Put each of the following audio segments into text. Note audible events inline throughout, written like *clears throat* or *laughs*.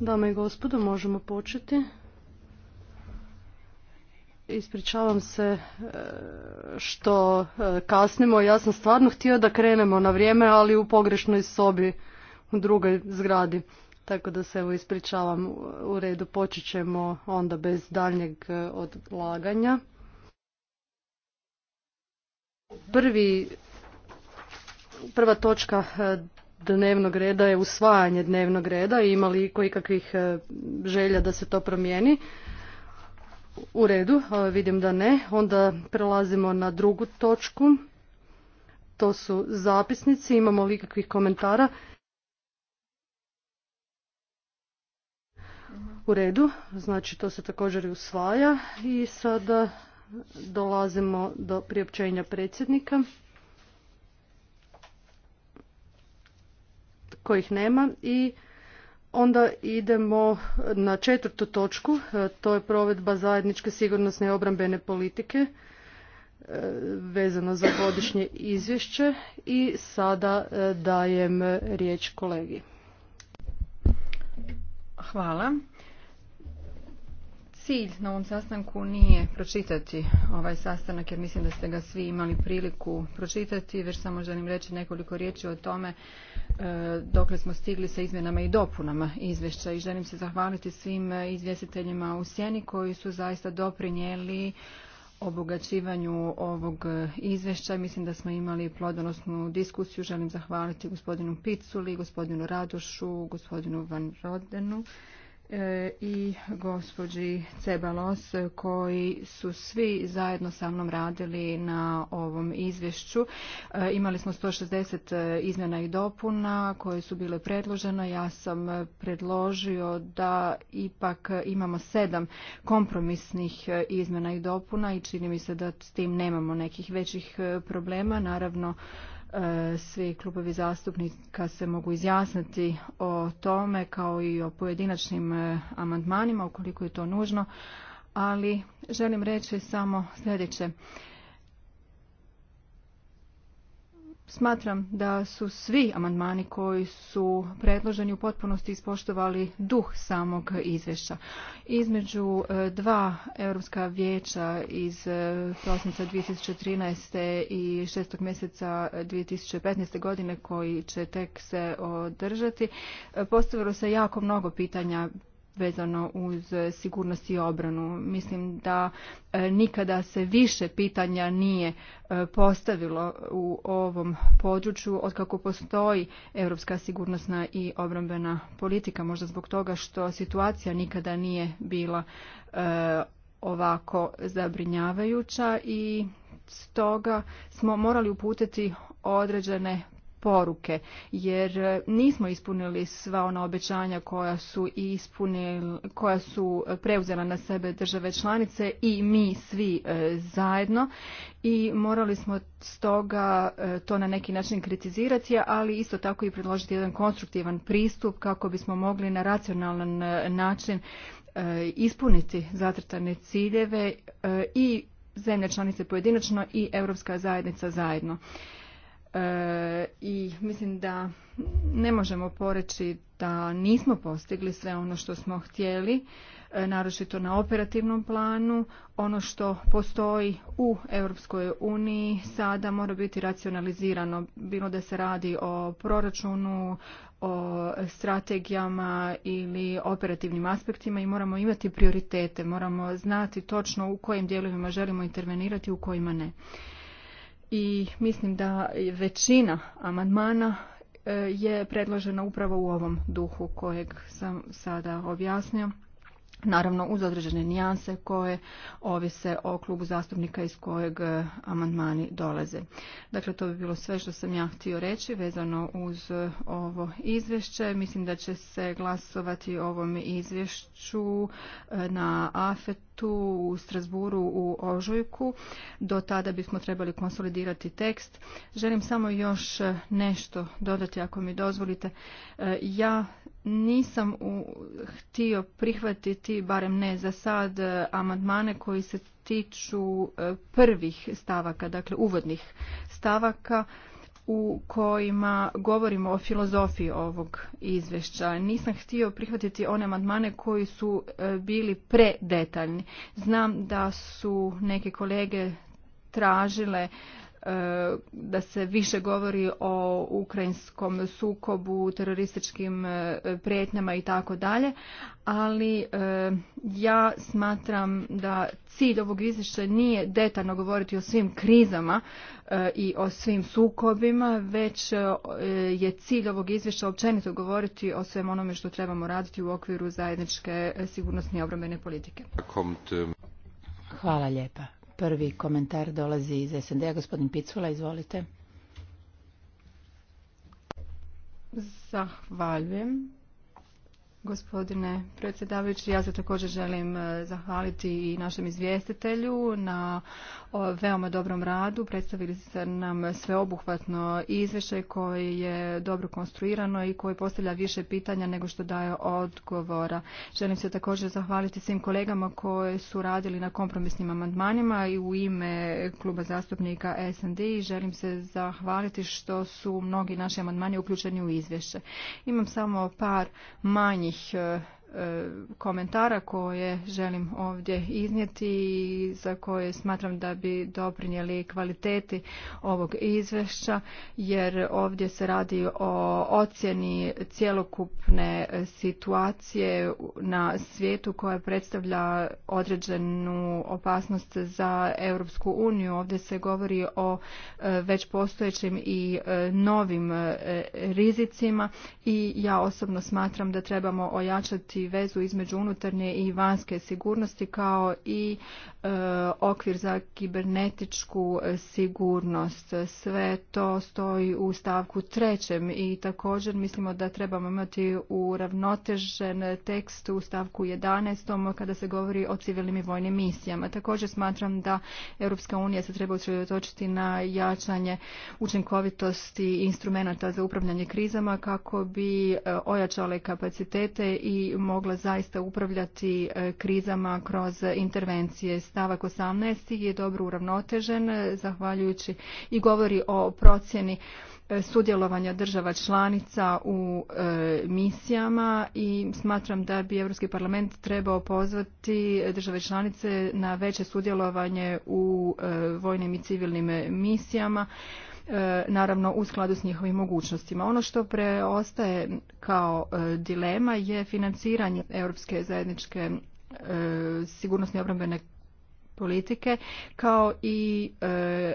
Dame i gospodo, možemo početi. Ispričavam se e, što e, kasnimo. Ja sam stvarno htio da krenemo na vrijeme, ali u pogrešnoj sobi u drugoj zgradi. Tako da se evo ispričavam u redu. Počet ćemo onda bez daljnjeg e, odlaganja. Prvi, prva točka dnevnog reda je usvajanje dnevnog reda i ima li kakvih e, želja da se to promijeni? U redu, e, vidim da ne. Onda prelazimo na drugu točku. To su zapisnici. Imamo li kakvih komentara? U redu, znači to se također i usvaja. I sada dolazimo do priopćenja predsjednika. kojih nema i onda idemo na četvrtu točku, e, to je provedba zajedničke sigurnosne i obrambene politike e, vezano za godišnje izvješće i sada e, dajem riječ kolegi. Hvala. Cilj na ovom sastanku nije pročitati ovaj sastanak jer mislim da ste ga svi imali priliku pročitati, već samo želim reći nekoliko riječi o tome e, dokle smo stigli sa izmjenama i dopunama izvješća i želim se zahvaliti svim e, izvjestiteljima u sjeni koji su zaista doprinijeli obogaćivanju ovog e, izvješća. Mislim da smo imali plodonosnu diskusiju. Želim zahvaliti gospodinu Piculi, gospodinu Radošu, gospodinu Van Rodenu E, i gospođi Cebalos koji su svi zajedno sa mnom radili na ovom izvješću. E, imali smo 160 e, izmjena i dopuna koje su bile predložene. Ja sam predložio da ipak imamo sedam kompromisnih izmjena i dopuna i čini mi se da s tim nemamo nekih većih problema. Naravno, E, svi klubovi zastupnika se mogu izjasniti o tome kao i o pojedinačnim e, amandmanima ukoliko je to nužno, ali želim reći samo sljedeće. Smatram da su svi amandmani koji su predloženi u potpunosti ispoštovali duh samog izvješća. Između e, dva Europska vijeća iz e, prosinca 2013. i 6. mjeseca 2015. godine koji će tek se održati, e, postavilo se jako mnogo pitanja vezano uz sigurnost i obranu. Mislim da e, nikada se više pitanja nije e, postavilo u ovom području od kako postoji europska sigurnosna i obrambena politika. Možda zbog toga što situacija nikada nije bila e, ovako zabrinjavajuća i stoga smo morali uputiti određene poruke jer e, nismo ispunili sva ona obećanja koja su ispunili, koja su preuzela na sebe države članice i mi svi e, zajedno i morali smo stoga e, to na neki način kritizirati, ali isto tako i predložiti jedan konstruktivan pristup kako bismo mogli na racionalan način ispuniti zatrtane ciljeve i zemlje članice pojedinačno i Europska zajednica zajedno. E, i mislim da ne možemo poreći da nismo postigli sve ono što smo htjeli, e, naročito na operativnom planu. Ono što postoji u Europskoj uniji sada mora biti racionalizirano, bilo da se radi o proračunu, o strategijama ili operativnim aspektima i moramo imati prioritete, moramo znati točno u kojim dijelovima želimo intervenirati, u kojima ne i mislim da većina amandmana e, je predložena upravo u ovom duhu kojeg sam sada objasnio naravno uz određene nijanse koje ovise o klubu zastupnika iz kojeg eh, amandmani dolaze. Dakle, to bi bilo sve što sam ja htio reći vezano uz eh, ovo izvješće. Mislim da će se glasovati o ovom izvješću eh, na AFET-u u Strasburu u Ožujku. Do tada bismo trebali konsolidirati tekst. Želim samo još nešto dodati ako mi dozvolite. Ja nisam htio prihvatiti, barem ne za sad, e, amandmane koji se tiču e, prvih stavaka, dakle uvodnih stavaka u kojima govorimo o filozofiji ovog izvješća. Nisam htio prihvatiti one amandmane koji su e, bili predetaljni. Znam da su neke kolege tražile E, da se više govori o ukrajinskom sukobu, terorističkim e, prijetnjama i tako dalje, ali e, ja smatram da cilj ovog izvješća nije detaljno govoriti o svim krizama i o svim sukobima, već je cilj ovog izvješća općenito govoriti o svem onome što trebamo raditi u okviru zajedničke sigurnosne i obrambene politike. Hvala lijepa. Prvi komentar dolazi iz SND-a. Gospodin Picula, izvolite. Zahvaljujem. Gospodine predsjedavajući, ja se također želim e, zahvaliti i našem izvjestitelju na veoma dobrom radu. Predstavili ste nam sveobuhvatno izvješće koje je dobro konstruirano i koje postavlja više pitanja nego što daje odgovora. Želim se također zahvaliti svim kolegama koji su radili na kompromisnim amandmanima i u ime kluba zastupnika SND želim se zahvaliti što su mnogi naši amandmani uključeni u izvješće. Imam samo par manjih određenih e, komentara koje želim ovdje iznijeti i za koje smatram da bi doprinijeli kvaliteti ovog izvješća jer ovdje se radi o ocjeni cjelokupne situacije na svijetu koja predstavlja određenu opasnost za Europsku uniju. Ovdje se govori o e, već postojećim i e, novim e, rizicima i ja osobno smatram da trebamo ojačati vezu između unutarnje i vanjske sigurnosti kao i e, okvir za kibernetičku sigurnost. Sve to stoji u stavku trećem i također mislimo da trebamo imati uravnotežen tekst u stavku 11. kada se govori o civilnim i vojnim misijama. Također smatram da Europska unija se treba usredotočiti na jačanje učinkovitosti instrumenata za upravljanje krizama kako bi e, ojačale kapacitete i mogla zaista upravljati e, krizama kroz intervencije. Stavak 18. je dobro uravnotežen, e, zahvaljujući i govori o procjeni e, sudjelovanja država članica u misijama i smatram da bi Europski parlament trebao pozvati države članice na veće sudjelovanje u vojnim i civilnim misijama E, naravno u skladu s njihovim mogućnostima. Ono što preostaje kao e, dilema je financiranje europske zajedničke e, sigurnosne obrambene politike kao i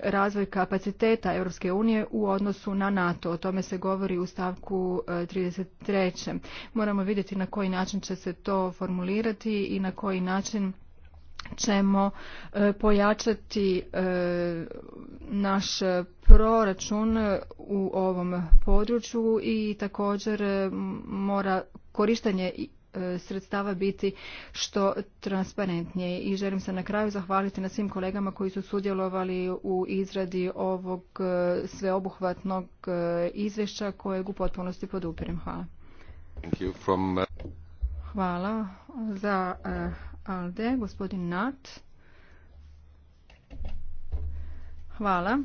razvoj kapaciteta Europske unije u odnosu na NATO. O tome se govori u stavku e, 33. Moramo vidjeti na koji način će se to formulirati i na koji način ćemo e, pojačati e, naš proračun u ovom području i također e, mora korištenje sredstava biti što transparentnije. I želim se na kraju zahvaliti na svim kolegama koji su sudjelovali u izradi ovog sveobuhvatnog izvješća kojeg u potpunosti podupirem. Hvala. Uh, Hvala za Alde, gospodin Nat. Hvala.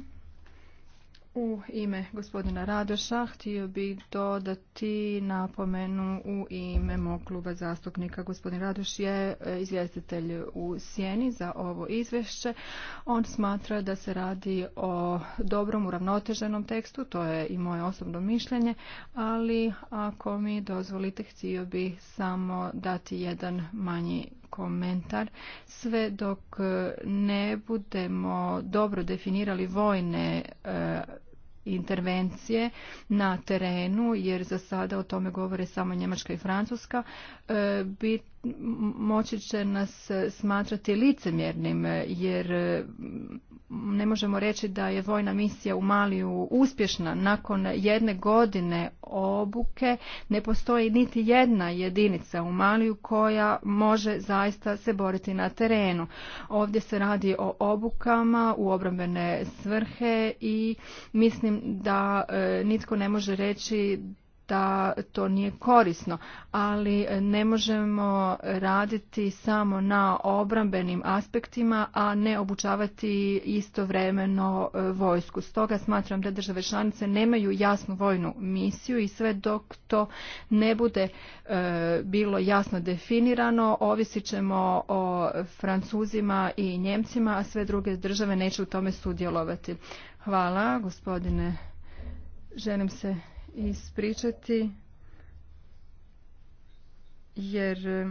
U ime gospodina Radoša htio bih dodati napomenu u ime mog kluba zastupnika. Gospodin Radoš je e, izvjestitelj u Sjeni za ovo izvješće. On smatra da se radi o dobrom uravnoteženom tekstu, to je i moje osobno mišljenje, ali ako mi dozvolite htio bih samo dati jedan manji komentar. Sve dok e, ne budemo dobro definirali vojne e, intervencije na terenu, jer za sada o tome govore samo Njemačka i Francuska, e, bit moći će nas smatrati licemjernim jer mm, ne možemo reći da je vojna misija u Maliju uspješna. Nakon jedne godine obuke ne postoji niti jedna jedinica u Maliju koja može zaista se boriti na terenu. Ovdje se radi o obukama u obrambene svrhe i mislim da e, nitko ne može reći da to nije korisno, ali ne možemo raditi samo na obrambenim aspektima, a ne obučavati istovremeno e, vojsku. Stoga smatram da države članice nemaju jasnu vojnu misiju i sve dok to ne bude e, bilo jasno definirano, ovisit ćemo o Francuzima i Njemcima, a sve druge države neće u tome sudjelovati. Hvala, gospodine. Želim se ispričati jer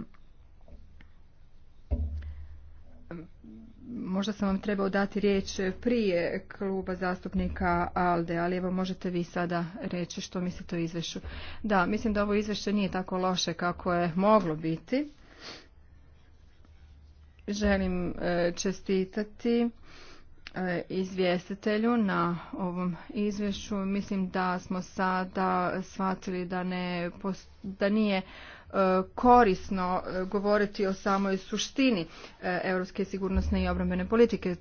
možda sam vam trebao dati riječ prije kluba zastupnika ALDE, ali evo možete vi sada reći što mislite o izvješću. Da, mislim da ovo izvješće nije tako loše kako je moglo biti. Želim e, čestitati E, izvjestitelju na ovom izvješću. Mislim da smo sada shvatili da, ne, da nije e, korisno e, govoriti o samoj suštini europske sigurnosne i obrambene politike.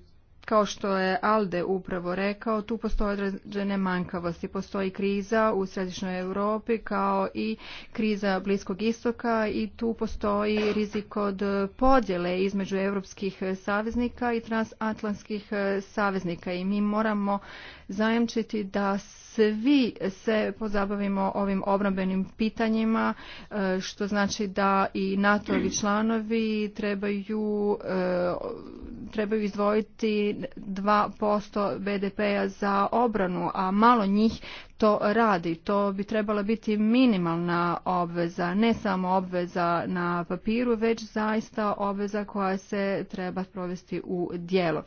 Kao što je Alde upravo rekao, tu postoje određene manjkavosti. Postoji kriza u središnjoj Europi kao i kriza Bliskog istoka i tu postoji rizik od podjele između europskih saveznika i transatlantskih saveznika i mi moramo zajamčiti da svi se pozabavimo ovim obrambenim pitanjima, e, što znači da i nato *clears throat* članovi trebaju, e, trebaju izdvojiti 2% BDP-a za obranu, a malo njih to radi. To bi trebala biti minimalna obveza, ne samo obveza na papiru, već zaista obveza koja se treba provesti u djelo.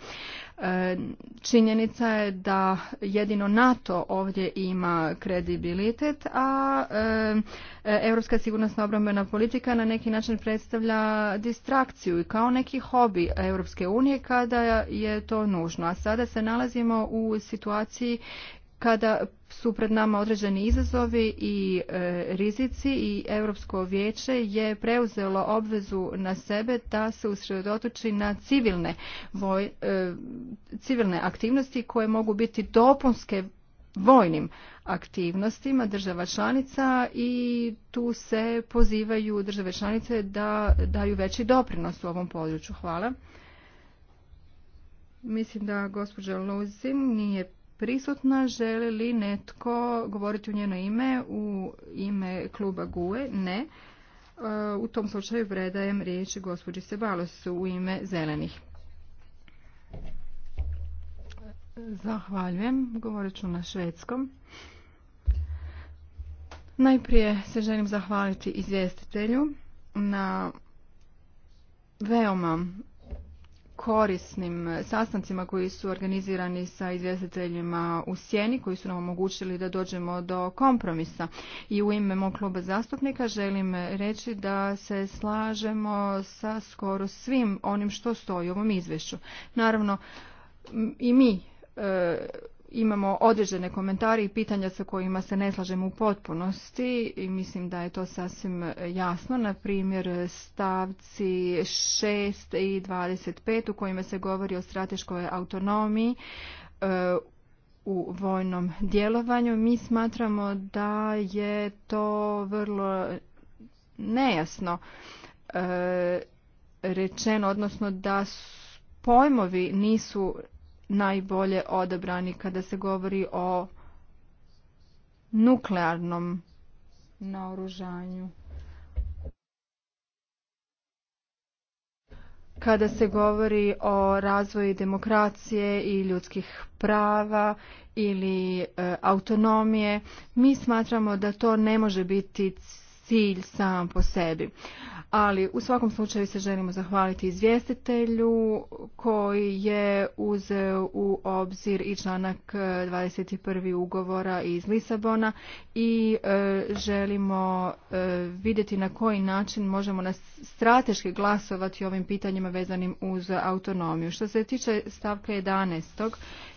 E, činjenica je da jedino NATO ovdje ima kredibilitet, a e, e, europska sigurnosna obrambena politika na neki način predstavlja distrakciju i kao neki hobi Europske unije kada je to nužno. A sada se nalazimo u situaciji kada su pred nama određeni izazovi i e, rizici i Europsko vijeće je preuzelo obvezu na sebe da se usredotoči na civilne, e, civilne aktivnosti koje mogu biti dopunske vojnim aktivnostima država članica i tu se pozivaju države članice da daju veći doprinos u ovom području. Hvala. Mislim da gospođa Luzin nije prisutna. Želi li netko govoriti u njeno ime, u ime kluba GUE? Ne. E, u tom slučaju predajem riječ gospođi Sebalosu u ime zelenih. Zahvaljujem. Govorit ću na švedskom. Najprije se želim zahvaliti izvjestitelju na veoma korisnim sastancima koji su organizirani sa izvjestiteljima u Sjeni koji su nam omogućili da dođemo do kompromisa. I u ime mog kluba zastupnika želim reći da se slažemo sa skoro svim onim što stoji u ovom izvješću. Naravno i mi e, imamo određene komentare i pitanja sa kojima se ne slažemo u potpunosti i mislim da je to sasvim jasno. Na primjer stavci 6 i 25 u kojima se govori o strateškoj autonomiji e, u vojnom djelovanju. Mi smatramo da je to vrlo nejasno e, rečeno, odnosno da pojmovi nisu najbolje odabrani kada se govori o nuklearnom naoružanju. Kada se govori o razvoju demokracije i ljudskih prava ili e, autonomije, mi smatramo da to ne može biti cilj sam po sebi. Ali u svakom slučaju se želimo zahvaliti izvjestitelju koji je uzeo u obzir i članak 21. ugovora iz Lisabona i e, želimo e, vidjeti na koji način možemo nas strateški glasovati ovim pitanjima vezanim uz autonomiju. Što se tiče stavka 11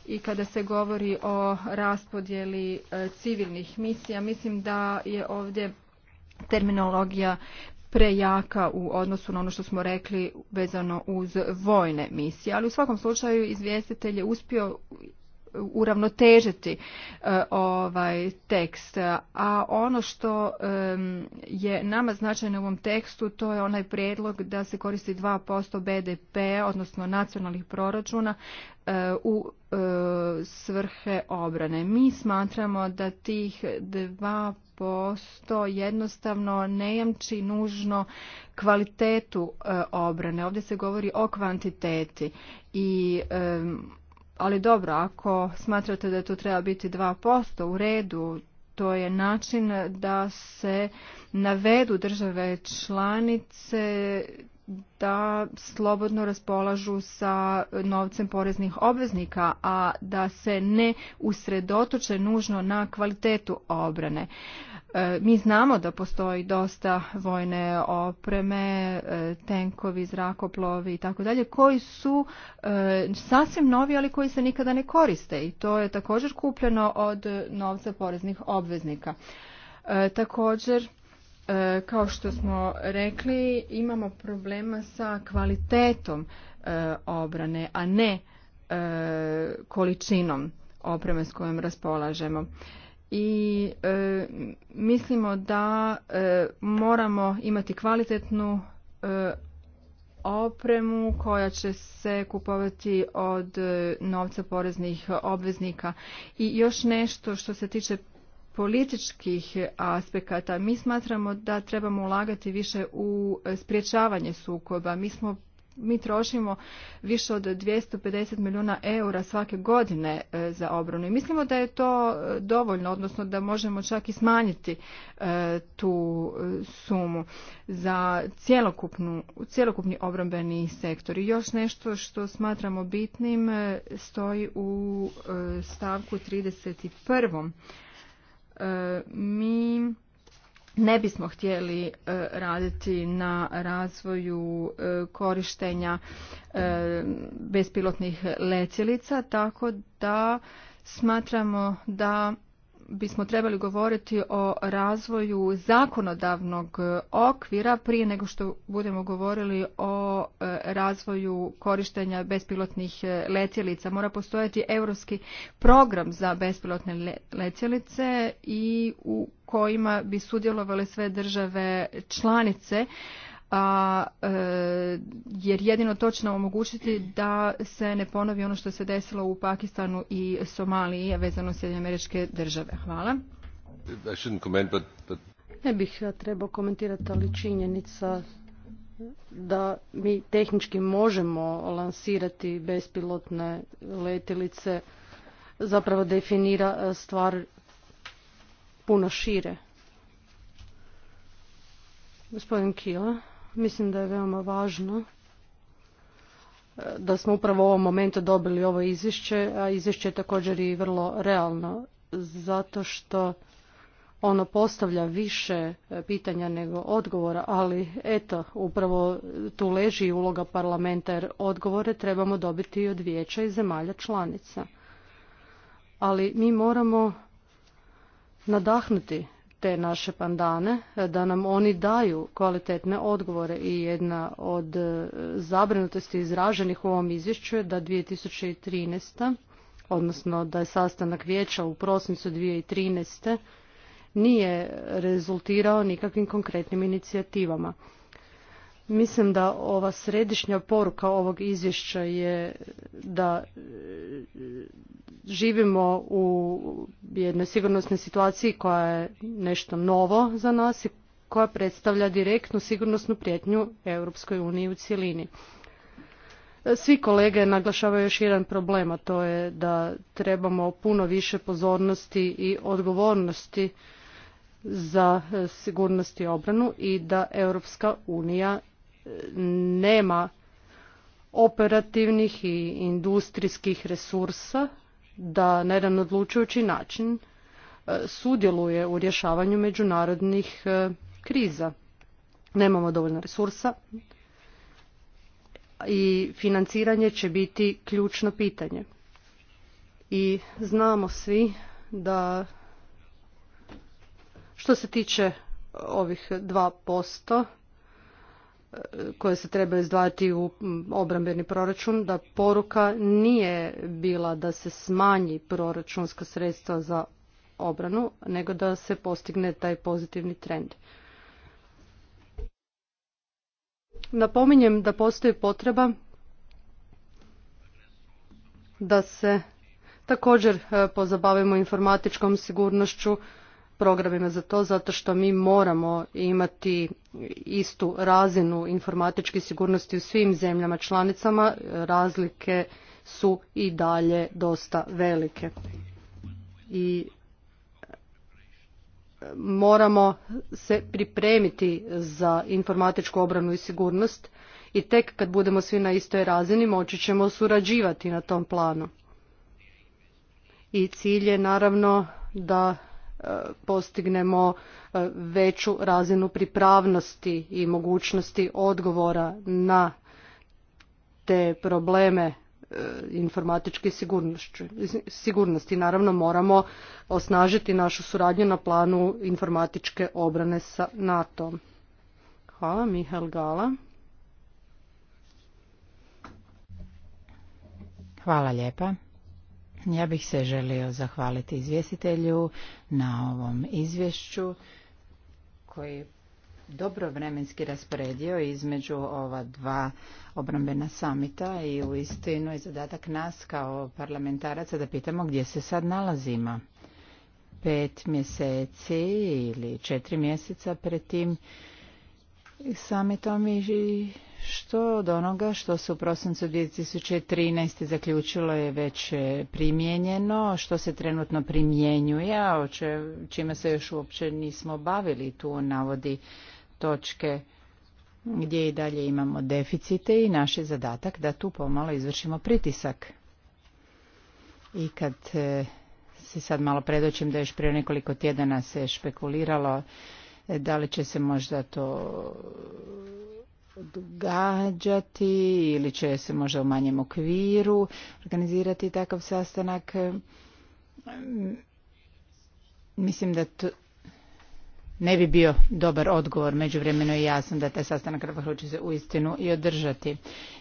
i kada se govori o raspodjeli e, civilnih misija mislim da je ovdje terminologija prejaka u odnosu na ono što smo rekli vezano uz vojne misije. Ali u svakom slučaju izvjestitelj je uspio uravnotežiti e, ovaj tekst. A ono što je nama značajno u ovom tekstu to je onaj prijedlog da se koristi 2% BDP, odnosno nacionalnih proračuna e, u e, svrhe obrane. Mi smatramo da tih 2% posto jednostavno ne jamči nužno kvalitetu e, obrane. Ovdje se govori o kvantiteti i ali dobro, ako smatrate da to treba biti 2% u redu, to je način da se navedu države članice da slobodno raspolažu sa novcem poreznih obveznika, a da se ne usredotoče nužno na kvalitetu obrane. E, mi znamo da postoji dosta vojne opreme, e, tenkovi, zrakoplovi i tako dalje, koji su e, sasvim novi, ali koji se nikada ne koriste i to je također kupljeno od novca poreznih obveznika. Također E, kao što smo rekli, imamo problema sa kvalitetom e, obrane, a ne e, količinom opreme s kojom raspolažemo i mislimo da moramo imati kvalitetnu opremu koja će se kupovati od novca poreznih obveznika i još nešto što se tiče političkih aspekata mi smatramo da trebamo ulagati više u sprječavanje sukoba mi smo mi trošimo više od 250 milijuna eura svake godine e, za obranu i mislimo da je to e, dovoljno, odnosno da možemo čak i smanjiti e, tu sumu za cjelokupni obrambeni sektor. I još nešto što smatramo bitnim stoji u stavku 31 mi ne bismo htjeli e, raditi na razvoju e, korištenja e, bespilotnih letjelica, tako da smatramo da bismo trebali govoriti o razvoju zakonodavnog okvira prije nego što budemo govorili o e, razvoju korištenja bespilotnih e, letjelica. Mora postojati europski program za bespilotne letjelice i u kojima bi sudjelovale sve države članice a e, jer jedino to će nam omogućiti da se ne ponovi ono što se desilo u Pakistanu i Somaliji, vezano s američke države. Hvala. Ne bih ja trebao komentirati, ali činjenica da mi tehnički možemo lansirati bespilotne letilice zapravo definira e, stvar puno šire. Gospodin Kila. Mislim da je veoma važno e, da smo upravo u ovom momentu dobili ovo izvješće, a izvješće je također i vrlo realno, zato što ono postavlja više e, pitanja nego odgovora, ali eto, upravo tu leži uloga parlamenta jer odgovore trebamo dobiti i od vijeća i zemalja članica. Ali mi moramo nadahnuti te naše pandane, e, da nam oni daju kvalitetne odgovore i jedna od e, zabrinutosti izraženih u ovom izvješću je da 2013. odnosno da je sastanak vijeća u prosincu 2013. nije rezultirao nikakvim konkretnim inicijativama. Mislim da ova središnja poruka ovog izvješća je da e, živimo u jednoj sigurnosnoj situaciji koja je nešto novo za nas i koja predstavlja direktnu sigurnosnu prijetnju Europskoj uniji u cjelini. Svi kolege naglašavaju još jedan problem, a to je da trebamo puno više pozornosti i odgovornosti za e, sigurnost i obranu i da Europska unija nema operativnih i industrijskih resursa da na jedan odlučujući način e, sudjeluje u rješavanju međunarodnih e, kriza. Nemamo dovoljno resursa i financiranje će biti ključno pitanje. I znamo svi da što se tiče ovih 2%, koje se trebaju izdvajati u obrambeni proračun, da poruka nije bila da se smanji proračunska sredstva za obranu, nego da se postigne taj pozitivni trend. Napominjem da postoji potreba da se također eh, pozabavimo informatičkom sigurnošću programima za to zato što mi moramo imati istu razinu informatičke sigurnosti u svim zemljama članicama. Razlike su i dalje dosta velike. I moramo se pripremiti za informatičku obranu i sigurnost i tek kad budemo svi na istoj razini moći ćemo surađivati na tom planu. I cilj je naravno da postignemo e, veću razinu pripravnosti i mogućnosti odgovora na te probleme e, informatičke sigurnosti. Naravno moramo osnažiti našu suradnju na planu informatičke obrane sa nato Hvala, Mihael Gala. Hvala lijepa. Ja bih se želio zahvaliti izvjestitelju na ovom izvješću koji dobro vremenski rasporedio između ova dva obrambena samita i u istinu je zadatak nas kao parlamentaraca da pitamo gdje se sad nalazimo. Pet mjeseci ili četiri mjeseca pred tim samitom i što od onoga što se u prosincu 2013. zaključilo je već primijenjeno, što se trenutno primjenjuje, a čime se još uopće nismo bavili tu navodi točke gdje i dalje imamo deficite i naš je zadatak da tu pomalo izvršimo pritisak. I kad e, se sad malo predočim da još prije nekoliko tjedana se špekuliralo e, da li će se možda to događati ili će se možda u manjem okviru organizirati takav sastanak. Mm, mislim da to ne bi bio dobar odgovor. Međuvremeno je jasno da taj sastanak Ravahu će se uistinu i održati.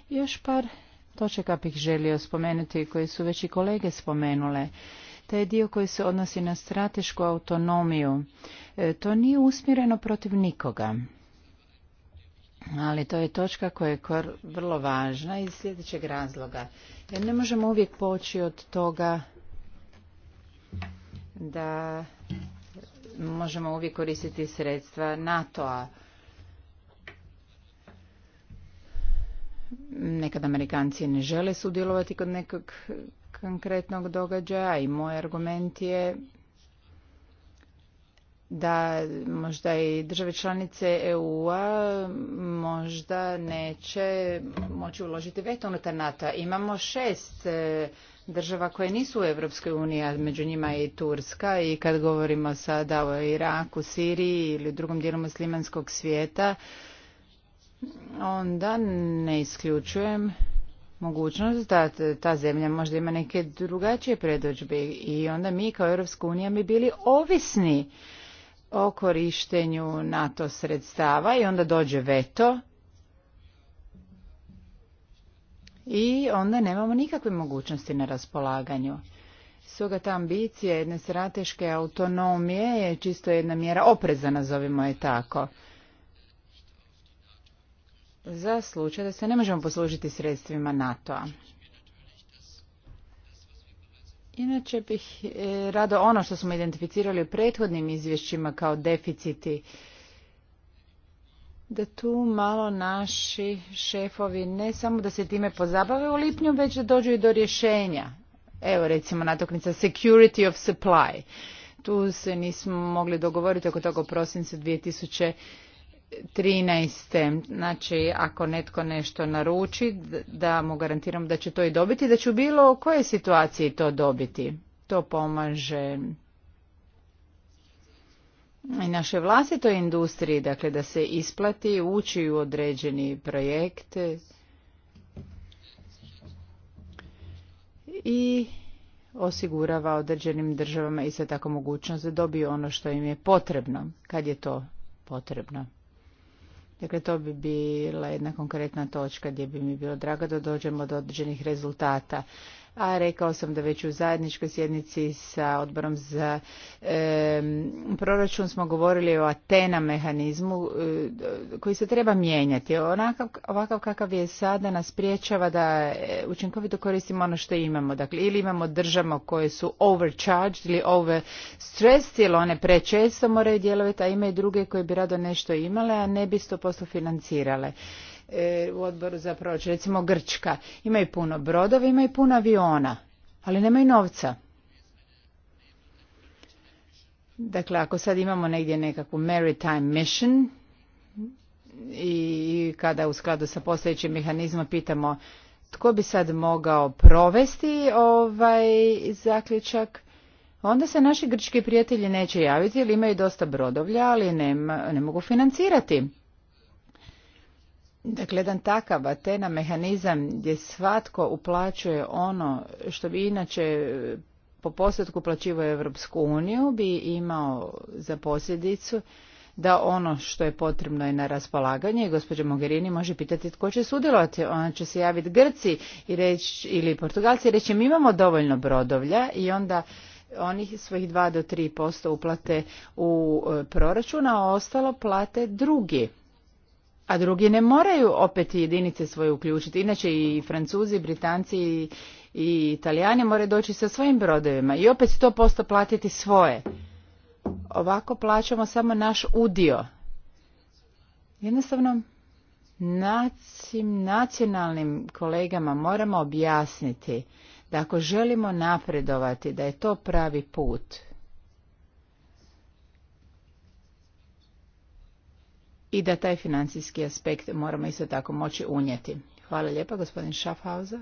Još par točaka bih želio spomenuti koje su već i kolege spomenule. Taj dio koji se odnosi na stratešku autonomiju, e, to nije usmjereno protiv nikoga ali to je točka koja je vrlo važna iz sljedećeg razloga. Jer ne možemo uvijek poći od toga da možemo uvijek koristiti sredstva NATO-a. Nekad Amerikanci ne žele sudjelovati kod nekog konkretnog događaja i moj argument je da možda i države članice EU-a možda neće moći uložiti veto unutar NATO. Imamo šest e, država koje nisu u Europskoj uniji, a među njima je i Turska i kad govorimo sada o Iraku, Siriji ili drugom dijelu muslimanskog svijeta, onda ne isključujem mogućnost da ta zemlja možda ima neke drugačije predođbe i onda mi kao Europska unija bi bili ovisni o korištenju NATO sredstava i onda dođe veto i onda nemamo nikakve mogućnosti na raspolaganju. Stoga ta ambicija jedne strateške autonomije je čisto jedna mjera opreza, nazovimo je tako. Za slučaj da se ne možemo poslužiti sredstvima NATO-a. Inače bih e, rado ono što smo identificirali u prethodnim izvješćima kao deficiti, da tu malo naši šefovi ne samo da se time pozabave u lipnju, već da dođu i do rješenja. Evo recimo natoknica Security of Supply. Tu se nismo mogli dogovoriti oko toga u prosincu tisuće 13. Znači, ako netko nešto naruči, da mu garantiram da će to i dobiti, da će u bilo kojoj situaciji to dobiti. To pomaže i naše vlastitoj industriji, dakle da se isplati ući u određeni projekt i osigurava određenim državama isto tako mogućnost da dobiju ono što im je potrebno, kad je to potrebno. Dakle, to bi bila jedna konkretna točka gdje bi mi bilo drago da dođemo do određenih rezultata a rekao sam da već u zajedničkoj sjednici sa odborom za proračun smo govorili o Atena mehanizmu e, koji se treba mijenjati. Onakav, ovakav kakav je sada nas priječava da e, učinkovito koristimo ono što imamo. Dakle, ili imamo države koje su overcharged ili overstressed, jer one prečesto moraju djelovati, a ima i druge koje bi rado nešto imale, a ne bi posto financirale. E, u odboru za proračun. Recimo Grčka. Imaju puno brodova, imaju puno aviona, ali nemaju novca. Dakle, ako sad imamo negdje nekakvu maritime mission i kada u skladu sa postojećim mehanizmom pitamo tko bi sad mogao provesti ovaj zaključak, onda se naši grčki prijatelji neće javiti jer imaju dosta brodovlja, ali ne, ne mogu financirati. Dakle, jedan takav Atena mehanizam gdje svatko uplaćuje ono što bi inače po postotku plaćivao Evropsku uniju bi imao za posljedicu da ono što je potrebno je na raspolaganje i gospođa Mogherini može pitati tko će sudjelovati. Ona će se javiti Grci i ili Portugalci i reći mi imamo dovoljno brodovlja i onda onih svojih 2 do 3 posto uplate u e, proračun, a ostalo plate drugi a drugi ne moraju opet jedinice svoje uključiti. Inače i Francuzi, i Britanci i, Italijani moraju doći sa svojim brodovima i opet 100% platiti svoje. Ovako plaćamo samo naš udio. Jednostavno, nacionalnim kolegama moramo objasniti da ako želimo napredovati, da je to pravi put – i da taj financijski aspekt moramo isto tako moći unijeti. Hvala lijepa, gospodin Schaffhauser.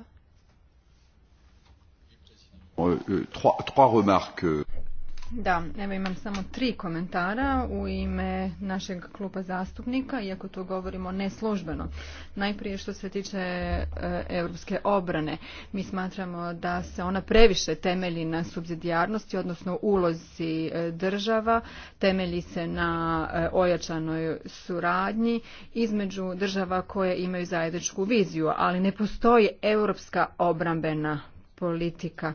Trois, trois remarques. Da, evo imam samo tri komentara u ime našeg kluba zastupnika, iako to govorimo neslužbeno. Najprije što se tiče e, europske obrane, mi smatramo da se ona previše temelji na subsidijarnosti, odnosno ulozi e, država, temelji se na e, ojačanoj suradnji između država koje imaju zajedničku viziju, ali ne postoji europska obrambena politika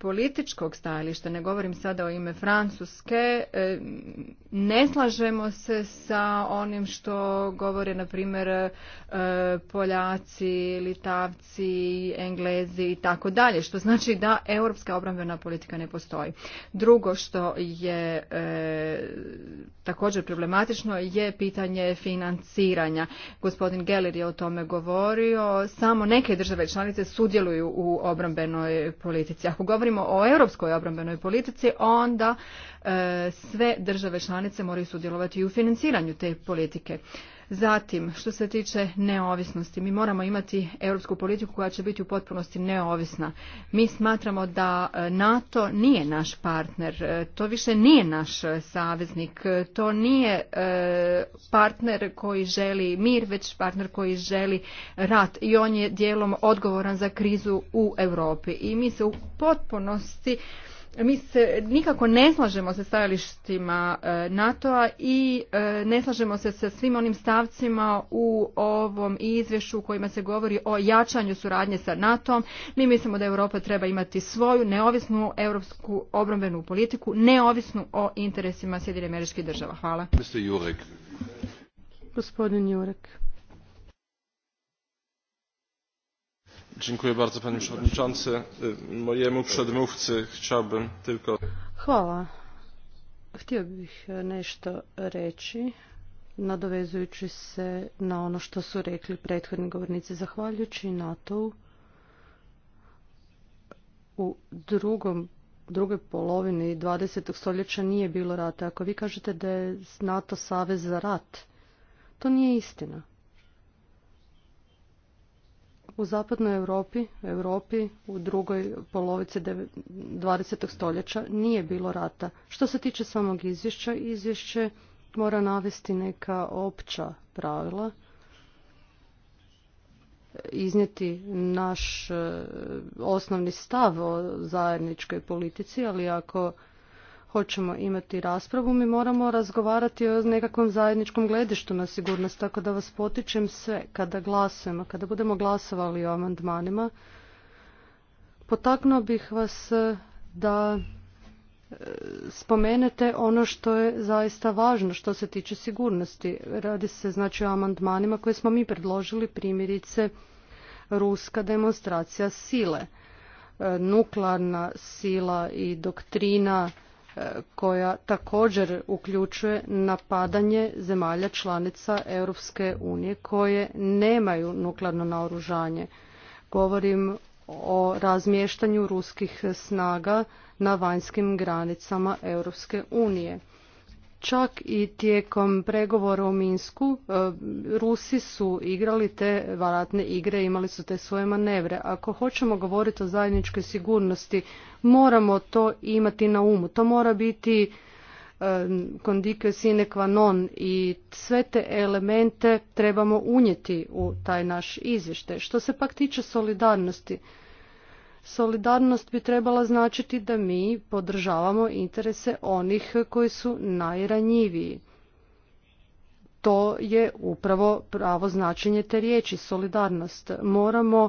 političkog stajališta, ne govorim sada o ime Francuske, e, ne slažemo se sa onim što govore, na primjer, e, Poljaci, Litavci, Englezi i tako dalje, što znači da europska obrambena politika ne postoji. Drugo što je e, također problematično je pitanje financiranja. Gospodin Geller je o tome govorio, samo neke države članice sudjeluju u obrambenoj politici. Ako govori govorimo o europskoj obrambenoj politici, onda e, sve države članice moraju sudjelovati u financiranju te politike. Zatim, što se tiče neovisnosti, mi moramo imati europsku politiku koja će biti u potpunosti neovisna. Mi smatramo da e, NATO nije naš partner, e, to više nije naš e, saveznik, to nije partner koji želi mir, već partner koji želi rat i on je dijelom odgovoran za krizu u Europi. I mi se u potpunosti mi se nikako ne slažemo sa stajalištima e, NATO-a i e, ne slažemo se sa svim onim stavcima u ovom izvješću u kojima se govori o jačanju suradnje sa NATO-om. Mi mislimo da Europa treba imati svoju neovisnu europsku obrambenu politiku, neovisnu o interesima Sjedinjenih američkih država. Hvala. Gospodin Jurek. Hvala. Htio bih nešto reći, nadovezujući se na ono što su rekli prethodni govornici, zahvaljujući NATO-u u drugom drugoj polovini 20. stoljeća nije bilo rata. Ako vi kažete da je NATO savez za rat, to nije istina u zapadnoj Europi, Europi u drugoj polovici 20. stoljeća nije bilo rata. Što se tiče samog izvješća, izvješće mora navesti neka opća pravila, iznijeti naš e, osnovni stav o zajedničkoj politici, ali ako hoćemo imati raspravu, mi moramo razgovarati o nekakvom zajedničkom gledištu na sigurnost, tako da vas potičem sve kada glasujemo, kada budemo glasovali o amandmanima. Potaknuo bih vas e, da e, spomenete ono što je zaista važno što se tiče sigurnosti. Radi se znači o amandmanima koje smo mi predložili, primjerice ruska demonstracija sile, e, nuklearna sila i doktrina E, koja također uključuje napadanje zemalja članica Europske unije koje nemaju nuklearno naoružanje. Govorim o razmještanju ruskih snaga na vanjskim granicama Europske unije. Čak i tijekom pregovora u Minsku e, Rusi su igrali te varatne igre, imali su te svoje manevre. Ako hoćemo govoriti o zajedničkoj sigurnosti, moramo to imati na umu. To mora biti e, conditio sine qua non i sve te elemente trebamo unijeti u taj naš izvještaj. Što se pak tiče solidarnosti, Solidarnost bi trebala značiti da mi podržavamo interese onih koji su najranjiviji. To je upravo pravo značenje te riječi, solidarnost. Moramo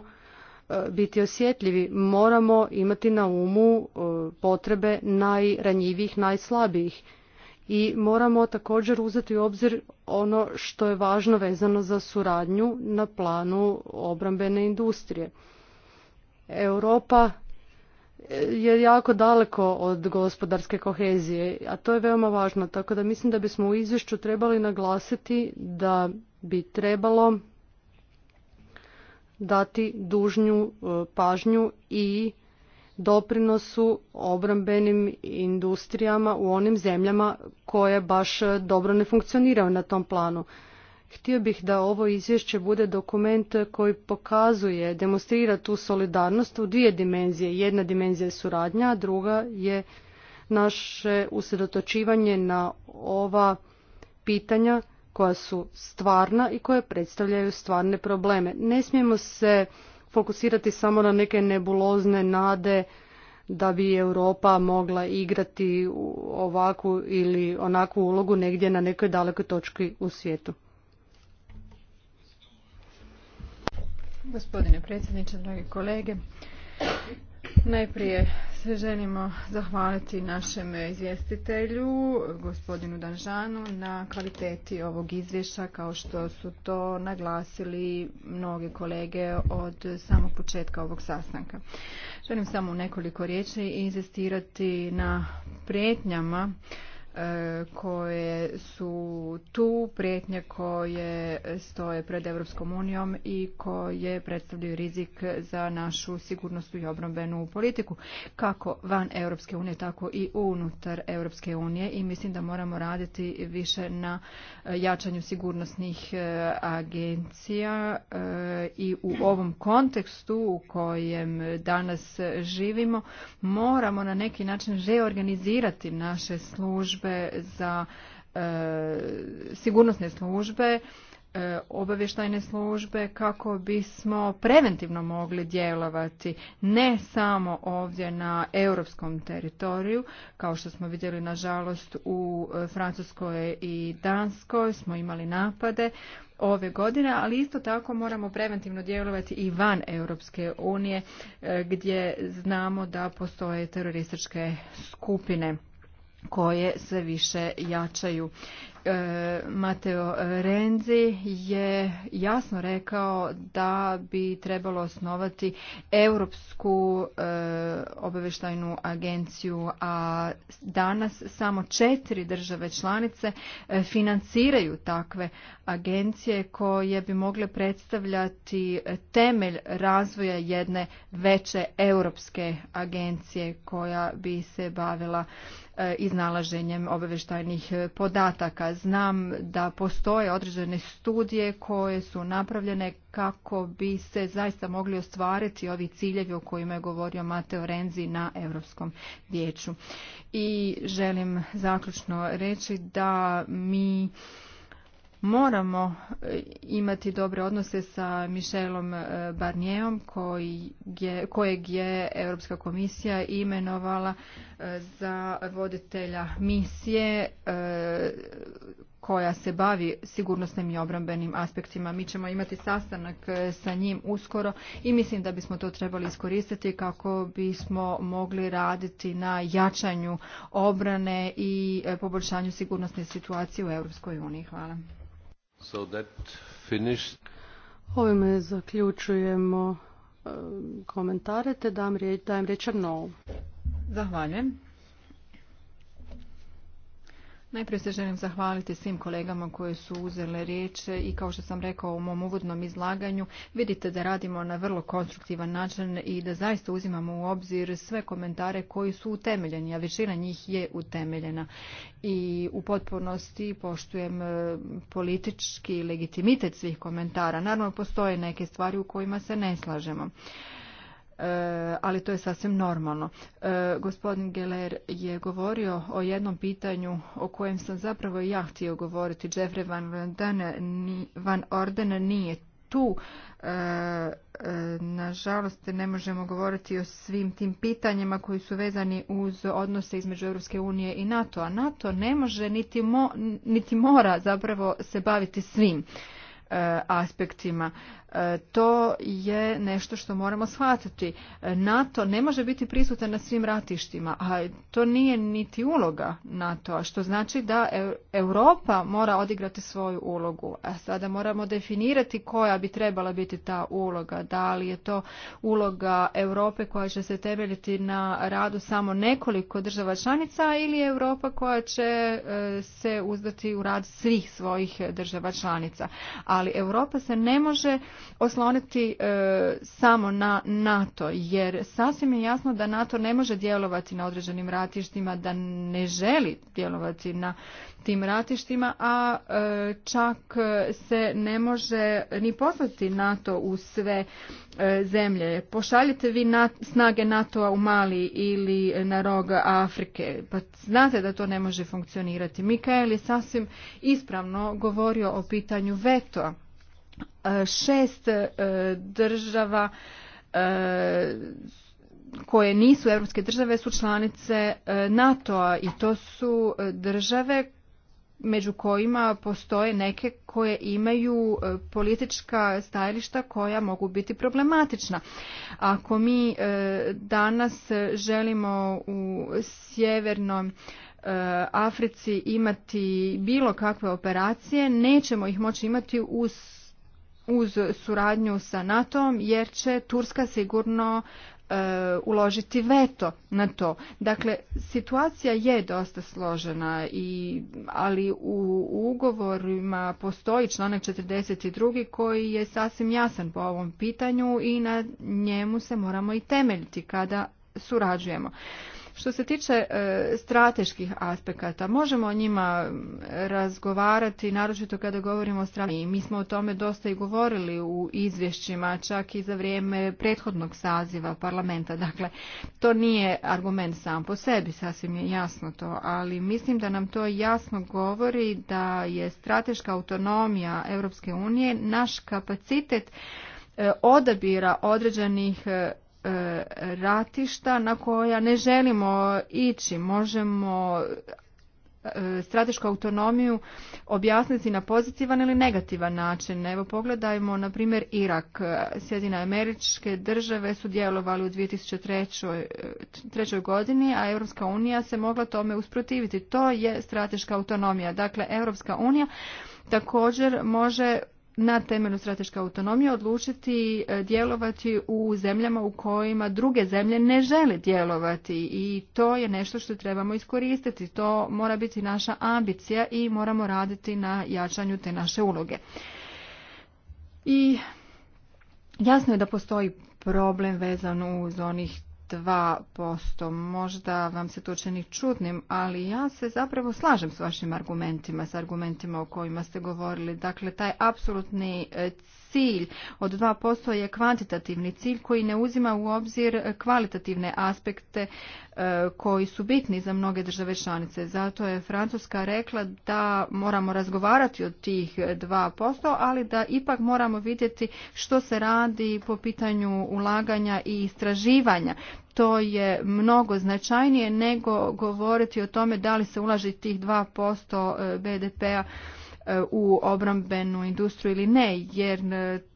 e, biti osjetljivi, moramo imati na umu e, potrebe najranjivijih, najslabijih i moramo također uzeti u obzir ono što je važno vezano za suradnju na planu obrambene industrije. Europa e, je jako daleko od gospodarske kohezije, a to je veoma važno. Tako da mislim da bismo u izvješću trebali naglasiti da bi trebalo dati dužnju e, pažnju i doprinosu obrambenim industrijama u onim zemljama koje baš dobro ne funkcioniraju na tom planu. Htio bih da ovo izvješće bude dokument koji pokazuje, demonstrira tu solidarnost u dvije dimenzije. Jedna dimenzija je suradnja, a druga je naše usredotočivanje na ova pitanja koja su stvarna i koje predstavljaju stvarne probleme. Ne smijemo se fokusirati samo na neke nebulozne nade da bi Europa mogla igrati ovakvu ili onakvu ulogu negdje na nekoj dalekoj točki u svijetu. Gospodine predsjedniče, dragi kolege, najprije se želimo zahvaliti našem izvjestitelju, gospodinu Danžanu, na kvaliteti ovog izvješća, kao što su to naglasili mnogi kolege od samog početka ovog sastanka. Želim samo nekoliko riječi inzistirati na prijetnjama E, koje su tu prijetnje koje stoje pred Europskom unijom i koje predstavljaju rizik za našu sigurnost i obrambenu politiku kako van Europske unije tako i unutar Europske unije i mislim da moramo raditi više na jačanju sigurnosnih e, agencija e, i u ovom kontekstu u kojem danas živimo moramo na neki način reorganizirati naše službe službe za e, sigurnosne službe e, obavještajne službe kako bismo preventivno mogli djelovati ne samo ovdje na europskom teritoriju kao što smo vidjeli nažalost u Francuskoj i Danskoj smo imali napade ove godine ali isto tako moramo preventivno djelovati i van Europske unije e, gdje znamo da postoje terorističke skupine koje sve više jačaju. E, Mateo Renzi je jasno rekao da bi trebalo osnovati Europsku e, obavještajnu agenciju, a danas samo četiri države članice e, financiraju takve agencije koje bi mogle predstavljati temelj razvoja jedne veće europske agencije koja bi se bavila e, iznalaženjem obavještajnih podataka. Znam da postoje određene studije koje su napravljene kako bi se zaista mogli ostvariti ovi ciljevi o kojima je govorio Mateo Renzi na Europskom vijeću. I želim zaključno reći da mi moramo e, imati dobre odnose sa Michelom e, Barnijevom kojeg je Europska komisija imenovala e, za voditelja misije koja se bavi sigurnosnim i obrambenim aspektima. Mi ćemo imati sastanak sa njim uskoro i mislim da bismo to trebali iskoristiti kako bismo mogli raditi na jačanju obrane i poboljšanju sigurnosne situacije u Europskoj Hvala. So that Ovime zaključujemo e, komentare te dajem riječ Arnovu. Zahvaljujem. Najprije se želim zahvaliti svim kolegama koje su uzele riječ i kao što sam rekao u mom uvodnom izlaganju, vidite da radimo na vrlo konstruktivan način i da zaista uzimamo u obzir sve komentare koji su utemeljeni, a većina njih je utemeljena. I u potpunosti poštujem e, politički legitimitet svih komentara. Naravno, postoje neke stvari u kojima se ne slažemo. Eh, ali to je sasvim normalno. Eh, gospodin Geller je govorio o jednom pitanju o kojem sam zapravo ja htio govoriti. Jeffrey Van, Ordena Van Orden nije tu eh, nažalost ne možemo govoriti o svim tim pitanjima koji su vezani uz odnose između Europske unije i NATO, a NATO ne može niti, mo, niti mora zapravo se baviti svim aspektima E, to je nešto što moramo shvatiti. E, NATO ne može biti prisutan na svim ratištima, a to nije niti uloga NATO-a, što znači da e, Europa mora odigrati svoju ulogu. A sada moramo definirati koja bi trebala biti ta uloga. Da li je to uloga Europe koja će se temeljiti na radu samo nekoliko država članica ili Europa koja će se uzdati u rad svih svojih država članica. Ali Europa se ne može osloniti e, samo na NATO jer sasvim je jasno da NATO ne može djelovati na određenim ratištima, da ne želi djelovati na tim ratištima, a e, čak se ne može ni poslati NATO u sve e, zemlje. Pošaljite vi snage NATO-a u Mali ili na rog Afrike. Pa znate da to ne može funkcionirati. Mikael je sasvim ispravno govorio o pitanju veto šest e, država e, koje nisu europske države su članice e, NATO-a i to su države među kojima postoje neke koje imaju politička stajališta koja mogu biti problematična. Ako mi danas želimo u sjevernom Africi imati bilo kakve operacije, nećemo ih moći imati uz uz suradnju sa NATO-om jer će Turska sigurno e, uložiti veto na to. Dakle, situacija je dosta složena, i, ali u, ugovorima postoji članak 42. koji je sasvim jasan po ovom pitanju i na njemu se moramo i temeljiti kada surađujemo. Što se tiče e, strateških aspekata, možemo o njima razgovarati, naročito kada govorimo o strani. Mi smo o tome dosta i govorili u izvješćima, čak i za vrijeme prethodnog saziva parlamenta. Dakle, to nije argument sam po sebi, sasvim je jasno to, ali mislim da nam to jasno govori da je strateška autonomija Europske unije naš kapacitet e, odabira određenih e, E, ratišta na koja ne želimo ići. Možemo e, stratešku autonomiju objasniti na pozitivan ili negativan način. Evo pogledajmo na primjer Irak. Sjedina američke države su djelovali u 2003. E, godini, a Europska unija se mogla tome usprotiviti. To je strateška autonomija. Dakle, Europska unija također može na temelju strateške autonomije odlučiti e, djelovati u zemljama u kojima druge zemlje ne žele djelovati i to je nešto što trebamo iskoristiti. To mora biti naša ambicija i moramo raditi na jačanju te naše uloge. I jasno je da postoji problem vezan uz onih 2%. Možda vam se to čini čudnim, ali ja se zapravo slažem s vašim argumentima, s argumentima o kojima ste govorili. Dakle, taj apsolutni eh, cilj od 2% je kvantitativni cilj koji ne uzima u obzir kvalitativne aspekte e, koji su bitni za mnoge države članice. Zato je Francuska rekla da moramo razgovarati od tih 2%, ali da ipak moramo vidjeti što se radi po pitanju ulaganja i istraživanja. To je mnogo značajnije nego govoriti o tome da li se ulaži tih 2% e, BDP-a E, u obrambenu industriju ili ne, jer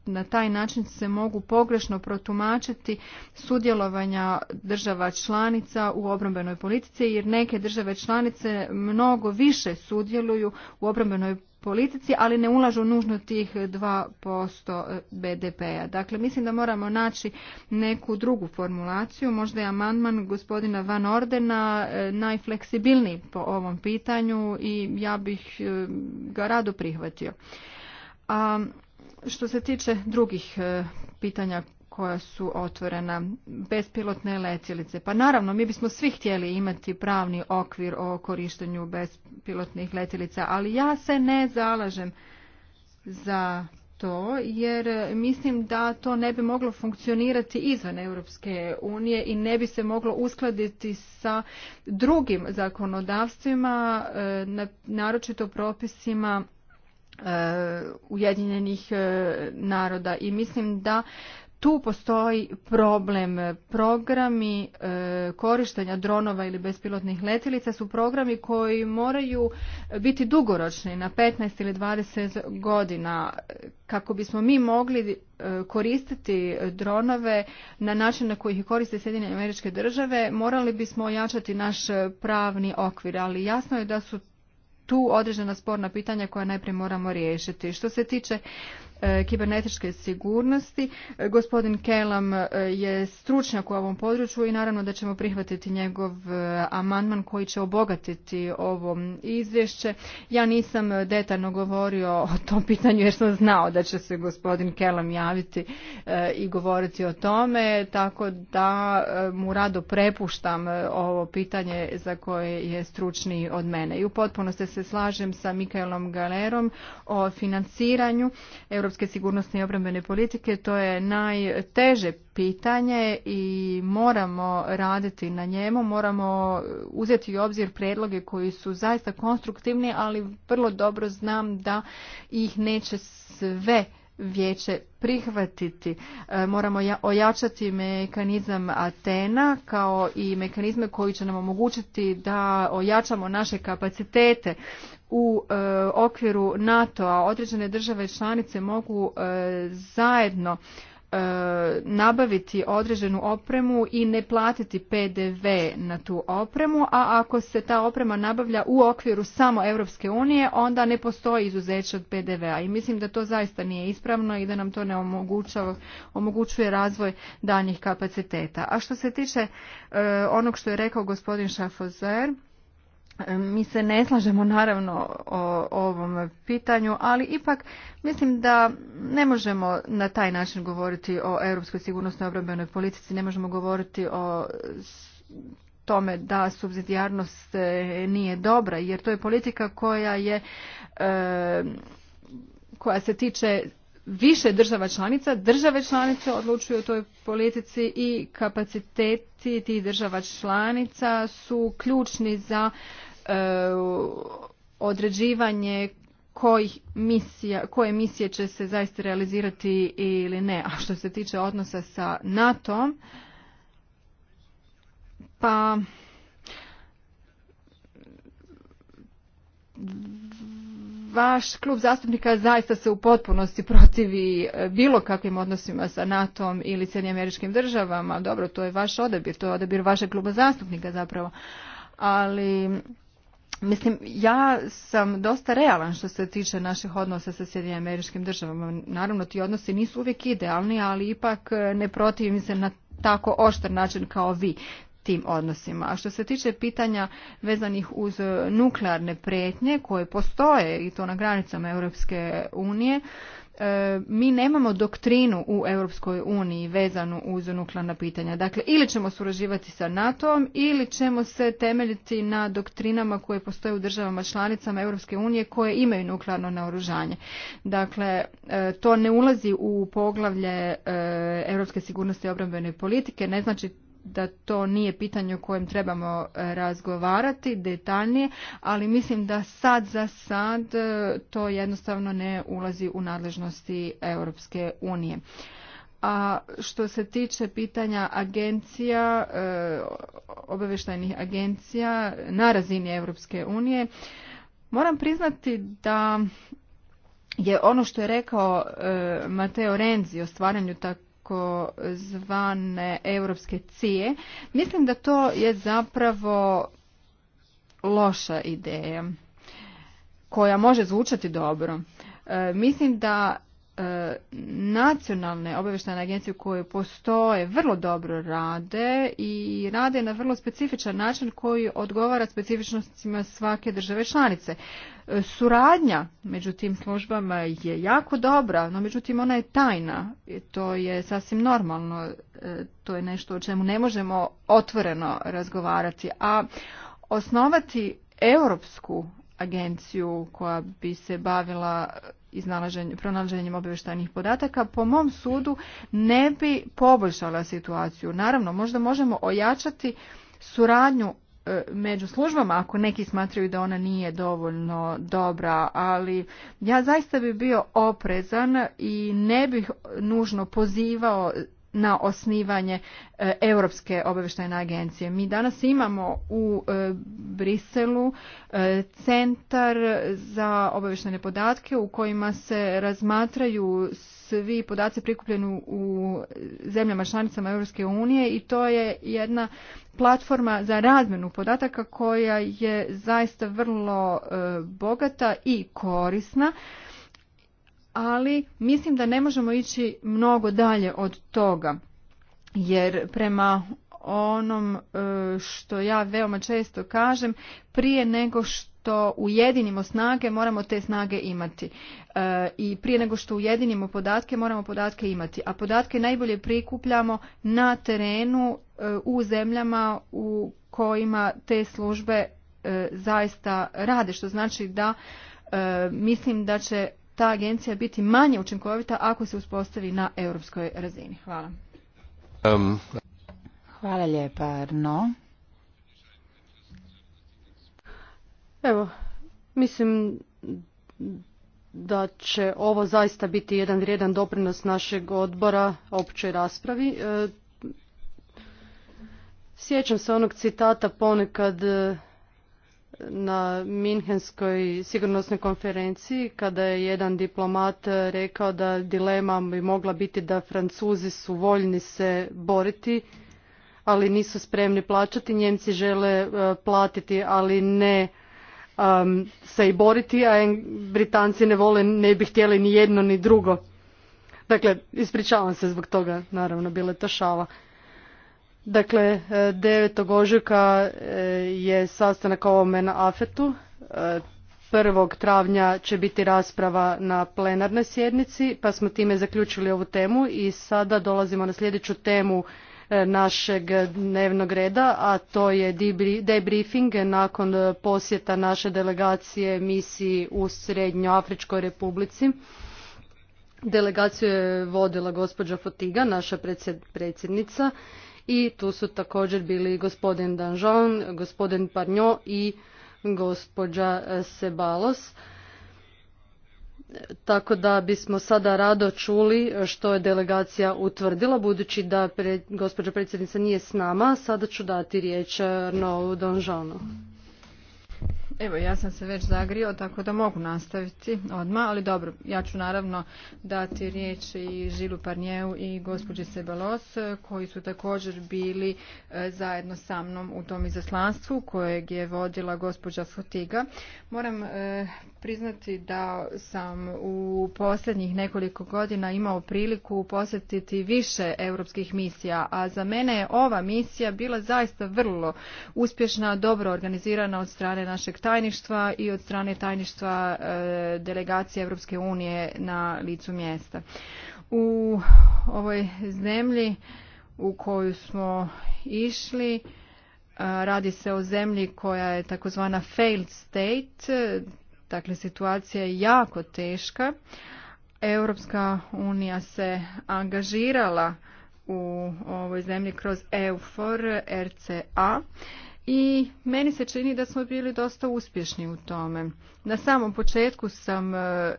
na taj način se mogu pogrešno protumačiti sudjelovanja država članica u obrambenoj politici, jer neke države članice mnogo više sudjeluju u obrambenoj politici, ali ne ulažu nužno tih 2% e, BDP-a. Dakle, mislim da moramo naći neku drugu formulaciju, možda je amandman gospodina Van Ordena e, najfleksibilniji po ovom pitanju i ja bih e, ga rado prihvatio. A što se tiče drugih pitanja koja su otvorena, bespilotne letjelice. Pa naravno, mi bismo svi htjeli imati pravni okvir o korištenju bespilotnih letjelica, ali ja se ne zalažem za to, jer mislim da to ne bi moglo funkcionirati izvan Europske unije i ne bi se moglo uskladiti sa drugim zakonodavstvima, e, naročito propisima e, Ujedinjenih e, naroda i mislim da tu postoji problem. Programi e, korištenja dronova ili bespilotnih letjelica su programi koji moraju biti dugoročni na 15 ili 20 godina kako bismo mi mogli e, koristiti dronove na način na koji ih koriste Sjedinjene američke države, morali bismo ojačati naš pravni okvir, ali jasno je da su tu određena sporna pitanja koja najprije moramo riješiti. Što se tiče E, kibernetičke sigurnosti. E, gospodin Kelam e, je stručnjak u ovom području i naravno da ćemo prihvatiti njegov amandman koji će obogatiti ovo izvješće. Ja nisam detaljno govorio o tom pitanju jer sam znao da će se gospodin Kelam javiti i govoriti o tome, tako da mu rado prepuštam ovo pitanje za koje je stručniji od mene. I u potpunosti se slažem sa Mikaelom Galerom o financiranju europske sigurnosne i obrambene politike to je najteže pitanje i moramo raditi na njemu, moramo uzeti u obzir predloge koji su zaista konstruktivni, ali vrlo dobro znam da ih neće sve vijeće prihvatiti. E, moramo ojačati mekanizam Atena kao i mekanizme koji će nam omogućiti da ojačamo naše kapacitete u e, okviru NATO-a. Određene države članice mogu e, zajedno E, nabaviti određenu opremu i ne platiti PDV na tu opremu, a ako se ta oprema nabavlja u okviru samo Europske unije, onda ne postoji izuzeće od PDV-a i mislim da to zaista nije ispravno i da nam to ne omogućuje razvoj danjih kapaciteta. A što se tiče e, onog što je rekao gospodin Šafozer, mi se ne slažemo naravno o ovom pitanju, ali ipak mislim da ne možemo na taj način govoriti o europskoj sigurnosnoj obrambenoj politici, ne možemo govoriti o tome da subsidijarnost e, nije dobra, jer to je politika koja je e, koja se tiče više država članica, države članice odlučuju o toj politici i kapaciteti tih država članica su ključni za E, određivanje kojih misija, koje misije će se zaista realizirati ili ne. A što se tiče odnosa sa NATO, pa vaš klub zastupnika zaista se u potpunosti protivi e, bilo kakvim odnosima sa NATO-om ili Sjedinjim američkim državama. Dobro, to je vaš odabir, to je odabir vašeg kluba zastupnika zapravo. Ali Mislim, ja sam dosta realan što se tiče naših odnosa sa Sjedinim američkim državama. Naravno, ti odnosi nisu uvijek idealni, ali ipak e, ne protivim se na tako oštar način kao vi tim odnosima. A što se tiče pitanja vezanih uz nuklearne prijetnje koje postoje i to na granicama Europske unije, E, mi nemamo doktrinu u Europskoj uniji vezanu uz nuklearna pitanja. Dakle, ili ćemo surađivati sa NATO-om ili ćemo se temeljiti na doktrinama koje postoje u državama članicama Europske unije koje imaju nuklearno naoružanje. Dakle, e, to ne ulazi u poglavlje e, Europske sigurnosti i obrambene politike, ne znači da to nije pitanje o kojem trebamo e, razgovarati detaljnije, ali mislim da sad za sad e, to jednostavno ne ulazi u nadležnosti Europske unije. A što se tiče pitanja agencija, e, obavještajnih agencija na razini Europske unije, moram priznati da je ono što je rekao Mateo Renzi o stvaranju tak zvane europske cije. Mislim da to je zapravo loša ideja koja može zvučati dobro. E, mislim da nacionalne obavještajne agencije koje postoje vrlo dobro rade i rade na vrlo specifičan način koji odgovara specifičnostima svake države članice. E, suradnja među tim službama je jako dobra, no međutim ona je tajna. E, to je sasvim normalno, e, to je nešto o čemu ne možemo otvoreno razgovarati, a osnovati europsku agenciju koja bi se bavila pronalaženjem obavještajnih podataka, po mom sudu ne bi poboljšala situaciju. Naravno, možda možemo ojačati suradnju e, među službama ako neki smatraju da ona nije dovoljno dobra, ali ja zaista bi bio oprezan i ne bih nužno pozivao na osnivanje e, Europske obavještajne agencije. Mi danas imamo u e, Briselu e, centar za obavještajne podatke u kojima se razmatraju svi podaci prikupljeni u zemljama članicama Europske unije i to je jedna platforma za razmenu podataka koja je zaista vrlo bogata i korisna ali mislim da ne možemo ići mnogo dalje od toga jer prema onom e, što ja veoma često kažem prije nego što ujedinimo snage moramo te snage imati e, i prije nego što ujedinimo podatke moramo podatke imati a podatke najbolje prikupljamo na terenu e, u zemljama u kojima te službe zaista rade što znači da mislim da će ta agencija biti manje učinkovita ako se uspostavi na europskoj razini. Hvala. Um. Hvala lijepa, Arno. Evo, mislim da će ovo zaista biti jedan vrijedan doprinos našeg odbora općoj raspravi. E, sjećam se onog citata ponekad na Minhenskoj sigurnosnoj konferenciji kada je jedan diplomat rekao da dilema bi mogla biti da Francuzi su voljni se boriti, ali nisu spremni plaćati. Njemci žele e, platiti, ali ne se i boriti, a Britanci ne vole, ne bi htjeli ni jedno ni drugo. Dakle, ispričavam se zbog toga, naravno, bila je to šala. Dakle, 9. E, ožujka e, je sastanak ovome na AFET-u. 1. E, travnja će biti rasprava na plenarnoj sjednici, pa smo time zaključili ovu temu i sada dolazimo na sljedeću temu našeg dnevnog reda, a to je debriefing nakon posjeta naše delegacije misiji u Srednjoafričkoj republici. Delegaciju je vodila gospođa Fotiga, naša predsjednica i tu su također bili gospodin Danjon, gospodin Parnjo i gospođa eh, Sebalos. Tako da bismo sada rado čuli eh, što je delegacija utvrdila, budući da gospođa predsjednica nije s nama, sada ću dati riječ eh, Novu Donžanu. Evo, ja sam se već zagrio, tako da mogu nastaviti odmah, ali dobro, ja ću naravno dati riječ i Žilu Parnjeu i gospođi Sebalos, koji su također bili e, zajedno sa mnom u tom izaslanstvu, kojeg je vodila gospođa Fotiga. Moram e, priznati da sam u posljednjih nekoliko godina imao priliku posjetiti više europskih misija, a za mene je ova misija bila zaista vrlo uspješna, dobro organizirana od strane našeg tajništva i od strane tajništva e, delegacije Europske unije na licu mjesta. U ovoj zemlji u koju smo išli e, Radi se o zemlji koja je takozvana failed state, Dakle, situacija je jako teška. Europska unija se angažirala u ovoj zemlji kroz EUFOR, RCA i meni se čini da smo bili dosta uspješni u tome. Na samom početku sam e, e,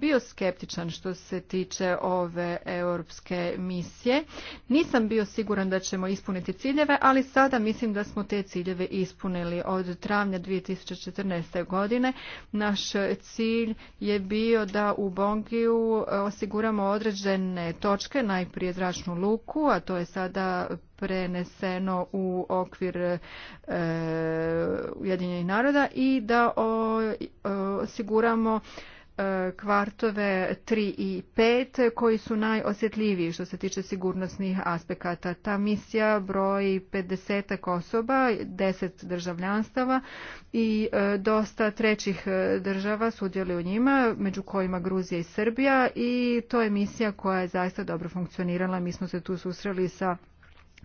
bio skeptičan što se tiče ove europske misije. Nisam bio siguran da ćemo ispuniti ciljeve, ali sada mislim da smo te ciljeve ispunili od travnja 2014. godine. Naš cilj je bio da u Bongiju osiguramo određene točke, najprije zračnu luku, a to je sada preneseno u okvir e, Ujedinjenih naroda i da e, osiguramo e, kvartove 3 i 5 koji su najosjetljiviji što se tiče sigurnosnih aspekata. Ta misija broji 50 osoba, 10 državljanstava i e, dosta trećih država sudjeluje u njima, među kojima Gruzija i Srbija i to je misija koja je zaista dobro funkcionirala. Mi smo se tu susreli sa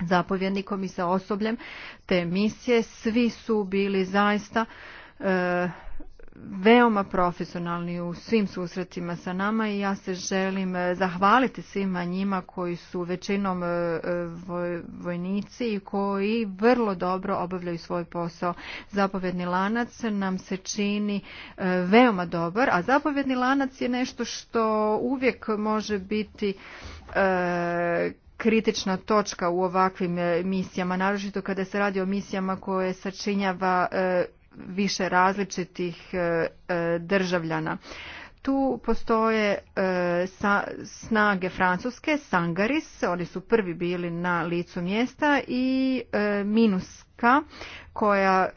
zapovjednikom i sa osobljem te misije. Svi su bili zaista e, veoma profesionalni u svim susretima sa nama i ja se želim e, zahvaliti svima njima koji su većinom e, vojnici i koji vrlo dobro obavljaju svoj posao. Zapovjedni lanac nam se čini veoma dobar, a zapovjedni lanac je nešto što uvijek može biti kritična točka u ovakvim e, misijama, naročito kada se radi o misijama koje sačinjava e, više različitih e, državljana. Tu postoje snage Francuske, Sangaris, oni su prvi bili na licu mjesta i minus koja e,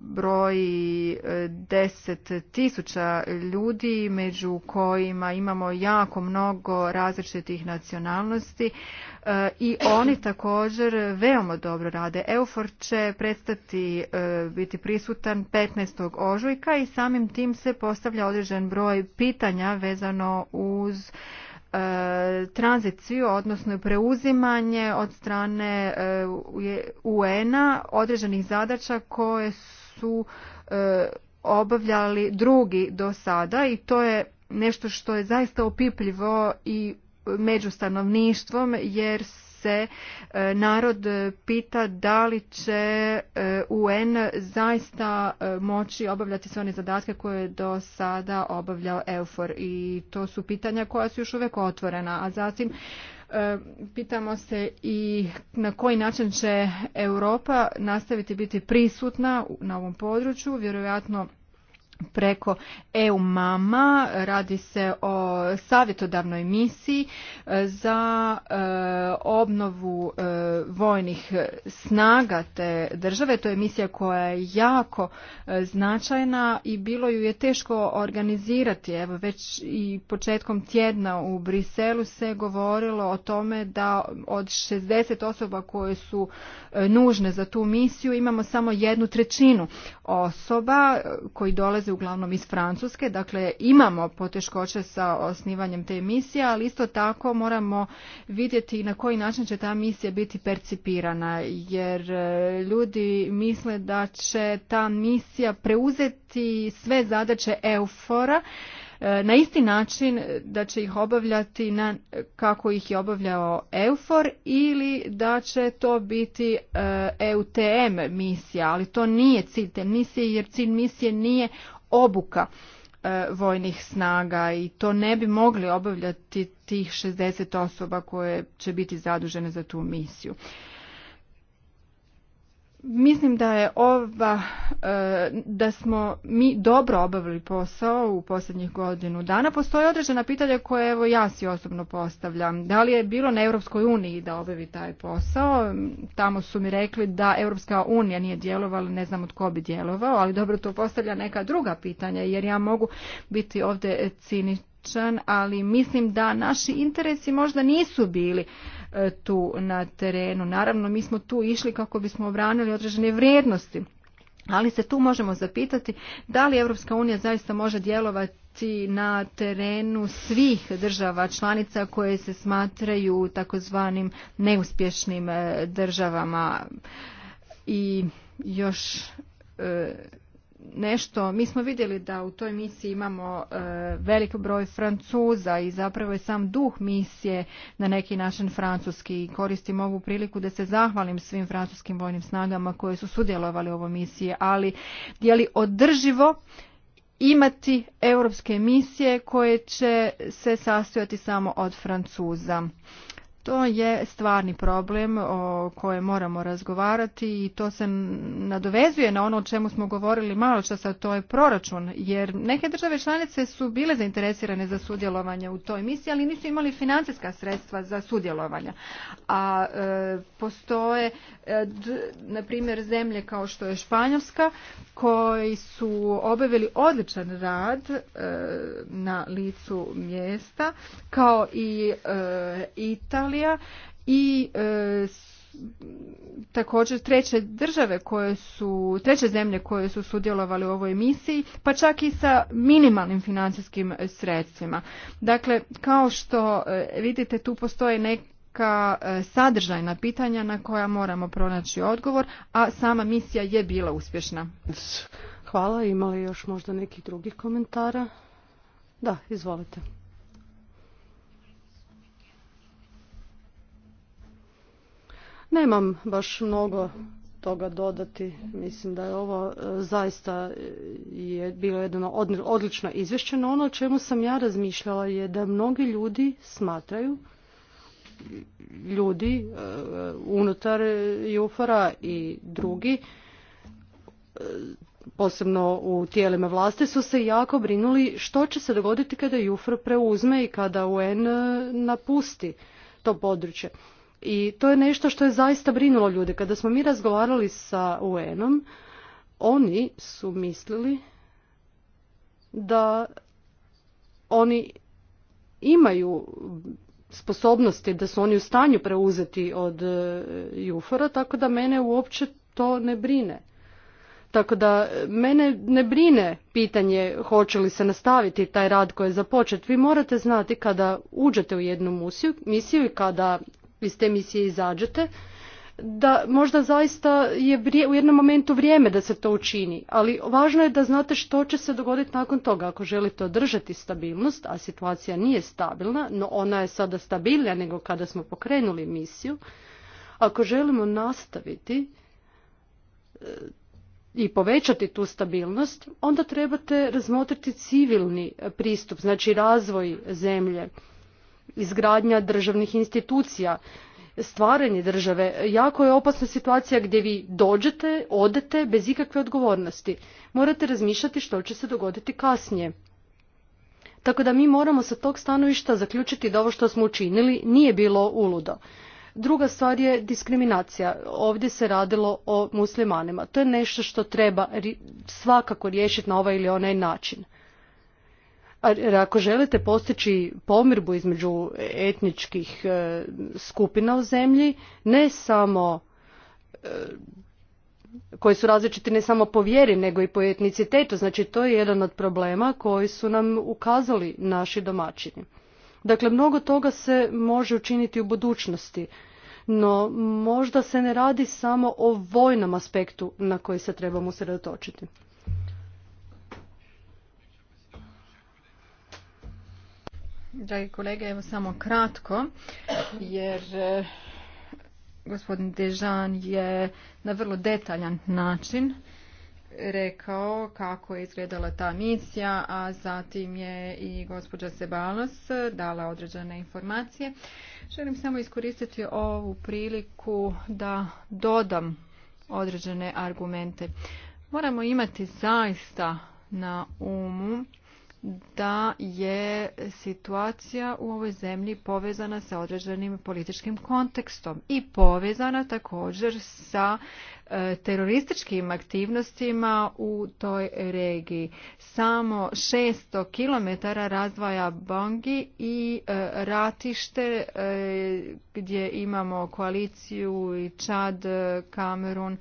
broji e, deset tisuća ljudi među kojima imamo jako mnogo različitih nacionalnosti e, i oni također veoma dobro rade. Eufor će prestati biti prisutan 15. ožujka i samim tim se postavlja određen broj pitanja vezano uz E, tranziciju, odnosno preuzimanje od strane e, UN-a e, određenih zadaća koje su obavljali drugi do sada i to je nešto što je zaista opipljivo i među stanovništvom jer se e, narod pita da li će e, UN zaista e, moći obavljati sve one zadatke koje je do sada obavljao EUFOR i to su pitanja koja su još uvijek otvorena, a zatim pitamo se i na koji način će Europa nastaviti biti prisutna na ovom području, vjerojatno preko EU Mama. Radi se o savjetodavnoj misiji e, za e, obnovu e, vojnih snaga te države. To je misija koja je jako značajna i bilo ju je teško organizirati. Evo već i početkom tjedna u Briselu se govorilo o tome da od 60 osoba koje su nužne za tu misiju imamo samo jednu trećinu osoba koji dolaze uglavnom iz Francuske, dakle imamo poteškoće sa osnivanjem te misije, ali isto tako moramo vidjeti na koji način će ta misija biti percipirana, jer e, ljudi misle da će ta misija preuzeti sve zadaće EUFOR-a, e, na isti način da će ih obavljati na kako ih je obavljao EUFOR ili da će to biti EUTM e misija, ali to nije cilj te misije jer cilj misije nije obuka e, vojnih snaga i to ne bi mogli obavljati tih 60 osoba koje će biti zadužene za tu misiju. Mislim da je ova, e, da smo mi dobro obavili posao u posljednjih godinu dana. Postoje određena pitanja koje evo ja si osobno postavljam. Da li je bilo na Europskoj uniji da obavi taj posao? Tamo su mi rekli da Europska unija nije djelovala, ne znam tko bi djelovao, ali dobro to postavlja neka druga pitanja jer ja mogu biti ovdje ciničan, ali mislim da naši interesi možda nisu bili E, tu na terenu. Naravno, mi smo tu išli kako bismo obranili određene vrijednosti. Ali se tu možemo zapitati da li Europska unija zaista može djelovati na terenu svih država članica koje se smatraju takozvanim neuspješnim e, državama. I još e, nešto, mi smo vidjeli da u toj misiji imamo e, velik broj Francuza i zapravo je sam duh misije na neki način francuski. Koristim ovu priliku da se zahvalim svim francuskim vojnim snagama koje su sudjelovali u ovoj misiji, ali je li održivo imati europske misije koje će se sastojati samo od Francuza? To je stvarni problem o kojem moramo razgovarati i to se nadovezuje na ono o čemu smo govorili malo čas, a to je proračun. Jer neke države članice su bile zainteresirane za sudjelovanje u toj misiji, ali nisu imali financijska sredstva za sudjelovanje. A e, postoje, e, na primjer, zemlje kao što je Španjolska, koji su obavili odličan rad e, na licu mjesta, kao i Italija i e, također treće države koje su, treće zemlje koje su sudjelovali u ovoj misiji, pa čak i sa minimalnim financijskim sredstvima. Dakle, kao što e, vidite tu postoje neka e, sadržajna pitanja na koja moramo pronaći odgovor, a sama misija je bila uspješna. Hvala, imali još možda nekih drugih komentara? Da, izvolite. Nemam baš mnogo toga dodati. Mislim da je ovo e, zaista je bilo jedno odlično izvješće, no ono o čemu sam ja razmišljala je da mnogi ljudi smatraju ljudi e, unutar Jufora i drugi e, posebno u tijelima vlasti su se jako brinuli što će se dogoditi kada Jufor preuzme i kada UN napusti to područje. I to je nešto što je zaista brinulo ljude. Kada smo mi razgovarali sa UN-om, oni su mislili da oni imaju sposobnosti, da su oni u stanju preuzeti od e, Jufora, tako da mene uopće to ne brine. Tako da e, mene ne brine pitanje hoće li se nastaviti taj rad koji je započet. Vi morate znati kada uđete u jednu misiju i kada iz te misije izađete, da možda zaista je u jednom momentu vrijeme da se to učini, ali važno je da znate što će se dogoditi nakon toga. Ako želite održati stabilnost, a situacija nije stabilna, no ona je sada stabilnija nego kada smo pokrenuli misiju, ako želimo nastaviti e, i povećati tu stabilnost, onda trebate razmotriti civilni pristup, znači razvoj zemlje izgradnja državnih institucija, stvaranje države. Jako je opasna situacija gdje vi dođete, odete bez ikakve odgovornosti. Morate razmišljati što će se dogoditi kasnije. Tako da mi moramo sa tog stanovišta zaključiti da ovo što smo učinili nije bilo uludo. Druga stvar je diskriminacija. Ovdje se radilo o muslimanima. To je nešto što treba svakako riješiti na ovaj ili onaj način. Jer ako želite postići pomirbu između etničkih e, skupina u zemlji, ne samo e, koji su različiti ne samo po vjeri nego i po etnicitetu, znači to je jedan od problema koji su nam ukazali naši domaćini. Dakle, mnogo toga se može učiniti u budućnosti, no možda se ne radi samo o vojnom aspektu na koji se trebamo usredotočiti. Dragi kolege, evo samo kratko, jer e, gospodin Dežan je na vrlo detaljan način rekao kako je izgledala ta misija, a zatim je i gospođa Sebalos dala određene informacije. Želim samo iskoristiti ovu priliku da dodam određene argumente. Moramo imati zaista na umu da je situacija u ovoj zemlji povezana sa određenim političkim kontekstom i povezana također sa e, terorističkim aktivnostima u toj regiji. Samo 600 km razdvaja Bangi i e, ratište e, gdje imamo koaliciju i Čad, Kamerun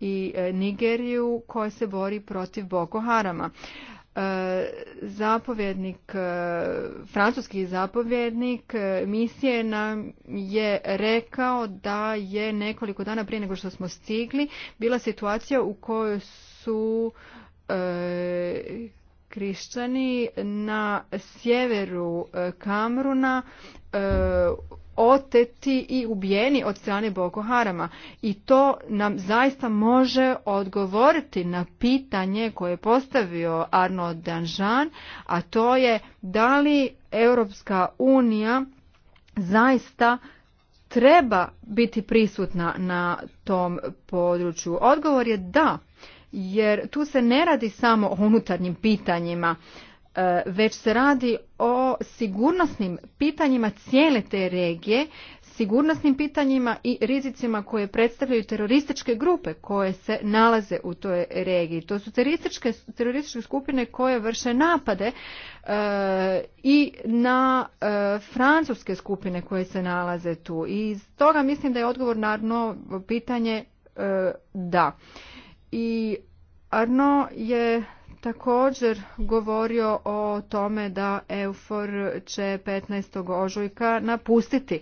i Nigeriju koja se bori protiv Boko Harama. E, zapovjednik, e, francuski zapovjednik e, misije nam je rekao da je nekoliko dana prije nego što smo stigli bila situacija u kojoj su e, krišćani na sjeveru Kamruna oteti i ubijeni od strane Boko Harama. I to nam zaista može odgovoriti na pitanje koje je postavio Arno Danžan, a to je da li Europska unija zaista treba biti prisutna na tom području. Odgovor je da, jer tu se ne radi samo o unutarnjim pitanjima. E, već se radi o sigurnosnim pitanjima cijele te regije, sigurnosnim pitanjima i rizicima koje predstavljaju terorističke grupe koje se nalaze u toj regiji. To su terorističke, terorističke skupine koje vrše napade e, i na e, francuske skupine koje se nalaze tu. I stoga mislim da je odgovor na Arno pitanje da. I Arno je također govorio o tome da EUFOR će 15. ožujka napustiti e,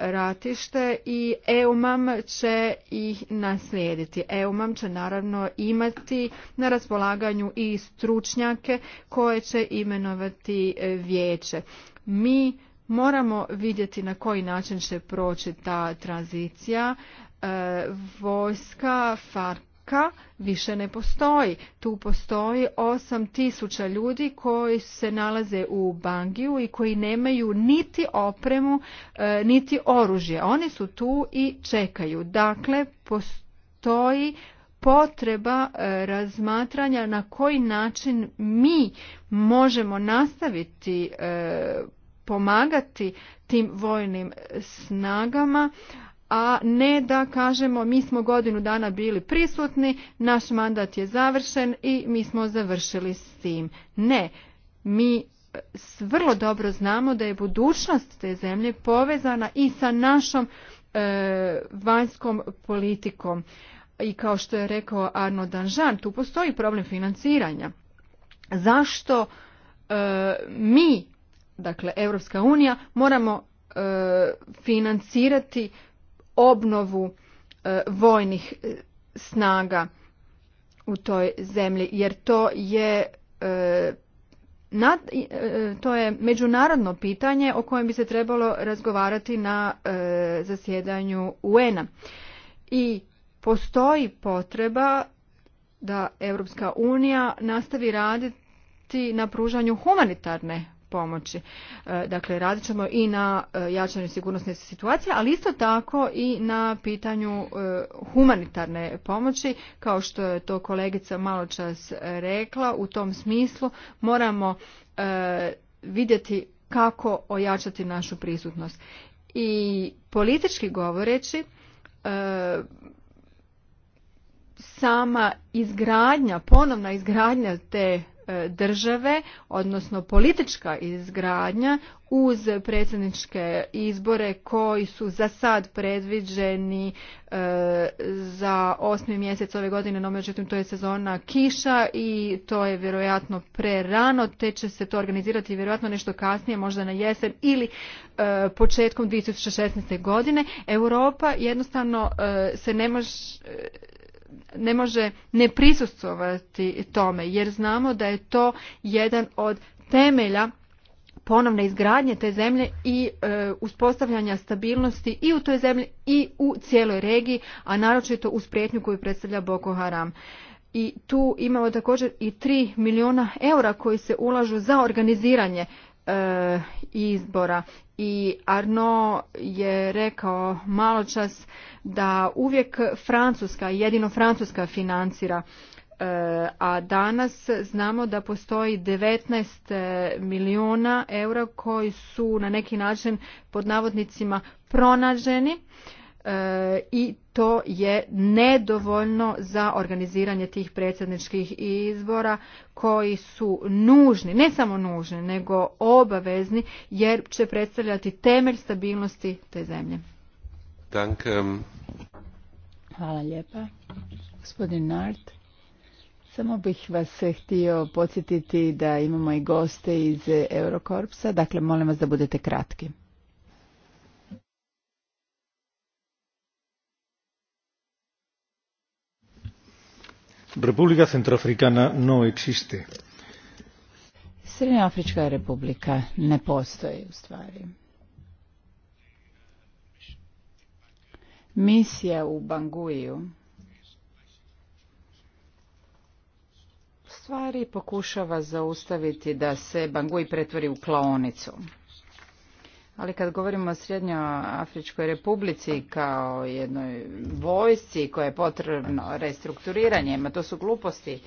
ratište i EUMAM će ih naslijediti. EUMAM će naravno imati na raspolaganju i stručnjake koje će imenovati e, vijeće. Mi moramo vidjeti na koji način će proći ta tranzicija. E, vojska, FARC ka više ne postoji. Tu postoji 8000 ljudi koji se nalaze u Bangiju i koji nemaju niti opremu, e, niti oružje. Oni su tu i čekaju. Dakle, postoji potreba e, razmatranja na koji način mi možemo nastaviti e, pomagati tim vojnim snagama a ne da kažemo mi smo godinu dana bili prisutni, naš mandat je završen i mi smo završili s tim. Ne, mi e, vrlo dobro znamo da je budućnost te zemlje povezana i sa našom e, vanjskom politikom. I kao što je rekao Arno Danžan, tu postoji problem financiranja. Zašto e, mi, dakle Europska unija, moramo financirati obnovu e, vojnih e, snaga u toj zemlji jer to je e, to je međunarodno pitanje o kojem bi se trebalo razgovarati na zasjedanju UN-a. I postoji potreba da Europska unija nastavi raditi na pružanju humanitarne pomoći. E, dakle, radit ćemo i na e, jačanju sigurnosne situacije, ali isto tako i na pitanju e, humanitarne pomoći. Kao što je to kolegica malo čas rekla, u tom smislu moramo vidjeti kako ojačati našu prisutnost. I politički govoreći, sama izgradnja, ponovna izgradnja te E, države, odnosno politička izgradnja uz predsjedničke izbore koji su za sad predviđeni e, za osmi mjesec ove godine, no međutim to je sezona kiša i to je vjerojatno prerano, te će se to organizirati vjerojatno nešto kasnije, možda na jesen ili e, početkom 2016. godine. Europa jednostavno se ne može ne može ne prisustvovati tome jer znamo da je to jedan od temelja ponovne izgradnje te zemlje i e, uspostavljanja stabilnosti i u toj zemlji i u cijeloj regiji, a naročito uz prijetnju koju predstavlja Boko Haram. I tu imamo također i 3 milijuna eura koji se ulažu za organiziranje izbora i Arno je rekao čas da uvijek Francuska, jedino Francuska financira e, a danas znamo da postoji 19 milijuna eura koji su na neki način pod navodnicima pronađeni e, i to je nedovoljno za organiziranje tih predsjedničkih izbora koji su nužni, ne samo nužni, nego obavezni jer će predstavljati temelj stabilnosti te zemlje. Hvala lijepa. Gospodin Nart. Samo bih vas htio podsjetiti da imamo i goste iz Eurokorpsa, dakle molim vas da budete kratki. Republika Centroafrikana no existe. Srednjoafrička republika ne postoji u stvari. Misija u Banguiju stvari pokušava zaustaviti da se Bangui pretvori u klaonicu. Ali kad govorimo o Srednjoafričkoj republici kao jednoj vojsci koja je potrebno restrukturiranje, ma to su gluposti.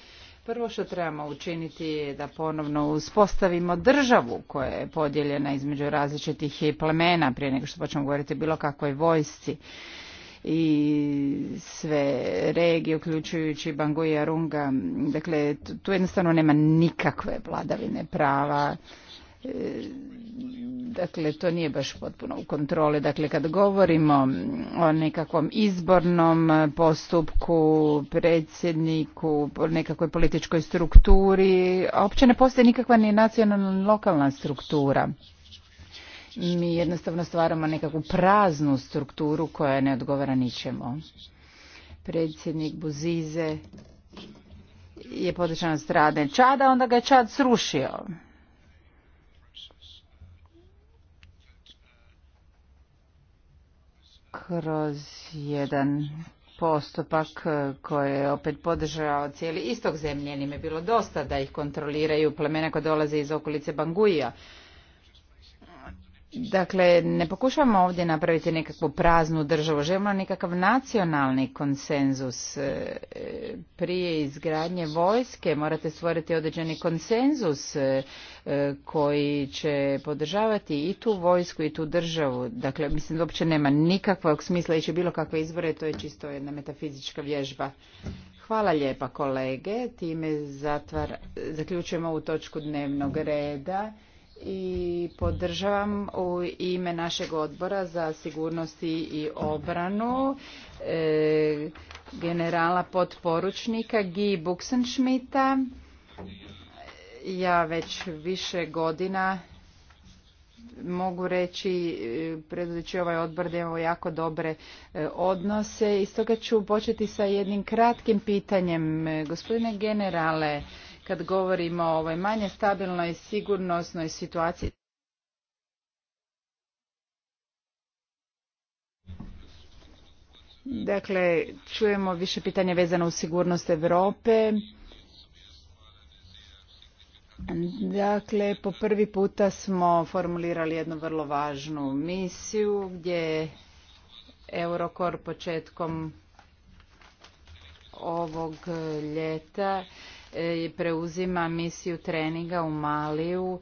Prvo što trebamo učiniti je da ponovno uspostavimo državu koja je podijeljena između različitih plemena prije nego što počnemo govoriti bilo kakvoj vojsci i sve regije, uključujući Bangu i Arunga. Dakle, tu jednostavno nema nikakve vladavine prava. Dakle, to nije baš potpuno u kontroli. Dakle, kad govorimo o nekakvom izbornom postupku, predsjedniku, nekakvoj političkoj strukturi, a uopće ne postoji nikakva ni nacionalna ni lokalna struktura. Mi jednostavno stvaramo nekakvu praznu strukturu koja ne odgovara ničemu. Predsjednik Buzize je podržan od strane Čada, onda ga je Čad srušio. kroz jedan postupak e, koji je opet podržao cijeli istok zemlje. Njime je bilo dosta da ih kontroliraju plemena koje dolaze iz okolice Banguija. Dakle, ne pokušavamo ovdje napraviti nekakvu praznu državu, želimo nekakav nacionalni konsenzus. E, prije izgradnje vojske morate stvoriti određeni konsenzus e, koji će podržavati i tu vojsku i tu državu. Dakle, mislim da uopće nema nikakvog smisla ići bilo kakve izbore, to je čisto jedna metafizička vježba. Hvala lijepa kolege, time zaključujemo ovu točku dnevnog reda i podržavam u ime našeg odbora za sigurnost i obranu e, generala potporučnika Guy Buxenschmita. Ja već više godina mogu reći, e, predući ovaj odbor da imamo jako dobre e, odnose i stoga ću početi sa jednim kratkim pitanjem. Gospodine generale, kad govorimo o ovoj manje stabilnoj sigurnosnoj situaciji Dakle, čujemo više pitanja vezano u sigurnost Europe. Dakle, po prvi puta smo formulirali jednu vrlo važnu misiju gdje je Eurokor početkom ovog ljeta E, preuzima misiju treninga u Maliju.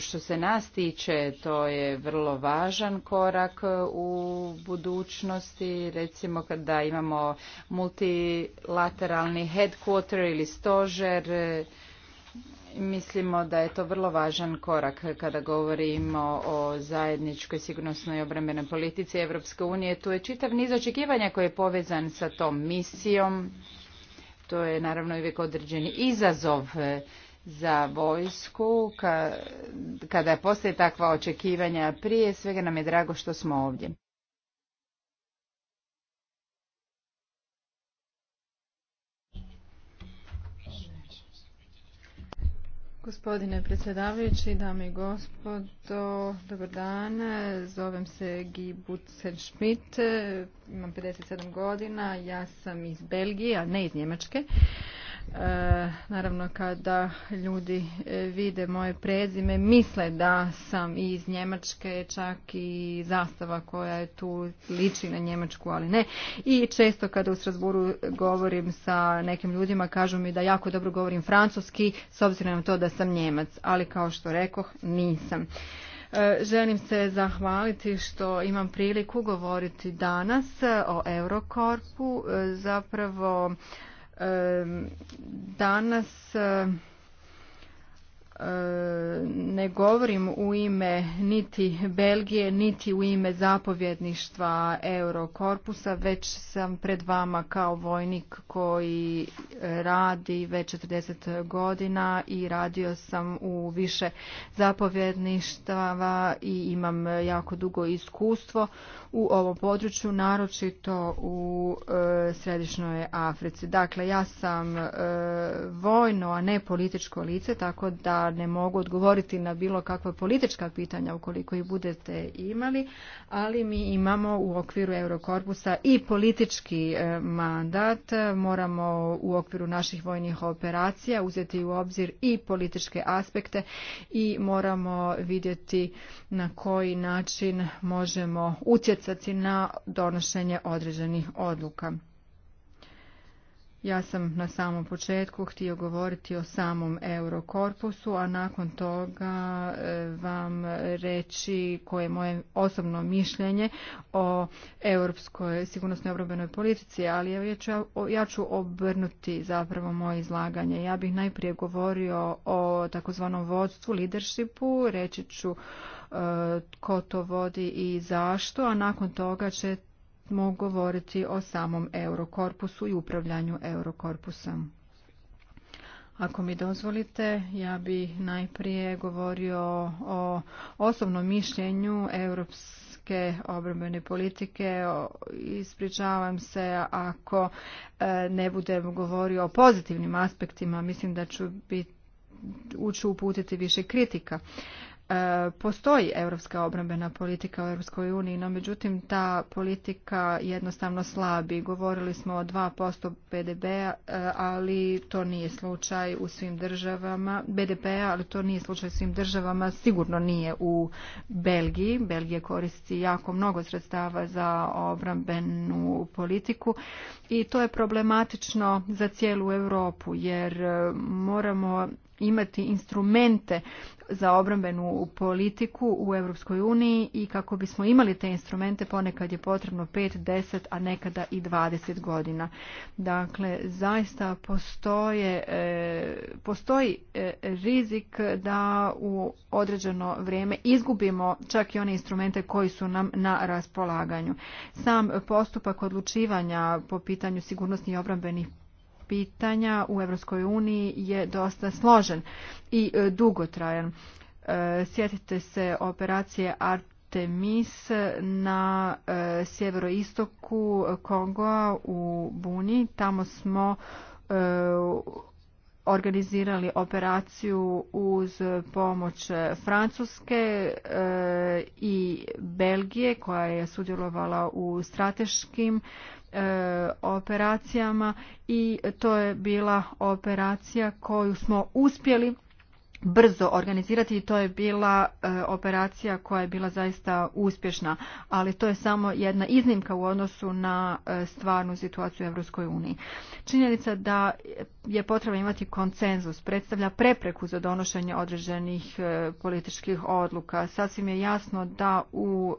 Što se nas tiče, to je vrlo važan korak u budućnosti. Recimo kada imamo multilateralni headquarter ili stožer, e, mislimo da je to vrlo važan korak kada govorimo o zajedničkoj sigurnosnoj obrambenoj politici Evropske unije. Tu je čitav niz očekivanja koji je povezan sa tom misijom to je naravno uvijek određeni izazov e, za vojsku kada postoje takva očekivanja prije svega nam je drago što smo ovdje Gospodine predsjedavajući, dame i gospodo, dobar dan. Zovem se Guy Schmidt, imam 57 godina, ja sam iz Belgije, a ne iz Njemačke. E, naravno kada ljudi e, vide moje prezime misle da sam iz Njemačke čak i zastava koja je tu liči na Njemačku ali ne i često kada u Strasburu govorim sa nekim ljudima kažu mi da jako dobro govorim francuski s obzirom na to da sam Njemac ali kao što rekoh nisam e, Želim se zahvaliti što imam priliku govoriti danas o Eurokorpu. Zapravo Danas E, ne govorim u ime niti Belgije, niti u ime zapovjedništva Eurokorpusa, već sam pred vama kao vojnik koji radi već 40 godina i radio sam u više zapovjedništava i imam jako dugo iskustvo u ovom području, naročito u e, Središnjoj Africi. Dakle, ja sam e, vojno, a ne političko lice, tako da ne mogu odgovoriti na bilo kakva politička pitanja ukoliko ih budete imali, ali mi imamo u okviru Eurokorpusa i politički e, mandat. Moramo u okviru naših vojnih operacija uzeti u obzir i političke aspekte i moramo vidjeti na koji način možemo utjecati na donošenje određenih odluka. Ja sam na samom početku htio govoriti o samom Eurokorpusu, a nakon toga e, vam reći koje je moje osobno mišljenje o europskoj sigurnosnoj obrambenoj politici, ali ja ću, ja ću obrnuti zapravo moje izlaganje. Ja bih najprije govorio o takozvanom vodstvu, leadershipu, reći ću e, ko to vodi i zašto, a nakon toga će smo govoriti o samom Eurokorpusu i upravljanju Eurokorpusom. Ako mi dozvolite, ja bi najprije govorio o osobnom mišljenju europske obrambene politike. Ispričavam se ako e, ne budem govorio o pozitivnim aspektima, mislim da ću biti uputiti više kritika. E, postoji europska obrambena politika u Europskoj uniji, no međutim ta politika jednostavno slabi. Govorili smo o 2% BDP-a, e, ali to nije slučaj u svim državama. BDP-a, ali to nije slučaj u svim državama, sigurno nije u Belgiji. Belgija koristi jako mnogo sredstava za obrambenu politiku i to je problematično za cijelu Europu jer e, moramo imati instrumente za obrambenu u politiku u Europskoj uniji i kako bismo imali te instrumente ponekad je potrebno 5, 10, a nekada i 20 godina. Dakle, zaista postoje, e, postoji e, rizik da u određeno vrijeme izgubimo čak i one instrumente koji su nam na raspolaganju. Sam postupak odlučivanja po pitanju sigurnosnih i obrambenih pitanja u Europskoj uniji je dosta složen i e, dugotrajan. E, sjetite se operacije Artemis na e, sjeveroistoku Kongoa u Buni. Tamo smo e, organizirali operaciju uz pomoć Francuske i Belgije koja je sudjelovala u strateškim operacijama i to je bila operacija koju smo uspjeli brzo organizirati i to je bila e, operacija koja je bila zaista uspješna, ali to je samo jedna iznimka u odnosu na e, stvarnu situaciju u Europskoj uniji. Činjenica da je potrebno imati konsenzus predstavlja prepreku za donošenje određenih e, političkih odluka. Sasvim je jasno da u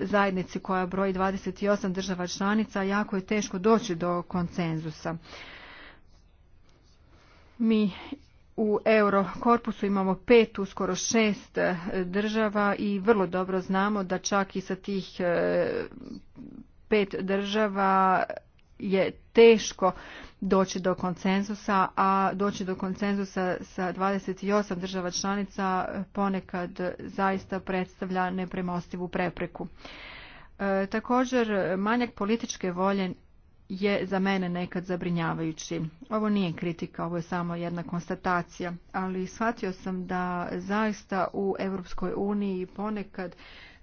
zajednici koja broji 28 država članica jako je teško doći do konsenzusa. Mi u Eurokorpusu imamo pet, uskoro šest e, država i vrlo dobro znamo da čak i sa tih e, pet država je teško doći do konsenzusa, a doći do konsenzusa sa 28 država članica ponekad zaista predstavlja nepremostivu prepreku. E, također, manjak političke volje je za mene nekad zabrinjavajući. Ovo nije kritika, ovo je samo jedna konstatacija, ali shvatio sam da zaista u Europskoj uniji ponekad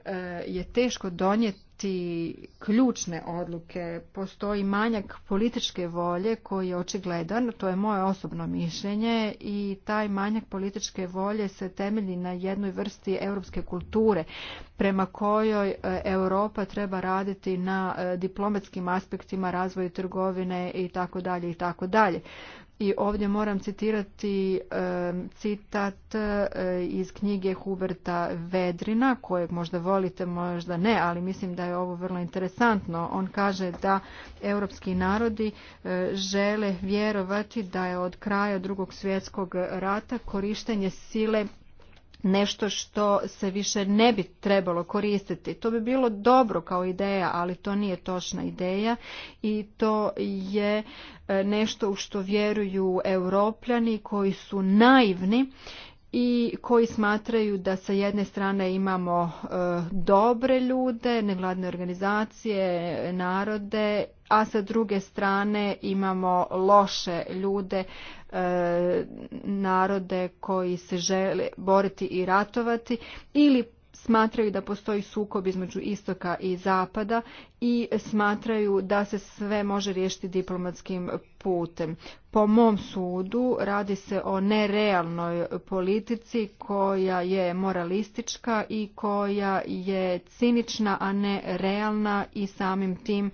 E, je teško donijeti ključne odluke. Postoji manjak političke volje koji je očigledan, to je moje osobno mišljenje i taj manjak političke volje se temelji na jednoj vrsti europske kulture prema kojoj e, Europa treba raditi na e, diplomatskim aspektima razvoju trgovine i tako dalje i tako dalje i ovdje moram citirati citat e, iz knjige Huberta Vedrina, kojeg možda volite, možda ne, ali mislim da je ovo vrlo interesantno. On kaže da europski narodi e, žele vjerovati da je od kraja drugog svjetskog rata korištenje sile nešto što se više ne bi trebalo koristiti. To bi bilo dobro kao ideja, ali to nije točna ideja i to je e, nešto u što vjeruju europljani koji su naivni i koji smatraju da sa jedne strane imamo e, dobre ljude, nevladne organizacije, narode, a sa druge strane imamo loše ljude E, narode koji se žele boriti i ratovati ili smatraju da postoji sukob između istoka i zapada i smatraju da se sve može riješiti diplomatskim putem. Po mom sudu radi se o nerealnoj politici koja je moralistička i koja je cinična, a ne realna i samim tim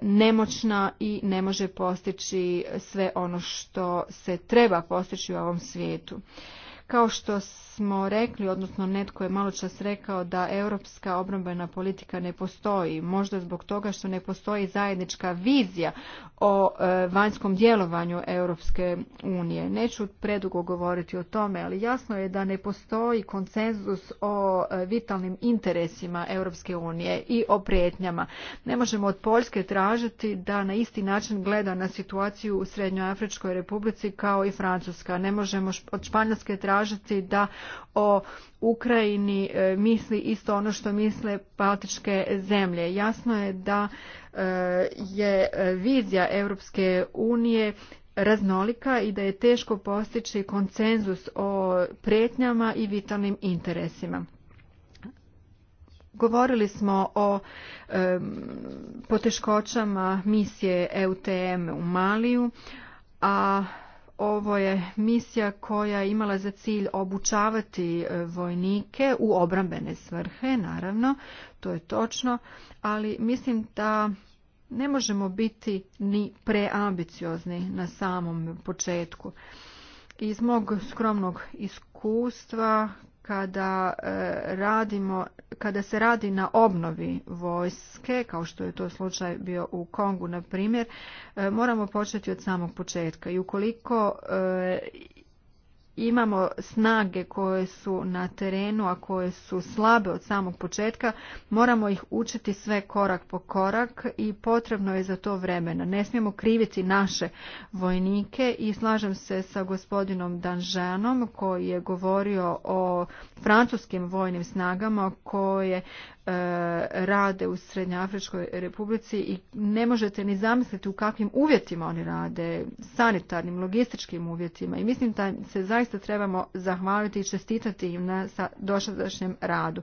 nemoćna i ne može postići sve ono što se treba postići u ovom svijetu. Kao što smo rekli, odnosno netko je malo čas rekao da europska obrambena politika ne postoji, možda zbog toga što ne postoji zajednička vizija o e, vanjskom djelovanju Europske unije. Neću predugo govoriti o tome, ali jasno je da ne postoji konsenzus o e, vitalnim interesima Europske unije i o prijetnjama. Ne možemo od Poljske tražiti da na isti način gleda na situaciju u Srednjoafričkoj republici kao i Francuska. Ne možemo od Španjolske tražiti tražiti da o Ukrajini e, misli isto ono što misle baltičke zemlje. Jasno je da e, je vizija Europske unije raznolika i da je teško postići konsenzus o prijetnjama i vitalnim interesima. Govorili smo o poteškoćama misije EUTM u Maliju, a ovo je misija koja je imala za cilj obučavati e, vojnike u obrambene svrhe, naravno, to je točno, ali mislim da ne možemo biti ni preambiciozni na samom početku. Iz mog skromnog iskustva kada e, radimo kada se radi na obnovi vojske kao što je to slučaj bio u Kongu na primjer e, moramo početi od samog početka i ukoliko e, imamo snage koje su na terenu, a koje su slabe od samog početka, moramo ih učiti sve korak po korak i potrebno je za to vremena. Ne smijemo kriviti naše vojnike i slažem se sa gospodinom Danžanom koji je govorio o francuskim vojnim snagama koje E, rade u Srednjoafričkoj republici i ne možete ni zamisliti u kakvim uvjetima oni rade, sanitarnim, logističkim uvjetima i mislim da se zaista trebamo zahvaliti i čestitati im na dosadašnjem radu.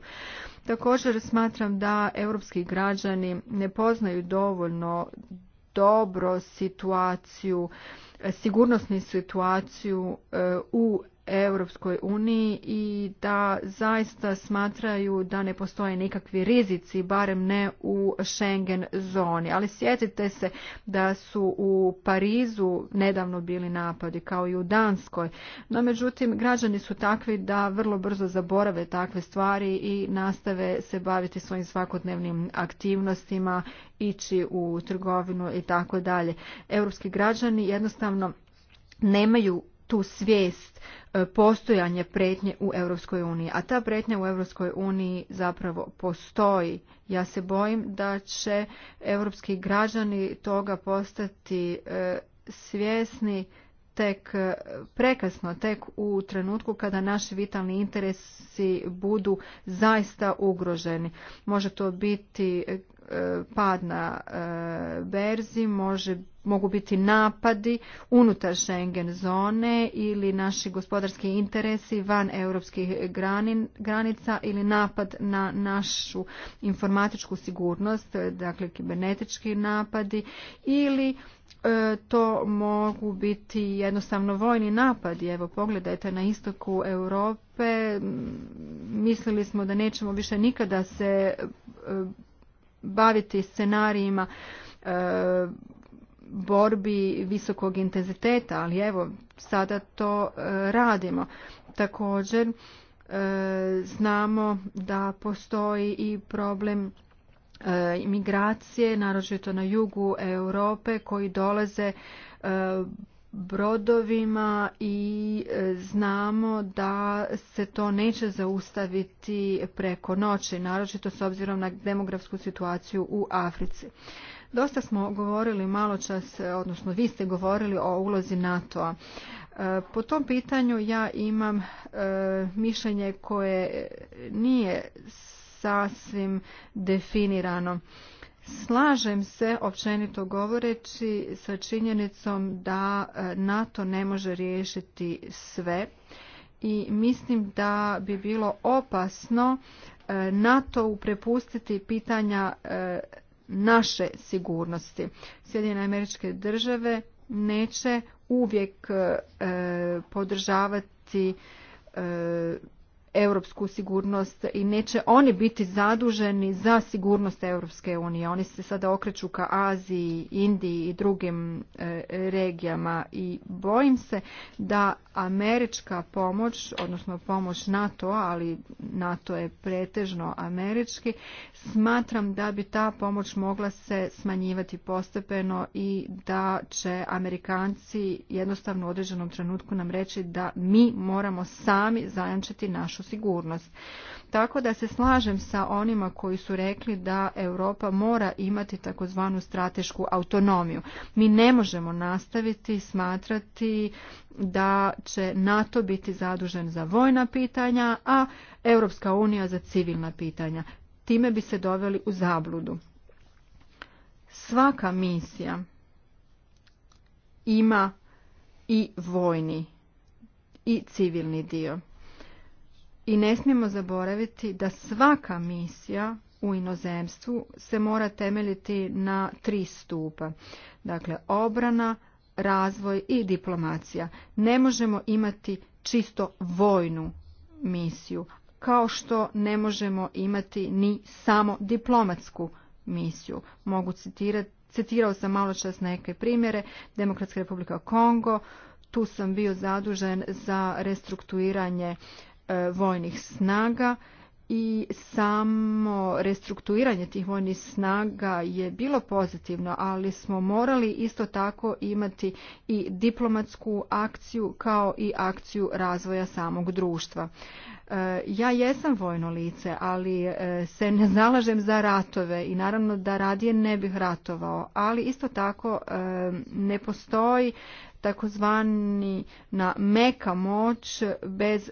Također smatram da europski građani ne poznaju dovoljno dobro situaciju, sigurnosnu situaciju e, u Europskoj uniji i da zaista smatraju da ne postoje nikakvi rizici, barem ne u Schengen zoni. Ali sjetite se da su u Parizu nedavno bili napadi, kao i u Danskoj. No, međutim, građani su takvi da vrlo brzo zaborave takve stvari i nastave se baviti svojim svakodnevnim aktivnostima, ići u trgovinu i tako dalje. Europski građani jednostavno nemaju tu svijest postojanje pretnje u Europskoj uniji, a ta pretnja u Europskoj uniji zapravo postoji. Ja se bojim da će europski građani toga postati e, svjesni tek e, prekasno, tek u trenutku kada naši vitalni interesi budu zaista ugroženi. Može to biti e, e, pad na berzi, može, mogu biti napadi unutar Schengen zone ili naši gospodarski interesi van europskih granica ili napad na našu informatičku sigurnost, dakle kibernetički napadi ili E, to mogu biti jednostavno vojni napad. Evo pogledajte na istoku Europe, mislili smo da nećemo više nikada se e, baviti scenarijima e, borbi visokog intenziteta, ali evo sada to radimo. Također znamo da postoji i problem E, imigracije, naročito na jugu Europe koji dolaze e, brodovima i e, znamo da se to neće zaustaviti preko noći, naročito s obzirom na demografsku situaciju u Africi. Dosta smo govorili malo čas, odnosno vi ste govorili o ulozi NATO-a. Po tom pitanju ja imam mišljenje koje nije sasvim definirano. Slažem se, općenito govoreći, sa činjenicom da e, NATO ne može riješiti sve i mislim da bi bilo opasno e, NATO prepustiti pitanja e, naše sigurnosti. Sjedinjene američke države neće uvijek podržavati europsku sigurnost i neće oni biti zaduženi za sigurnost Europske unije. Oni se sada okreću ka Aziji, Indiji i drugim e, regijama i bojim se da američka pomoć, odnosno pomoć NATO, ali NATO je pretežno američki, smatram da bi ta pomoć mogla se smanjivati postepeno i da će Amerikanci jednostavno u određenom trenutku nam reći da mi moramo sami zajamčiti našu sigurnost. Tako da se slažem sa onima koji su rekli da Europa mora imati takozvanu stratešku autonomiju. Mi ne možemo nastaviti smatrati da će NATO biti zadužen za vojna pitanja, a Europska unija za civilna pitanja. Time bi se doveli u zabludu. Svaka misija ima i vojni i civilni dio i ne smijemo zaboraviti da svaka misija u inozemstvu se mora temeljiti na tri stupa. Dakle, obrana, razvoj i diplomacija. Ne možemo imati čisto vojnu misiju, kao što ne možemo imati ni samo diplomatsku misiju. Mogu citirati, citirao sam malo čas neke primjere, Demokratska republika Kongo, tu sam bio zadužen za restrukturiranje E, vojnih snaga i samo restrukturiranje tih vojnih snaga je bilo pozitivno, ali smo morali isto tako imati i diplomatsku akciju kao i akciju razvoja samog društva. E, ja jesam vojno lice, ali e, se ne zalažem za ratove i naravno da radije ne bih ratovao, ali isto tako ne postoji takozvani na meka moć bez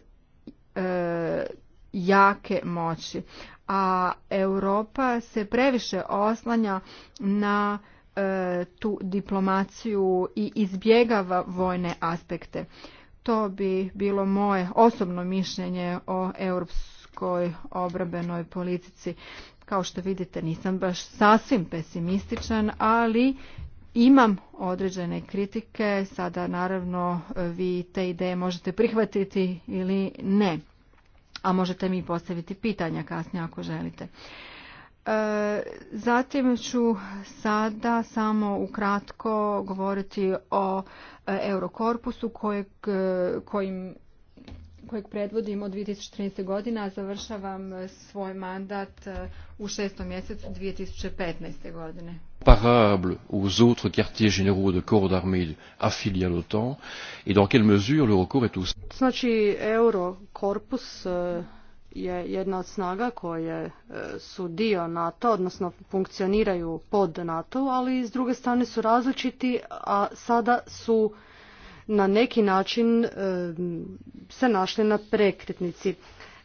E, jake moći a Europa se previše oslanja na e, tu diplomaciju i izbjegava vojne aspekte. To bi bilo moje osobno mišljenje o europskoj obrabenoj politici. Kao što vidite nisam baš sasvim pesimističan, ali imam određene kritike, sada naravno e, vi te ideje možete prihvatiti ili ne, a možete mi postaviti pitanja kasnije ako želite. E, zatim ću sada samo ukratko govoriti o e, Eurokorpusu kojeg, kojim, kojeg predvodim od 2013. godina, a završavam svoj mandat u šestom mjesecu 2015. godine comparable aux autres quartiers généraux de corps d'armée affiliés à l'OTAN et dans quelle mesure le recours est aussi... Znači, Eurokorpus eh, je jedna od snaga koje eh, su dio NATO, odnosno funkcioniraju pod NATO, ali s druge strane su različiti, a sada su na neki način eh, se našli na prekretnici.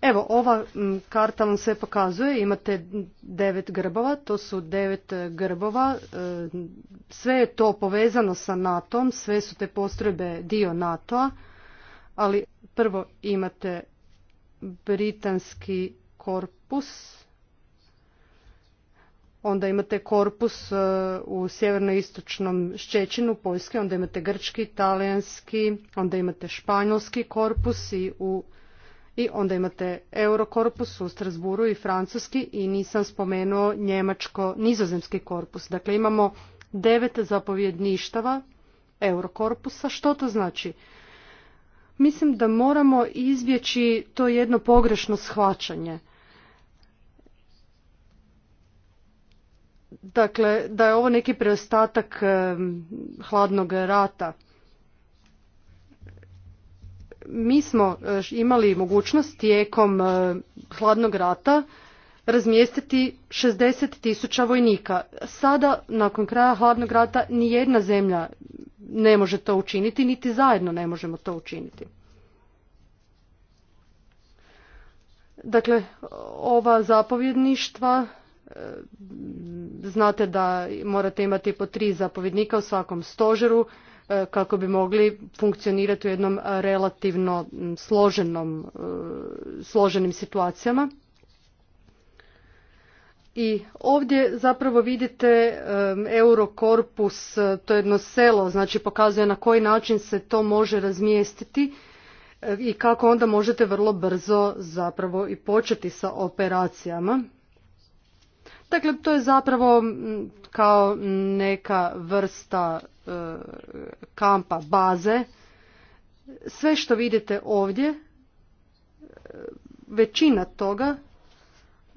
Evo, ova karta vam sve pokazuje, imate devet grbova, to su devet e, grbova, e, sve je to povezano sa NATO-om, sve su te postrojbe dio NATO-a, ali prvo imate britanski korpus, onda imate korpus e, u sjeverno-istočnom Ščećinu Poljske, onda imate grčki, talijanski, onda imate španjolski korpus i u i onda imate Eurokorpus u Strasburu i francuski i nisam spomenuo njemačko-nizozemski korpus. Dakle, imamo devet zapovjedništava Eurokorpusa. Što to znači? Mislim da moramo izbjeći to jedno pogrešno shvaćanje. Dakle, da je ovo neki preostatak hladnog rata – mi smo e, imali mogućnost tijekom e, hladnog rata razmjestiti 60 tisuća vojnika. Sada, nakon kraja hladnog rata, jedna zemlja ne može to učiniti, niti zajedno ne možemo to učiniti. Dakle, ova zapovjedništva, e, znate da morate imati po tri zapovjednika u svakom stožeru, E, kako bi mogli funkcionirati u jednom relativno složenom, e, složenim situacijama. I ovdje zapravo vidite Eurokorpus, e, to je jedno selo, znači pokazuje na koji način se to može razmjestiti i kako onda možete vrlo brzo zapravo i početi sa operacijama. Dakle, to je zapravo kao neka vrsta e, kampa, baze. Sve što vidite ovdje, e, većina toga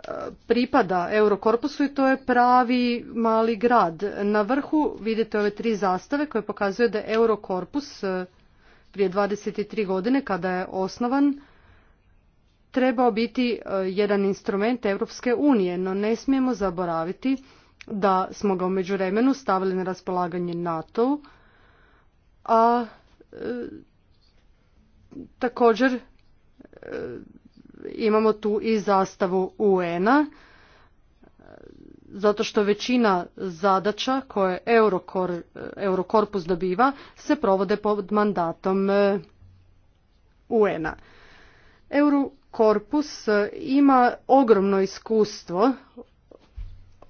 e, pripada Eurokorpusu i to je pravi mali grad. Na vrhu vidite ove tri zastave koje pokazuju da Eurokorpus prije 23 godine kada je osnovan trebao biti e, jedan instrument Europske unije, no ne smijemo zaboraviti da smo ga u međuvremenu stavili na raspolaganje NATO-u, a e, također e, imamo tu i zastavu UN-a, zato što većina zadaća koje Eurokorpus dobiva se provode pod mandatom UN-a. Euro, korpus e, ima ogromno iskustvo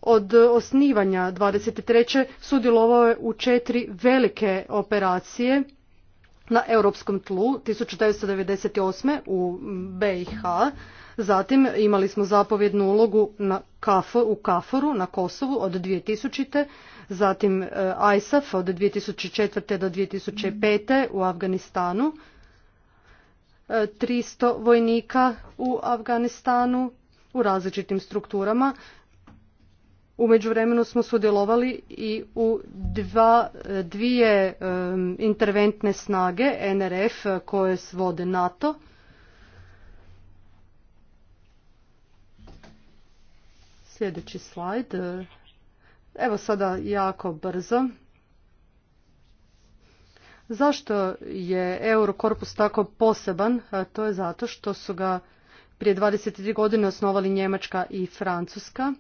od osnivanja 23. sudjelovao je u četiri velike operacije na europskom tlu 1998. u BiH, zatim imali smo zapovjednu ulogu na u Kaforu na Kosovu od 2000. Zatim e, ISAF od 2004. do 2005. u Afganistanu 300 vojnika u Afganistanu u različitim strukturama. U međuvremenu smo sudjelovali i u dva, dvije interventne snage NRF koje svode NATO. Sljedeći slajd. Evo sada jako brzo. Zašto je Eurokorpus tako poseban? To je zato što su ga prije 23 godine osnovali Njemačka i Francuska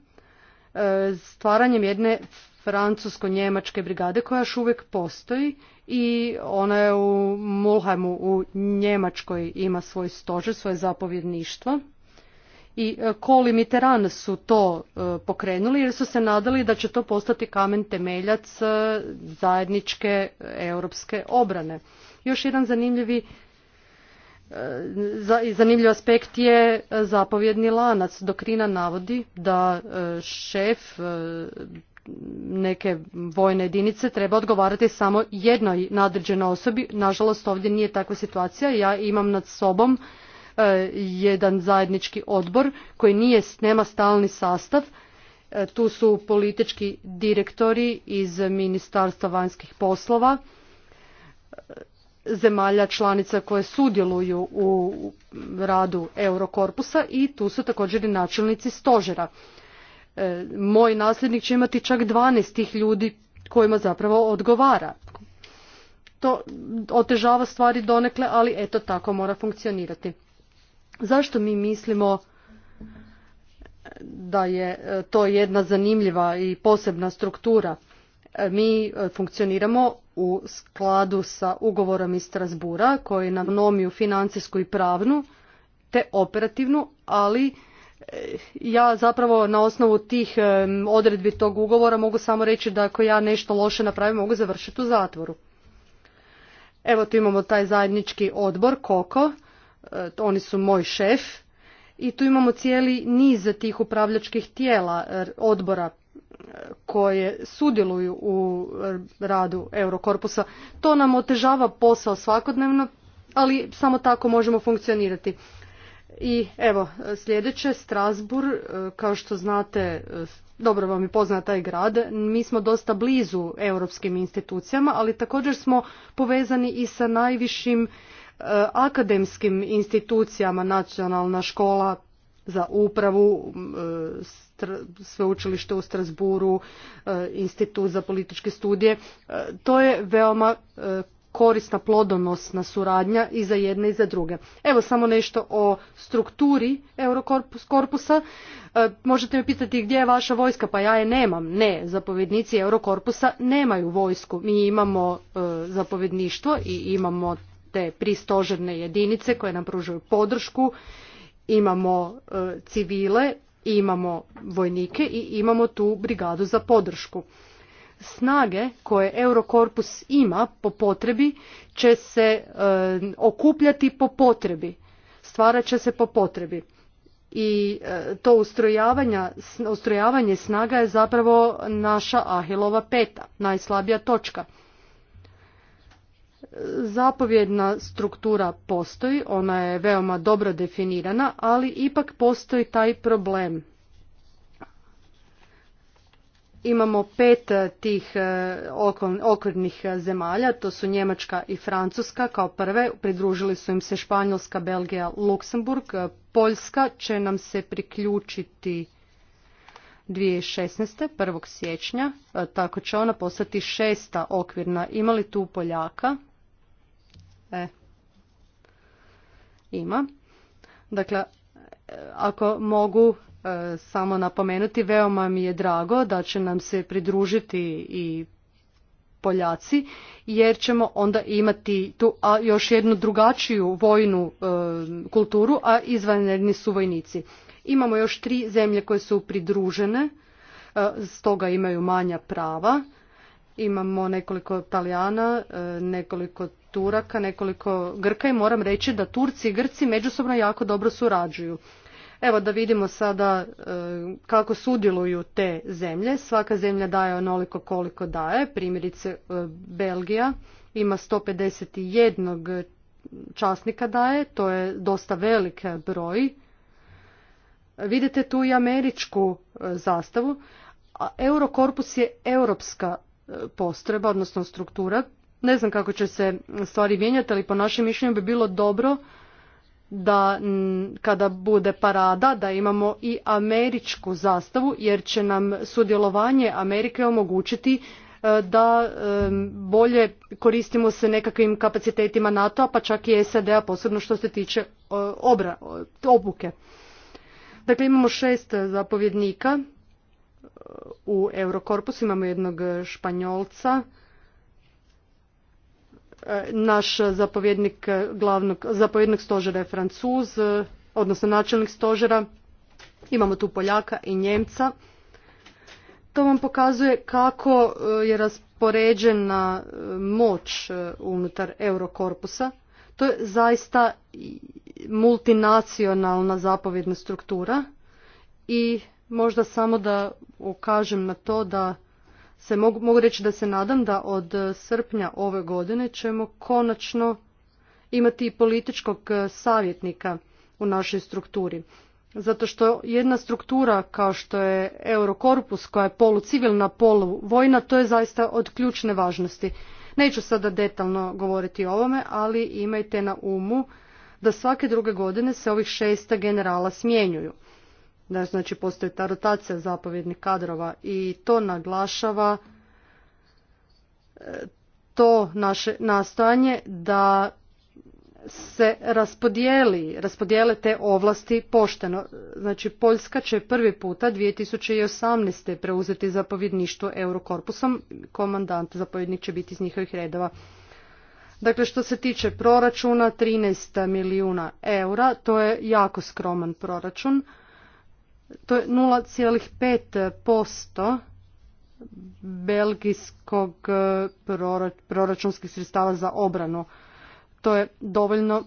e, stvaranjem jedne francusko-njemačke brigade koja još uvijek postoji i ona je u Mulheimu u Njemačkoj ima svoj stožer, svoje zapovjedništvo i e, kolimiteran su to e, pokrenuli jer su se nadali da će to postati kamen temeljac e, zajedničke europske obrane. Još jedan zanimljivi zanimljiv aspekt je zapovjedni lanac. Dokrina navodi da šef neke vojne jedinice treba odgovarati samo jednoj nadređenoj osobi. Nažalost, ovdje nije takva situacija. Ja imam nad sobom E, jedan zajednički odbor koji nije, nema stalni sastav. E, tu su politički direktori iz Ministarstva vanjskih poslova, e, zemalja članica koje sudjeluju u radu Eurokorpusa i tu su također i načelnici stožera. Moj nasljednik će imati čak 12 tih ljudi kojima zapravo odgovara. To otežava stvari donekle, ali eto tako mora funkcionirati. Zašto mi mislimo da je e, to jedna zanimljiva i posebna struktura? E, mi e, funkcioniramo u skladu sa ugovorom iz Strasbura koji nam nomiju financijsku i pravnu te operativnu, ali ja zapravo na osnovu tih odredbi tog ugovora mogu samo reći da ako ja nešto loše napravim mogu završiti u zatvoru. Evo tu imamo taj zajednički odbor KOKO E, oni su moj šef i tu imamo cijeli niz tih upravljačkih tijela e, odbora e, koje sudjeluju u radu Eurokorpusa. To nam otežava posao svakodnevno, ali samo tako možemo funkcionirati. I evo, sljedeće, Strasbur, kao što znate, dobro vam je poznat taj grad, mi smo dosta blizu europskim institucijama, ali također smo povezani i sa najvišim Eh, akademskim institucijama nacionalna škola za upravu, eh, sveučilište u Strasburu, eh, institut za političke studije. To je veoma korisna plodonosna suradnja i za jedne i za druge. Evo samo nešto o strukturi Eurokorpusa. možete me pitati gdje je vaša vojska, pa ja je nemam. Ne, zapovjednici Eurokorpusa nemaju vojsku. Mi imamo zapovjedništvo i imamo te pristožerne jedinice koje nam pružaju podršku, imamo e, civile, imamo vojnike i imamo tu brigadu za podršku. Snage koje Eurokorpus ima po potrebi će se e, okupljati po potrebi, stvarat će se po potrebi i e, to ustrojavanje snaga je zapravo naša ahilova peta, najslabija točka zapovjedna struktura postoji, ona je veoma dobro definirana, ali ipak postoji taj problem. Imamo pet eh, tih eh, okvirnih eh, zemalja, to su Njemačka i Francuska kao prve, pridružili su im se Španjolska, Belgija, Luksemburg, Poljska će nam se priključiti 2016. 1. siječnja, tako će ona postati šesta okvirna. imali tu Poljaka? E, ima. Dakle, ako mogu e, samo napomenuti, veoma mi je drago da će nam se pridružiti i Poljaci, jer ćemo onda imati tu a, još jednu drugačiju vojnu e, kulturu, a izvanredni su vojnici. Imamo još tri zemlje koje su pridružene, e, stoga imaju manja prava. Imamo nekoliko Italijana, nekoliko Turaka, nekoliko Grka i moram reći da Turci i Grci međusobno jako dobro surađuju. Evo da vidimo sada e, kako sudjeluju te zemlje. Svaka zemlja daje onoliko koliko daje. Primjerice e, Belgija ima 151 časnika daje, to je dosta velik broj. Vidite tu i američku e, zastavu. Eurokorpus je europska postrojba, odnosno struktura. Ne znam kako će se stvari mijenjati, ali po našem mišljenju bi bilo dobro da kada bude parada da imamo i američku zastavu jer će nam sudjelovanje Amerike omogućiti e, da e, bolje koristimo se nekakvim kapacitetima NATO-a pa čak i SAD-a posebno što se tiče e, obra, obuke. Dakle imamo šest zapovjednika u Eurokorpusu, imamo jednog Španjolca, E, naš zapovjednik e, glavnog, zapovjednik stožera je Francuz, e, odnosno načelnik stožera. Imamo tu Poljaka i Njemca. To vam pokazuje kako je raspoređena moć unutar Eurokorpusa. To je zaista multinacionalna zapovjedna struktura i možda samo da ukažem na to da se mogu, reći da se nadam da od e, srpnja ove godine ćemo konačno imati i političkog e, savjetnika u našoj strukturi. Zato što jedna struktura kao što je Eurokorpus koja je polucivilna, poluvojna, to je zaista od ključne važnosti. Neću sada detaljno govoriti o ovome, ali imajte na umu da svake druge godine se ovih šesta generala smjenjuju znači postoji ta rotacija zapovjednih kadrova i to naglašava e, to naše nastojanje da se raspodijeli, raspodijele te ovlasti pošteno. Znači Poljska će prvi puta 2018. preuzeti zapovjedništvo Eurokorpusom, komandant zapovjednik će biti iz njihovih redova. Dakle, što se tiče proračuna, 13 milijuna eura, to je jako skroman proračun to je 0,5% belgijskog e, proračunskih sredstava za obranu. To je dovoljno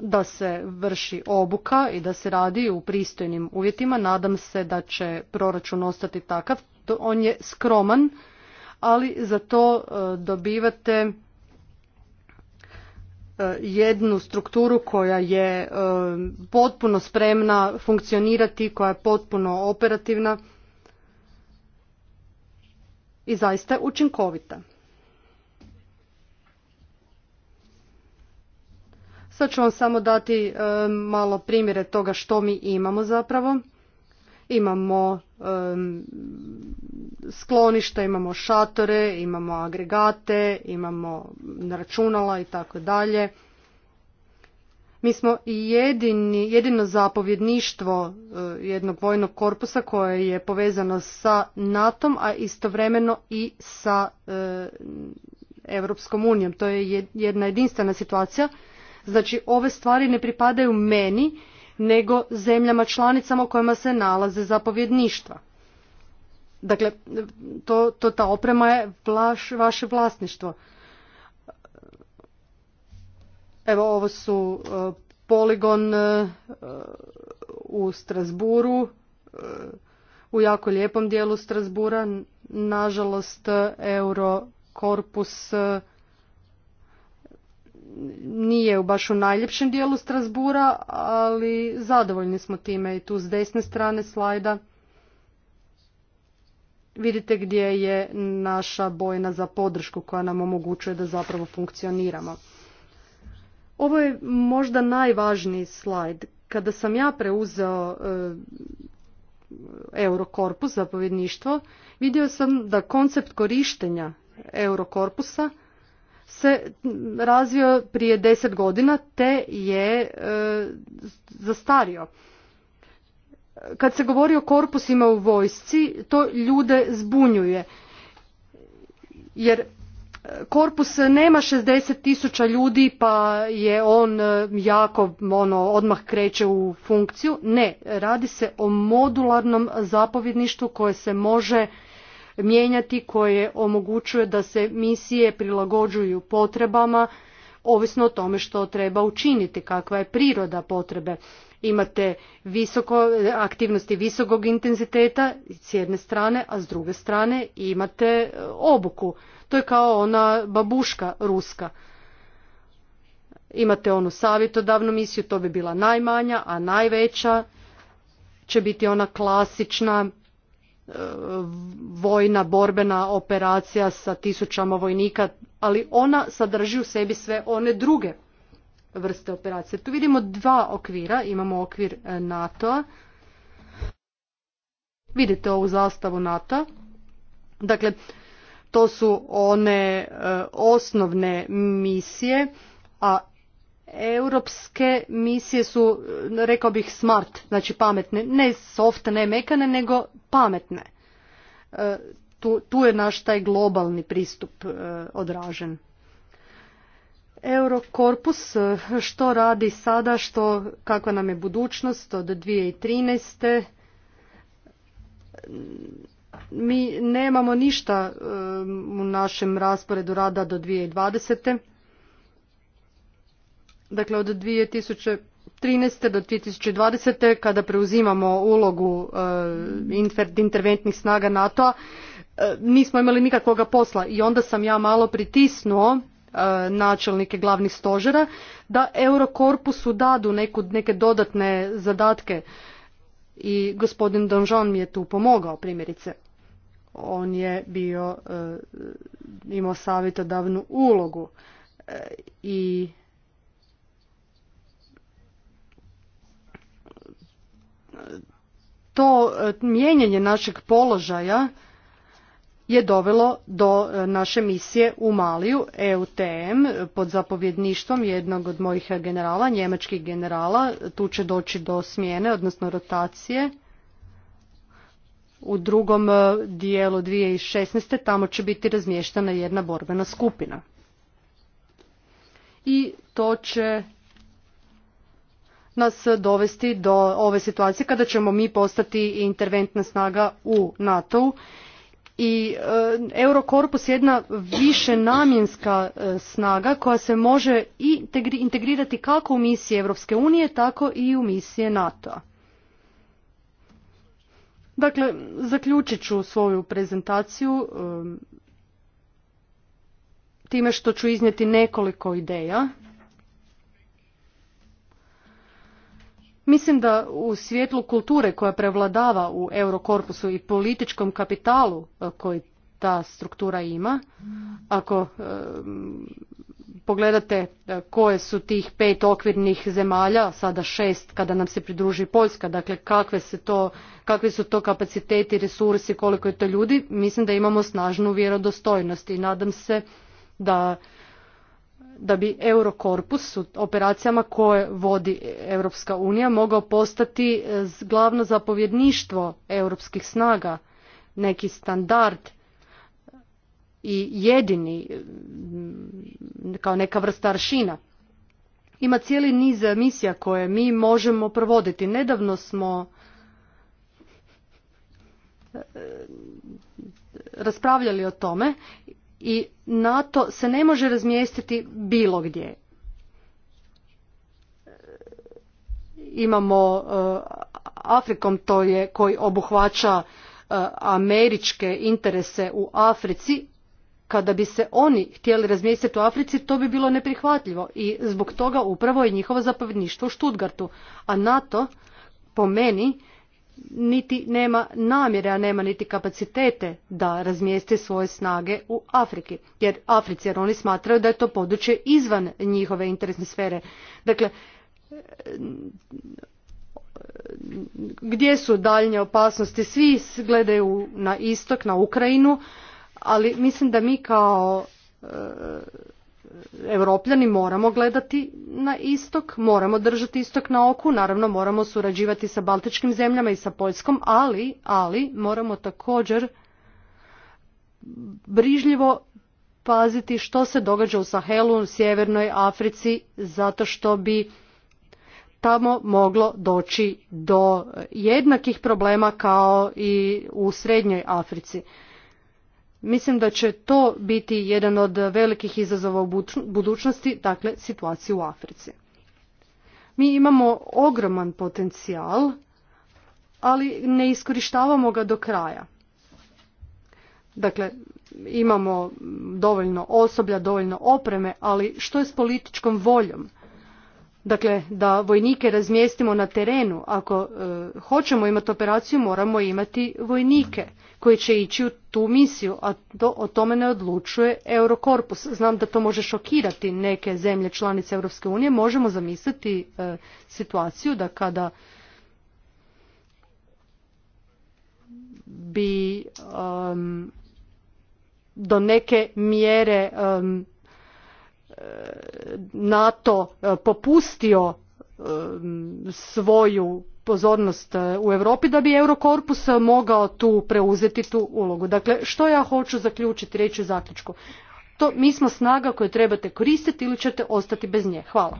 da se vrši obuka i da se radi u pristojnim uvjetima. Nadam se da će proračun ostati takav. On je skroman, ali za to e, dobivate jednu strukturu koja je um, potpuno spremna funkcionirati, koja je potpuno operativna i zaista učinkovita. Sad ću vam samo dati um, malo primjere toga što mi imamo zapravo. Imamo um, skloništa, imamo šatore, imamo agregate, imamo računala i tako dalje. Mi smo jedini, jedino zapovjedništvo e, jednog vojnog korpusa koje je povezano sa NATO-om, a istovremeno i sa Europskom unijom. To je jedna jedinstvena situacija. Znači, ove stvari ne pripadaju meni, nego zemljama članicama u kojima se nalaze zapovjedništva. Dakle, to, ta oprema je vlaš, vaše vlasništvo. Evo, ovo su e, poligon e, u Strasburu, e, u jako lijepom dijelu Strasbura. Nažalost, Eurokorpus nije baš u najljepšem dijelu Strasbura, ali zadovoljni smo time i tu s desne strane slajda vidite gdje je naša bojna za podršku koja nam omogućuje da zapravo funkcioniramo. Ovo je možda najvažniji slajd. Kada sam ja preuzeo e, Eurokorpus, zapovjedništvo, vidio sam da koncept korištenja Eurokorpusa se razvio prije deset godina te je e, zastario kad se govori o korpusima u vojsci, to ljude zbunjuje. Jer e, korpus nema 60 tisuća ljudi pa je on e, jako ono, odmah kreće u funkciju. Ne, radi se o modularnom zapovjedništvu koje se može mijenjati, koje omogućuje da se misije prilagođuju potrebama, ovisno o tome što treba učiniti, kakva je priroda potrebe. Imate visoko, aktivnosti visokog intenziteta s jedne strane, a s druge strane imate e, obuku. To je kao ona babuška ruska. Imate onu savjetodavnu misiju, to bi bila najmanja, a najveća će biti ona klasična e, vojna borbena operacija sa tisućama vojnika, ali ona sadrži u sebi sve one druge vrste operacije. Tu vidimo dva okvira, imamo okvir e, NATO-a, vidite ovu zastavu NATO-a, dakle to su one e, osnovne misije, a europske misije su, e, rekao bih, smart, znači pametne, ne soft, ne mekane, nego pametne. Tu, tu je naš taj globalni pristup odražen. Eurokorpus, što radi sada, što, kakva nam je budućnost od 2013. Mi nemamo ništa um, u našem rasporedu rada do 2020. Dakle, od 2013. do 2020. kada preuzimamo ulogu um, interventnih snaga NATO-a, um, nismo imali nikakvoga posla i onda sam ja malo pritisnuo E, načelnike glavnih stožera da Eurokorpusu dadu neku, neke dodatne zadatke i gospodin Donjon mi je tu pomogao primjerice. On je bio, e, imao savjetodavnu ulogu e, i to mijenjanje našeg položaja je dovelo do e, naše misije u Maliju, EUTM, e, pod zapovjedništvom jednog od mojih generala, njemačkih generala. Tu će doći do smjene, odnosno rotacije. U drugom e, dijelu 2016. tamo će biti razmještena jedna borbena skupina. I to će nas dovesti do ove situacije kada ćemo mi postati interventna snaga u NATO-u i e, Eurokorpus je jedna više namjenska e, snaga koja se može integrirati kako u misije Europske unije, tako i u misije NATO-a. Dakle, zaključit ću svoju prezentaciju e, time što ću iznijeti nekoliko ideja Mislim da u svjetlu kulture koja prevladava u eurokorpusu i političkom kapitalu e, koji ta struktura ima, ako e, pogledate e, koje su tih pet okvirnih zemalja, sada šest kada nam se pridruži Poljska, dakle kakve, se to, kakvi su to kapaciteti, resursi, koliko je to ljudi, mislim da imamo snažnu vjerodostojnost i nadam se da da bi Eurokorpus u operacijama koje vodi Europska unija mogao postati e, glavno zapovjedništvo europskih snaga, neki standard i jedini kao neka vrsta aršina. Ima cijeli niz misija koje mi možemo provoditi. Nedavno smo e, raspravljali o tome i NATO se ne može razmjestiti bilo gdje. Imamo e, Afrikom, to je koji obuhvaća e, američke interese u Africi, kada bi se oni htjeli razmjestiti u Africi, to bi bilo neprihvatljivo i zbog toga upravo je njihovo zapovjedništvo u Štutgartu. A NATO, po meni, niti nema namjere, a nema niti kapacitete da razmijeste svoje snage u Afriki, jer Africi, jer oni smatraju da je to područje izvan njihove interesne sfere. Dakle, gdje su daljnje opasnosti? Svi gledaju na istok, na Ukrajinu, ali mislim da mi kao e, Evropljani moramo gledati na istok, moramo držati istok na oku, naravno moramo surađivati sa baltičkim zemljama i sa Poljskom, ali, ali moramo također brižljivo paziti što se događa u Sahelu, u Sjevernoj Africi, zato što bi tamo moglo doći do jednakih problema kao i u Srednjoj Africi. Mislim da će to biti jedan od velikih izazova u budućnosti, dakle situaciju u Africi. Mi imamo ogroman potencijal, ali ne iskorištavamo ga do kraja. Dakle, imamo dovoljno osoblja, dovoljno opreme, ali što je s političkom voljom? dakle da vojnike razmjestimo na terenu ako e, hoćemo imati operaciju moramo imati vojnike koji će ići u tu misiju a o tome ne odlučuje eurokorpus znam da to može šokirati neke zemlje članice europske unije možemo zamisliti e, situaciju da kada bi do neke mjere NATO e, popustio e, svoju pozornost e, u Europi da bi Eurokorpus mogao tu preuzeti tu ulogu. Dakle, što ja hoću zaključiti, reći u zaključku? To, mi smo snaga koju trebate koristiti ili ćete ostati bez nje. Hvala.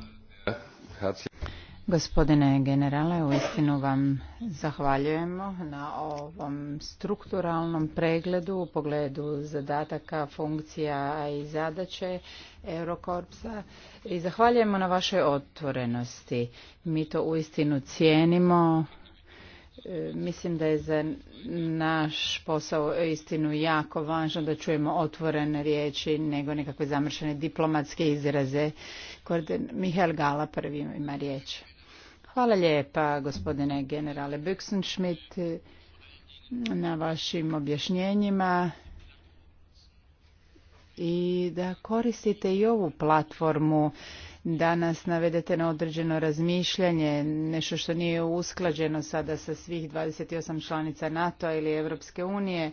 Gospodine generale, uistinu vam zahvaljujemo na ovom strukturalnom pregledu u pogledu zadataka, funkcija i zadaće Eurokorpsa i zahvaljujemo na vašoj otvorenosti. Mi to uistinu cijenimo. E, mislim da je za naš posao istinu jako važno da čujemo otvorene riječi nego nekakve zamršene diplomatske izraze. Mihael Gala prvi ima riječ. Hvala lijepa gospodine generale Büksenschmidt na vašim objašnjenjima i da koristite i ovu platformu da nas navedete na određeno razmišljanje, nešto što nije usklađeno sada sa svih 28 članica NATO ili Europske unije.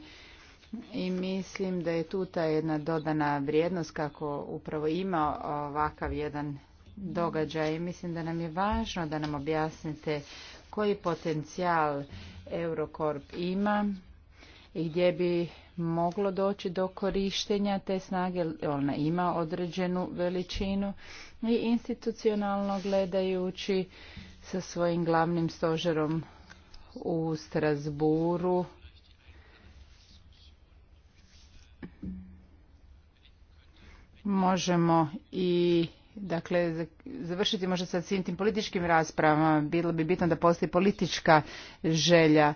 I mislim da je tu ta jedna dodana vrijednost kako upravo ima ovakav jedan događaj. Mislim da nam je važno da nam objasnite koji potencijal Eurokorp ima i gdje bi moglo doći do korištenja te snage, ona ima određenu veličinu i institucionalno gledajući sa svojim glavnim stožerom u Strasburu možemo i Dakle, završiti možda sa svim tim političkim raspravama, bilo bi bitno da postoji politička želja.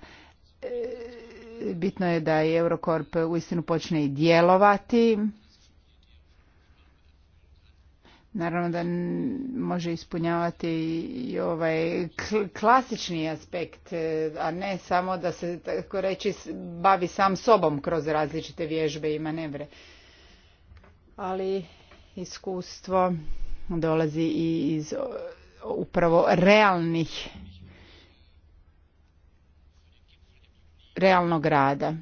E, bitno je da i Eurokorp uistinu počne i djelovati. Naravno da može ispunjavati i ovaj klasični aspekt, e, a ne samo da se tako reći bavi sam sobom kroz različite vježbe i manevre. Ali iskustvo dolazi i iz upravo realnih realnog rada.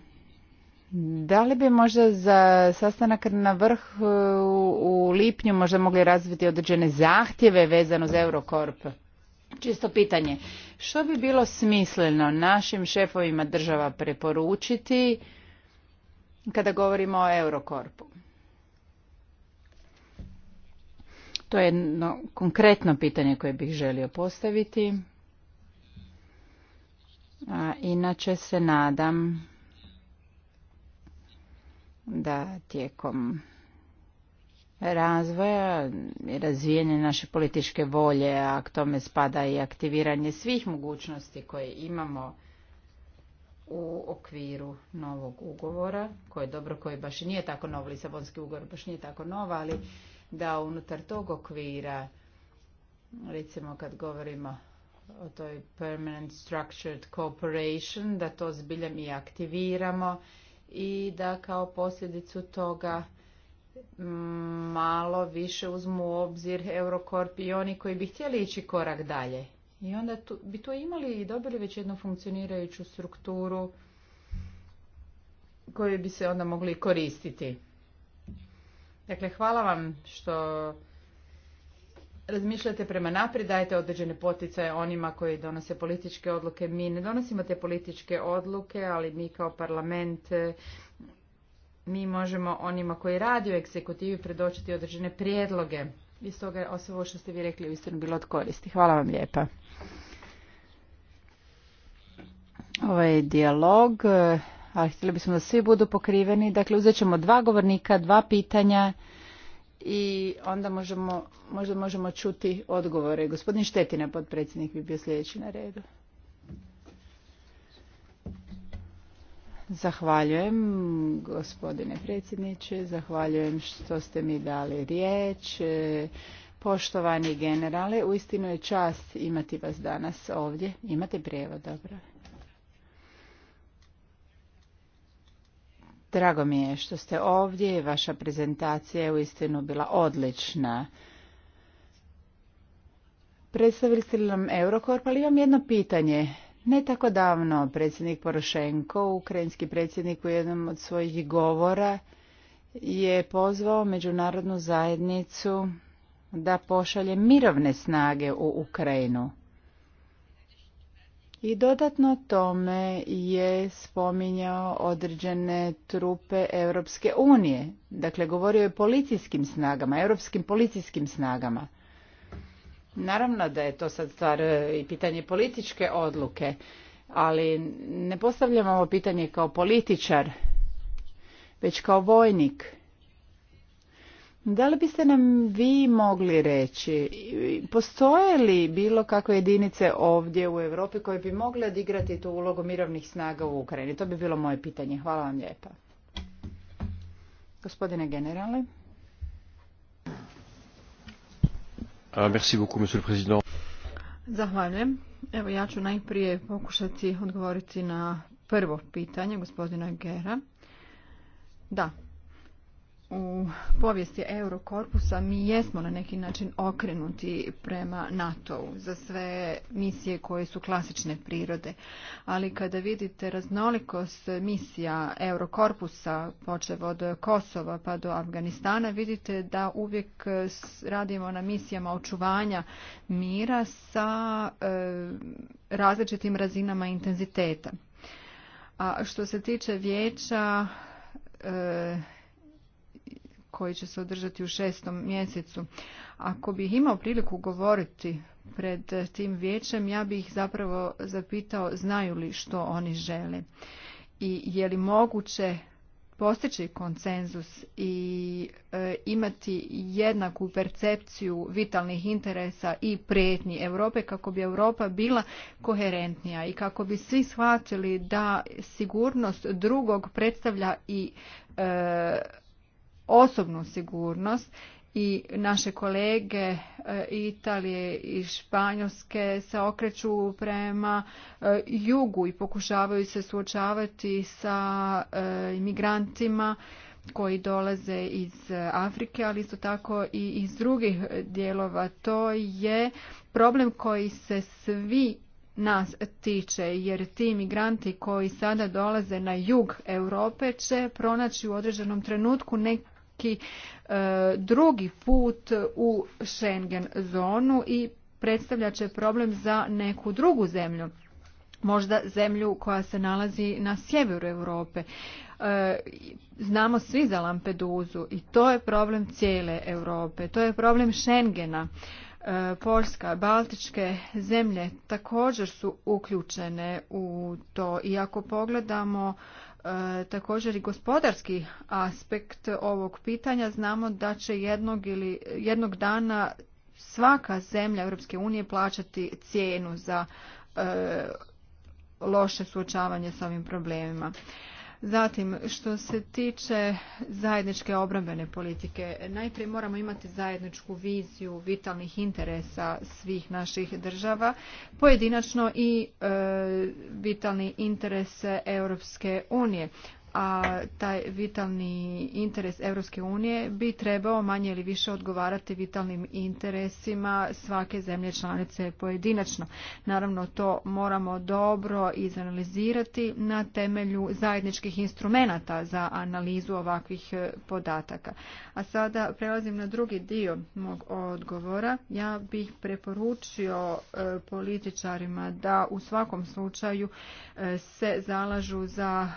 Da li bi možda za sastanak na vrh e, u lipnju možda mogli razviti određene zahtjeve vezano za Eurokorp? Čisto pitanje, što bi bilo smisleno našim šefovima država preporučiti kada govorimo o Eurokorpu? To je jedno konkretno pitanje koje bih želio postaviti. A, inače se nadam da tijekom razvoja i razvijenja naše političke volje, a k tome spada i aktiviranje svih mogućnosti koje imamo u okviru novog ugovora, koji je dobro, koji baš nije tako nov, Lisabonski ugovor baš nije tako nov, ali da unutar tog okvira, recimo kad govorimo o toj permanent structured cooperation, da to zbilja mi aktiviramo i da kao posljedicu toga malo više uzmu u obzir Eurokorp i oni koji bi htjeli ići korak dalje. I onda tu, bi tu imali i dobili već jednu funkcionirajuću strukturu koju bi se onda mogli koristiti. Dakle, hvala vam što razmišljate prema naprijed, dajete određene poticaje onima koji donose političke odluke. Mi ne donosimo te političke odluke, ali mi kao parlament eh, mi možemo onima koji radi u eksekutivi predočiti određene prijedloge. Iz toga, osim ovo što ste vi rekli, uistinu bilo od koristi. Hvala vam lijepa. Ovaj dijalog eh, ali htjeli bismo da svi budu pokriveni. Dakle, uzet ćemo dva govornika, dva pitanja i onda možemo, možda možemo čuti odgovore. Gospodin Štetina, podpredsjednik, bi bio sljedeći na redu. Zahvaljujem, gospodine predsjedniče, zahvaljujem što ste mi dali riječ. Poštovani generale, uistinu je čast imati vas danas ovdje. Imate prijevod, dobro. Drago mi je što ste ovdje, i vaša prezentacija je uistinu bila odlična. Predstavili ste nam Eurokorp, ali imam jedno pitanje. Ne tako davno predsjednik Porošenko, ukrajinski predsjednik u jednom od svojih govora, je pozvao međunarodnu zajednicu da pošalje mirovne snage u Ukrajinu. I dodatno tome je spominjao određene trupe Europske unije. Dakle, govorio je o policijskim snagama, europskim policijskim snagama. Naravno da je to sad stvar e, i pitanje političke odluke, ali ne postavljam ovo pitanje kao političar, već kao vojnik. Da li biste nam vi mogli reći, postoje li bilo kakve jedinice ovdje u Europi koje bi mogle odigrati tu ulogu mirovnih snaga u Ukrajini? To bi bilo moje pitanje. Hvala vam lijepa. Gospodine generale. Ah, merci beaucoup, Zahvaljujem. Evo ja ću najprije pokušati odgovoriti na prvo pitanje gospodina Gera. Da, u povijesti Eurokorpusa mi jesmo na neki način okrenuti prema NATO-u za sve misije koje su klasične prirode. Ali kada vidite raznolikost misija Eurokorpusa, počev od Kosova pa do Afganistana, vidite da uvijek radimo na misijama očuvanja mira sa e, različitim razinama intenziteta. A što se tiče vijeća, e, koji će se održati u šestom mjesecu. Ako bih imao priliku govoriti pred tim vijećem, ja bih zapravo zapitao znaju li što oni žele i je li moguće postići konsenzus i e, imati jednaku percepciju vitalnih interesa i prijetnji Europe kako bi Europa bila koherentnija i kako bi svi shvatili da sigurnost drugog predstavlja i e, osobnu sigurnost i naše kolege e, Italije i Španjolske se okreću prema e, jugu i pokušavaju se suočavati sa e, imigrantima koji dolaze iz Afrike, ali isto tako i iz drugih dijelova. To je problem koji se svi nas tiče, jer ti migranti koji sada dolaze na jug Europe će pronaći u određenom trenutku neki ki e, drugi put u Schengen zonu i predstavljat će problem za neku drugu zemlju možda zemlju koja se nalazi na sjeveru Europe. E, znamo svi za Lampeduzu i to je problem cijele Europe, to je problem Schengena. E, Poljska, Baltičke zemlje također su uključene u to i ako pogledamo E, također i gospodarski aspekt ovog pitanja. Znamo da će jednog, ili, jednog dana svaka zemlja Europske unije plaćati cijenu za e, loše suočavanje s ovim problemima. Zatim, što se tiče zajedničke obrambene politike, najprije moramo imati zajedničku viziju vitalnih interesa svih naših država, pojedinačno i e, vitalni interese Europske unije a taj vitalni interes Europske unije bi trebao manje ili više odgovarati vitalnim interesima svake zemlje članice pojedinačno. Naravno to moramo dobro izanalizirati na temelju zajedničkih instrumenata za analizu ovakvih e, podataka. A sada prelazim na drugi dio mog odgovora. Ja bih preporučio e, političarima da u svakom slučaju e, se zalažu za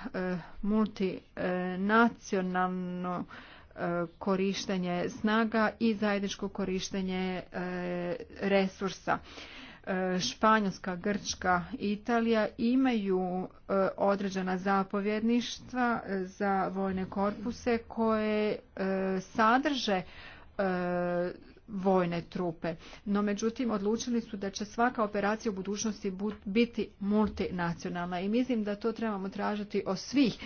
multinacionalno e, e, korištenje snaga i zajedničko korištenje e, resursa. Španjolska, Grčka, Italija imaju određena zapovjedništva za vojne korpuse koje sadrže vojne trupe. No međutim odlučili su da će svaka operacija u budućnosti biti multinacionalna i mislim da to trebamo tražiti od svih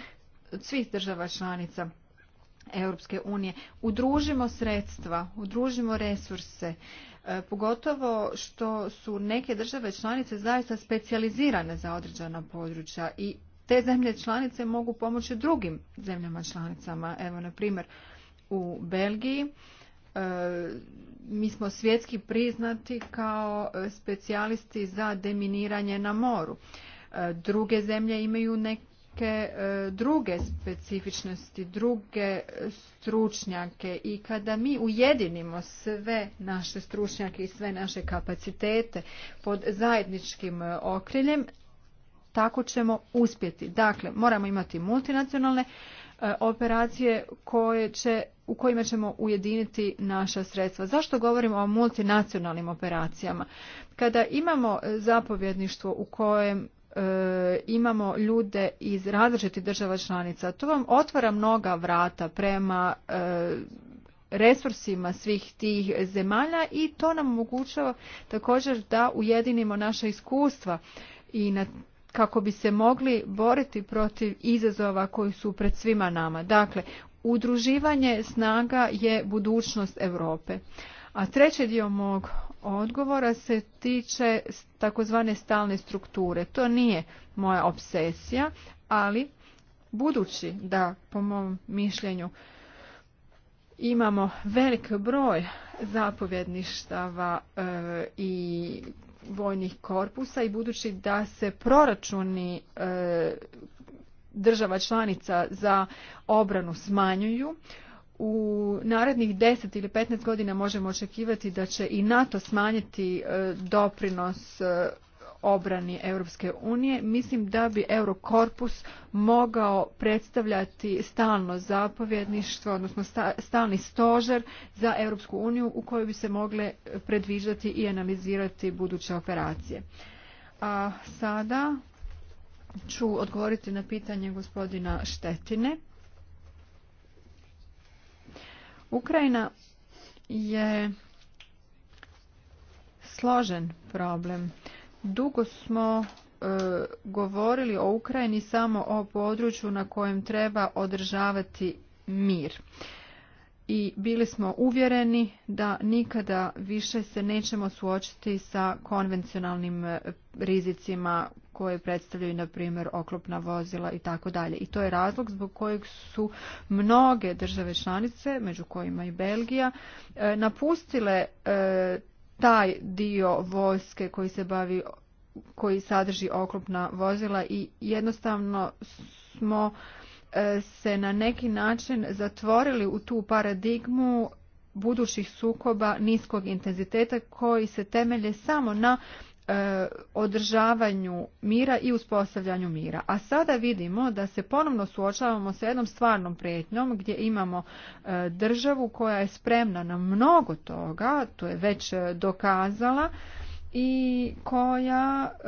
svih država članica Europske unije. Udružimo sredstva, udružimo resurse, e, pogotovo što su neke države članice zaista specijalizirane za određena područja i te zemlje članice mogu pomoći drugim zemljama članicama. Evo, na primjer, u Belgiji e, mi smo svjetski priznati kao specijalisti za deminiranje na moru. E, druge zemlje imaju neke neke e, druge specifičnosti, druge stručnjake i kada mi ujedinimo sve naše stručnjake i sve naše kapacitete pod zajedničkim e, okriljem, tako ćemo uspjeti. Dakle, moramo imati multinacionalne e, operacije koje će, u kojima ćemo ujediniti naša sredstva. Zašto govorimo o multinacionalnim operacijama? Kada imamo zapovjedništvo u kojem E, imamo ljude iz različitih država članica. To vam otvara mnoga vrata prema e, resursima svih tih zemalja i to nam omogućava također da ujedinimo naša iskustva i na kako bi se mogli boriti protiv izazova koji su pred svima nama. Dakle, udruživanje snaga je budućnost Europe. A treći dio mog odgovora se tiče takozvane stalne strukture. To nije moja obsesija, ali budući da po mom mišljenju imamo velik broj zapovjedništava e, i vojnih korpusa i budući da se proračuni e, država članica za obranu smanjuju u narednih 10 ili 15 godina možemo očekivati da će i NATO smanjiti e, doprinos e, obrani Europske unije, mislim da bi Eurokorpus mogao predstavljati stalno zapovjedništvo, odnosno stalni stožer za Europsku uniju u kojoj bi se mogle predviđati i analizirati buduće operacije. A sada ću odgovoriti na pitanje gospodina Štetine. Ukrajina je složen problem. Dugo smo e, govorili o Ukrajini samo o području na kojem treba održavati mir. I bili smo uvjereni da nikada više se nećemo suočiti sa konvencionalnim e, rizicima koje predstavljaju na primjer oklopna vozila i tako dalje. I to je razlog zbog kojeg su mnoge države članice, među kojima i Belgija, e, napustile e, taj dio vojske koji se bavi koji sadrži oklopna vozila i jednostavno smo e, se na neki način zatvorili u tu paradigmu budućih sukoba niskog intenziteta koji se temelje samo na E, održavanju mira i uspostavljanju mira. A sada vidimo da se ponovno suočavamo sa jednom stvarnom prijetnjom gdje imamo e, državu koja je spremna na mnogo toga, to je već dokazala, i koja e,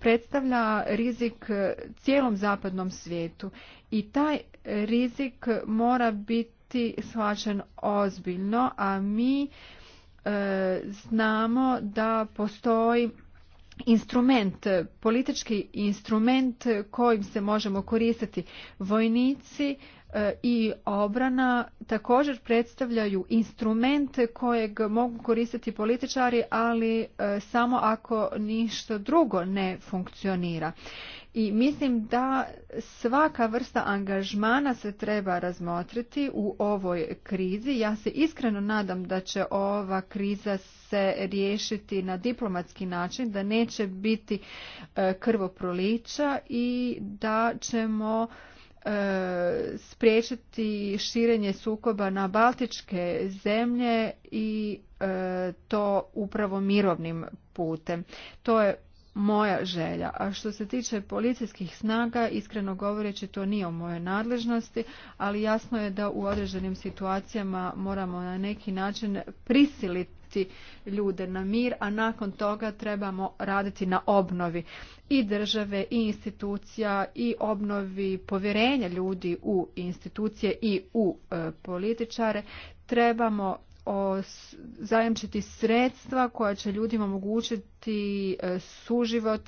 predstavlja rizik cijelom zapadnom svijetu. I taj rizik mora biti shvaćen ozbiljno, a mi znamo da postoji instrument, politički instrument kojim se možemo koristiti. Vojnici e, i obrana također predstavljaju instrument kojeg mogu koristiti političari, ali e, samo ako ništa drugo ne funkcionira i mislim da svaka vrsta angažmana se treba razmotriti u ovoj krizi. Ja se iskreno nadam da će ova kriza se riješiti na diplomatski način, da neće biti e, krvoprolića i da ćemo e, spriječiti širenje sukoba na baltičke zemlje i e, to upravo mirovnim putem. To je moja želja. A što se tiče policijskih snaga, iskreno govoreći to nije u mojoj nadležnosti, ali jasno je da u određenim situacijama moramo na neki način prisiliti ljude na mir, a nakon toga trebamo raditi na obnovi i države i institucija i obnovi povjerenja ljudi u institucije i u e, političare. Trebamo zajemčiti zajamčiti sredstva koja će ljudima omogućiti e, suživot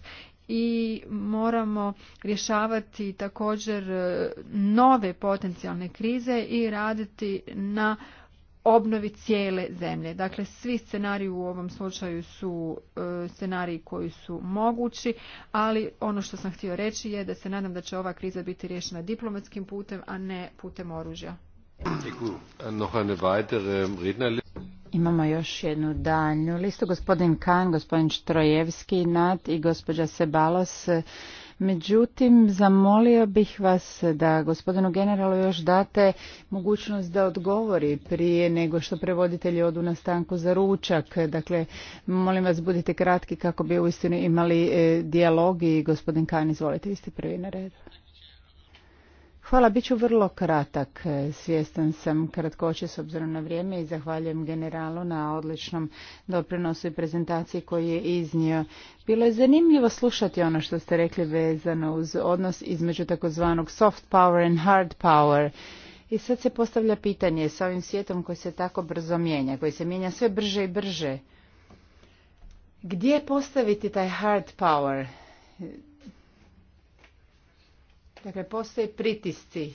i moramo rješavati također e, nove potencijalne krize i raditi na obnovi cijele zemlje. Dakle, svi scenariji u ovom slučaju su e, scenariji koji su mogući, ali ono što sam htio reći je da se nadam da će ova kriza biti riješena diplomatskim putem, a ne putem oružja. Imamo još jednu danju listu. Gospodin Kan, gospodin Štrojevski, Nat i gospođa Sebalos. Međutim, zamolio bih vas da gospodinu generalu još date mogućnost da odgovori prije nego što prevoditelji odu na stanku za ručak. Dakle, molim vas budite kratki kako bi uistinu imali e, dijalog i gospodin Kan, izvolite, vi ste prvi na redu. Hvala, bit ću vrlo kratak. E, svjestan sam kratkoće s obzirom na vrijeme i zahvaljujem generalu na odličnom doprinosu i prezentaciji koji je iznio. Bilo je zanimljivo slušati ono što ste rekli vezano uz odnos između takozvanog soft power and hard power. I sad se postavlja pitanje sa ovim svijetom koji se tako brzo mijenja, koji se mijenja sve brže i brže. Gdje postaviti taj hard power? Dakle, postoje pritisci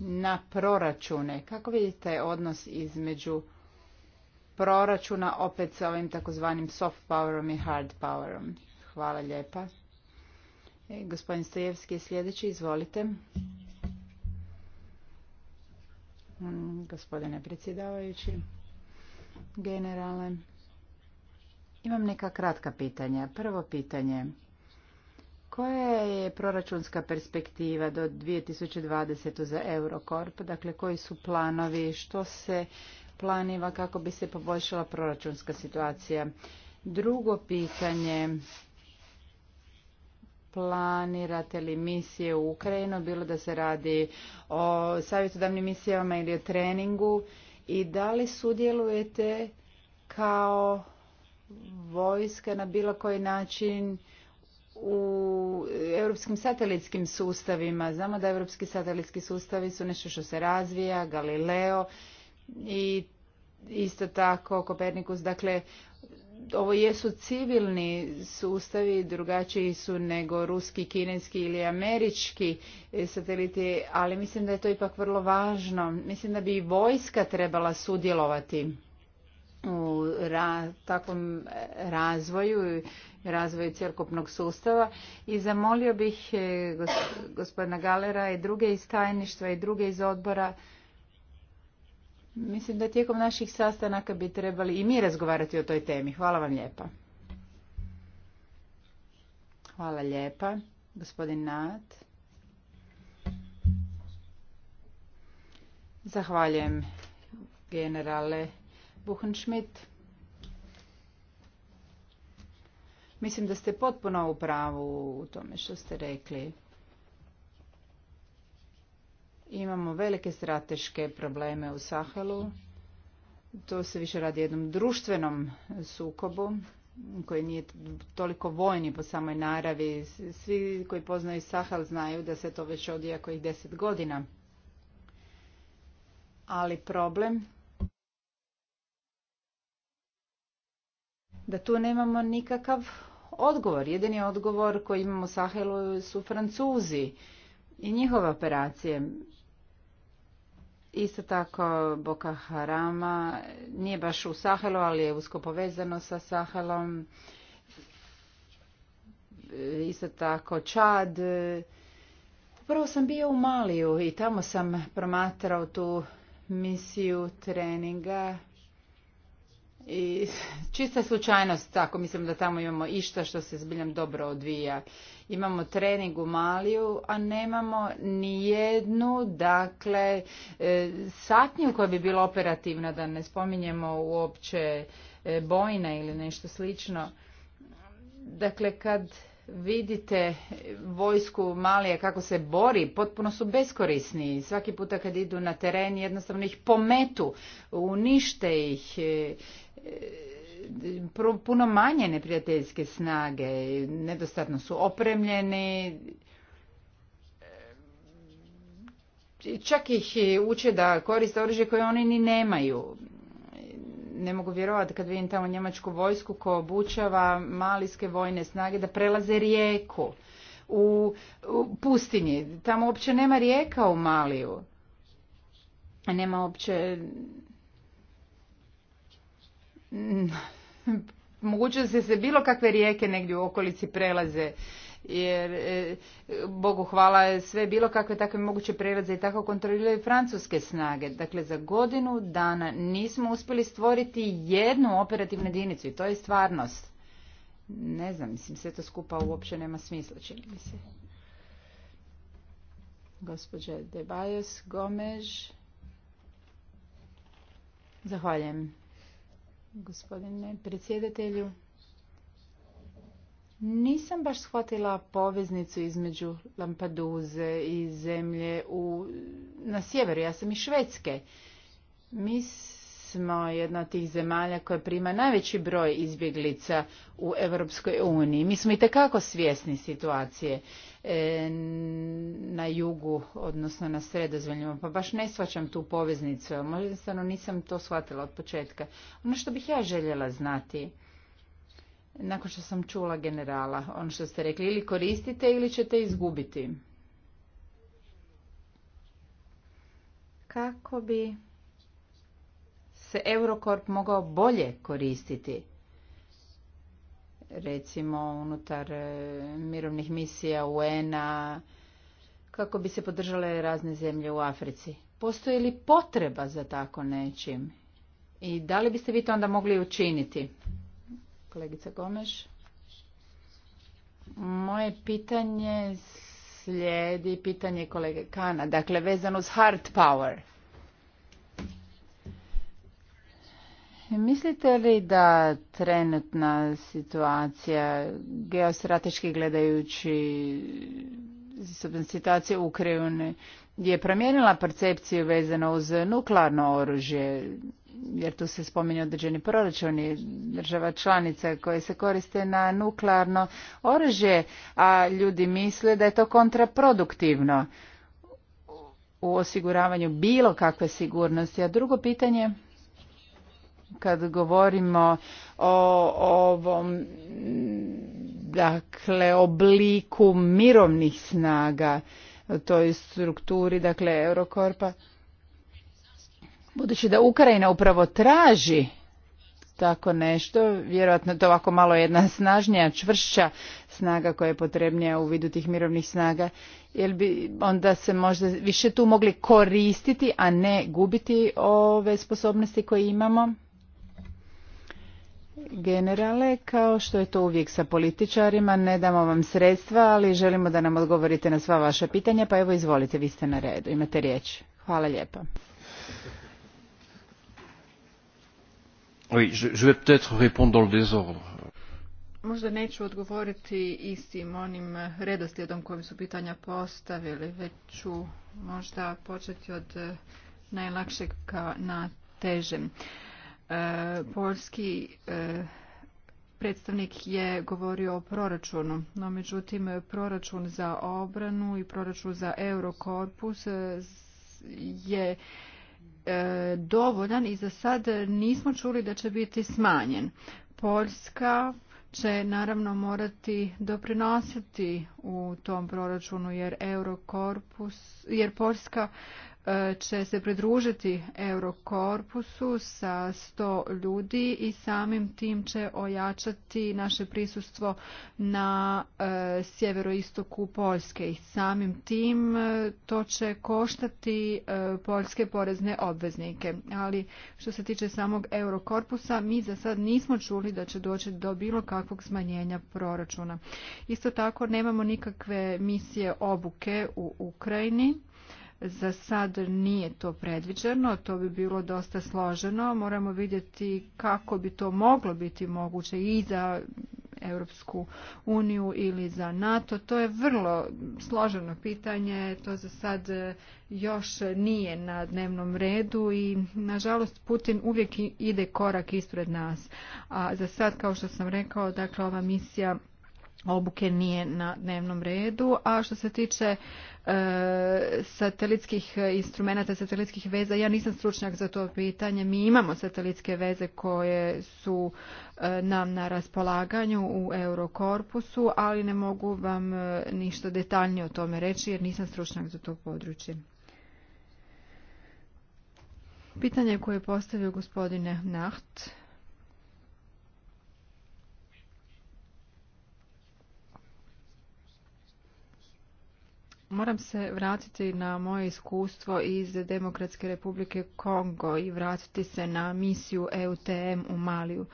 na proračune. Kako vidite odnos između proračuna opet sa ovim takozvanim soft powerom i hard powerom? Hvala lijepa. E, gospodin Stojevski je sljedeći, izvolite. Mm, gospodine predsjedavajući, generale, imam neka kratka pitanja. Prvo pitanje. Koja je proračunska perspektiva do 2020. za Eurokorp? Dakle, koji su planovi? Što se planiva kako bi se poboljšala proračunska situacija? Drugo pitanje, planirate li misije u Ukrajinu, bilo da se radi o savjetodavnim misijama ili o treningu i da li sudjelujete kao vojska na bilo koji način u europskim satelitskim sustavima. Znamo da europski satelitski sustavi su nešto što se razvija, Galileo i isto tako Kopernikus. Dakle, ovo jesu civilni sustavi, drugačiji su nego ruski, kineski ili američki e, sateliti, ali mislim da je to ipak vrlo važno. Mislim da bi i vojska trebala sudjelovati u ra takvom razvoju razvoju cjelokupnog sustava i zamolio bih e, gospodina Galera i druge iz tajništva i druge iz odbora mislim da tijekom naših sastanaka bi trebali i mi razgovarati o toj temi. Hvala vam lijepa. Hvala lijepa. Gospodin Nat. Zahvaljujem generale ...Buchenschmidt. Mislim da ste potpuno u pravu u tome što ste rekli. Imamo velike strateške probleme u Sahelu. To se više radi jednom društvenom sukobu koji nije toliko vojni po samoj naravi. Svi koji poznaju Sahel znaju da se to već odijako ih deset godina. Ali problem da tu nemamo nikakav odgovor. Jedini odgovor koji imamo u Sahelu su Francuzi i njihove operacije. Isto tako Boka Harama nije baš u Sahelu, ali je usko povezano sa Sahelom. Isto tako Čad. Prvo sam bio u Maliju i tamo sam promatrao tu misiju treninga i čista slučajnost, tako mislim da tamo imamo išta što se zbiljam dobro odvija. Imamo trening u Maliju, a nemamo ni jednu, dakle, e, satnju koja bi bila operativna, da ne spominjemo uopće e, bojne ili nešto slično. Dakle, kad vidite vojsku malija kako se bori, potpuno su beskorisni. Svaki puta kad idu na teren jednostavno ih pometu, unište ih e, puno manje neprijateljske snage, nedostatno su opremljeni, čak ih uče da koriste oružje koje oni ni nemaju. Ne mogu vjerovati kad vidim tamo njemačku vojsku koja obučava malijske vojne snage da prelaze rijeku u pustinji. Tamo uopće nema rijeka u Maliju. Nema uopće Mm, *laughs* mogućnosti da se bilo kakve rijeke negdje u okolici prelaze jer e, Bogu hvala sve bilo kakve takve moguće prelaze i tako kontroliraju francuske snage. Dakle, za godinu dana nismo uspjeli stvoriti jednu operativnu jedinicu i to je stvarnost. Ne znam, mislim, sve to skupa uopće nema smisla, čini mi se. Gospođa Debajos Gomež. Zahvaljujem gospodine predsjedatelju. Nisam baš shvatila poveznicu između Lampaduze i zemlje u, na sjeveru. Ja sam iz Švedske. Mi smo jedna od tih zemalja koja prima najveći broj izbjeglica u Europskoj uniji. Mi smo i svjesni situacije. E, na jugu, odnosno na sredozemljima. Pa baš ne shvaćam tu poveznicu. Možda jednostavno nisam to shvatila od početka. Ono što bih ja željela znati, nakon što sam čula generala, ono što ste rekli, ili koristite ili ćete izgubiti. Kako bi se Eurocorp mogao bolje koristiti? recimo unutar e, mirovnih misija UN-a, kako bi se podržale razne zemlje u Africi. Postoji li potreba za tako nečim? I da li biste vi to onda mogli učiniti? Kolegica Gomeš. Moje pitanje slijedi pitanje kolege Kana, dakle vezano uz hard power – Mislite li da trenutna situacija geostrateški gledajući situacija u Ukrajini je promijenila percepciju vezano uz nuklearno oružje, jer tu se spominju određeni proračuni država članica koje se koriste na nuklearno oružje, a ljudi misle da je to kontraproduktivno u osiguravanju bilo kakve sigurnosti. A drugo pitanje kad govorimo o ovom dakle obliku mirovnih snaga toj strukturi dakle Eurokorpa budući da Ukrajina upravo traži tako nešto vjerojatno to ovako malo jedna snažnija čvršća snaga koja je potrebnija u vidu tih mirovnih snaga jer bi onda se možda više tu mogli koristiti a ne gubiti ove sposobnosti koje imamo generale, kao što je to uvijek sa političarima, ne damo vam sredstva, ali želimo da nam odgovorite na sva vaša pitanja, pa evo izvolite, vi ste na redu, imate riječ. Hvala lijepa. Možda neću odgovoriti istim onim redoslijedom kojim su pitanja postavili, već ću možda početi od najlakšeg ka na težem. E, polski e, predstavnik je govorio o proračunu, no međutim proračun za obranu i proračun za Eurokorpus e, je dovoljan i za sad nismo čuli da će biti smanjen. Poljska će naravno morati doprinositi u tom proračunu jer Eurokorpus, jer Poljska će se pridružiti Eurokorpusu sa 100 ljudi i samim tim će ojačati naše prisustvo na e, sjeveroistoku Poljske i samim tim e, to će koštati e, poljske porezne obveznike. Ali što se tiče samog Eurokorpusa, mi za sad nismo čuli da će doći do bilo kakvog smanjenja proračuna. Isto tako nemamo nikakve misije obuke u Ukrajini za sad nije to predviđeno, to bi bilo dosta složeno. Moramo vidjeti kako bi to moglo biti moguće i za Europsku uniju ili za NATO. To je vrlo složeno pitanje, to za sad još nije na dnevnom redu i nažalost Putin uvijek ide korak ispred nas. A za sad, kao što sam rekao, dakle ova misija obuke nije na dnevnom redu, a što se tiče e, satelitskih instrumenta, satelitskih veza, ja nisam stručnjak za to pitanje. Mi imamo satelitske veze koje su e, nam na raspolaganju u Eurokorpusu, ali ne mogu vam e, ništa detaljnije o tome reći jer nisam stručnjak za to područje. Pitanje koje je postavio gospodine Naht. Moram se vratiti na moje iskustvo iz Demokratske republike Kongo i vratiti se na misiju EUTM u Maliju.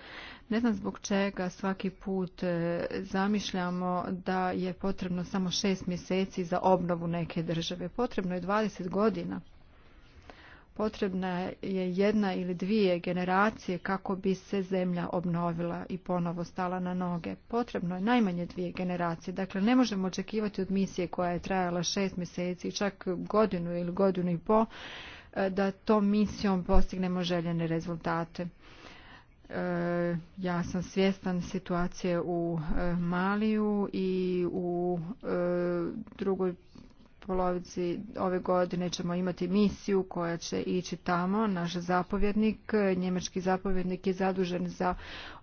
Ne znam zbog čega svaki put e, zamišljamo da je potrebno samo šest mjeseci za obnovu neke države. Potrebno je 20 godina. Potrebna je jedna ili dvije generacije kako bi se zemlja obnovila i ponovo stala na noge. Potrebno je najmanje dvije generacije. Dakle, ne možemo očekivati od misije koja je trajala šest mjeseci, čak godinu ili godinu i po, e, da tom misijom postignemo željene rezultate. E, ja sam svjestan situacije u e, Maliju i u drugoj polovici ove godine ćemo imati misiju koja će ići tamo. Naš zapovjednik, njemački zapovjednik je zadužen za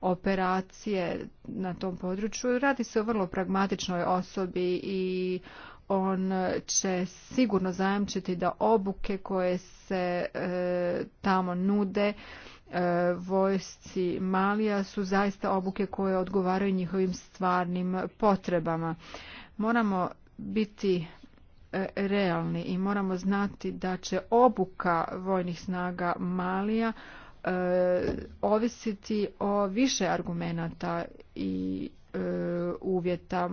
operacije na tom području. Radi se o vrlo pragmatičnoj osobi i on će sigurno zajamčiti da obuke koje se e, tamo nude e, vojsci Malija su zaista obuke koje odgovaraju njihovim stvarnim potrebama. Moramo biti E, realni i moramo znati da će obuka vojnih snaga Malija e, ovisiti o više argumenata i e, uvjeta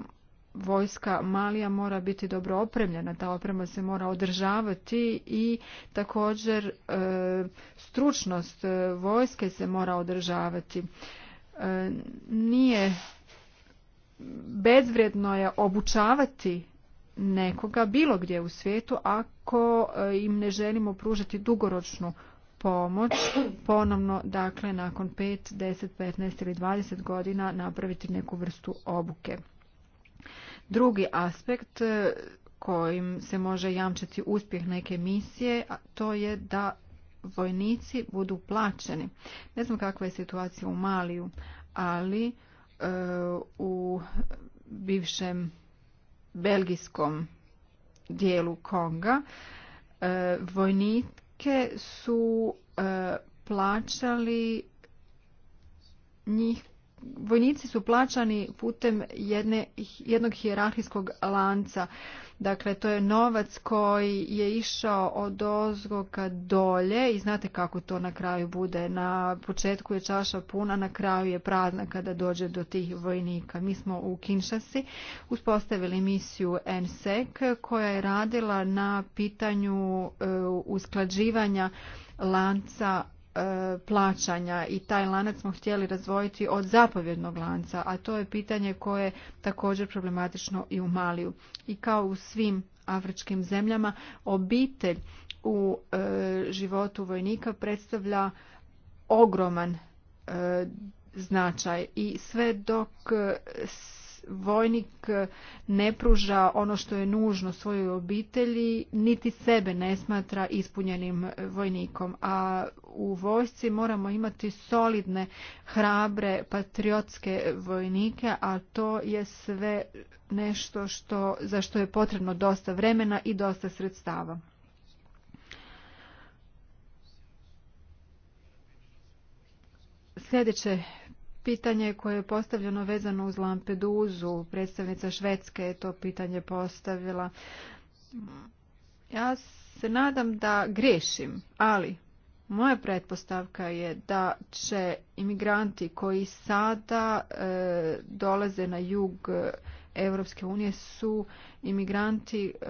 vojska Malija mora biti dobro opremljena, ta oprema se mora održavati i također stručnost vojske se mora održavati. Nije bezvrijedno je obučavati nekoga bilo gdje u svijetu ako e, im ne želimo pružiti dugoročnu pomoć ponovno dakle nakon 5, 10, 15 ili 20 godina napraviti neku vrstu obuke. Drugi aspekt e, kojim se može jamčiti uspjeh neke misije to je da vojnici budu plaćeni. Ne znam kakva je situacija u Maliju, ali e, u bivšem belgijskom dijelu Konga e, vojnike su e, plaćali njih vojnici su plaćani putem jedne, jednog hijerarhijskog lanca. Dakle, to je novac koji je išao od ozgoka dolje i znate kako to na kraju bude. Na početku je čaša puna, na kraju je prazna kada dođe do tih vojnika. Mi smo u Kinshasi uspostavili misiju NSEC koja je radila na pitanju e, usklađivanja lanca E, plaćanja i taj lanac smo htjeli razvojiti od zapovjednog lanca, a to je pitanje koje je također problematično i u Maliju. I kao u svim afričkim zemljama, obitelj u e, životu vojnika predstavlja ogroman e, značaj i sve dok vojnik eh, ne pruža ono što je nužno svojoj obitelji, niti sebe ne smatra ispunjenim eh, vojnikom. A u vojsci moramo imati solidne, hrabre, patriotske vojnike, a to je sve nešto što, za što je potrebno dosta vremena i dosta sredstava. Sljedeće Pitanje koje je postavljeno vezano uz Lampeduzu, predstavnica Švedske je to pitanje postavila. Ja se nadam da grešim, ali moja pretpostavka je da će imigranti koji sada e, dolaze na jug Europske unije su imigranti e,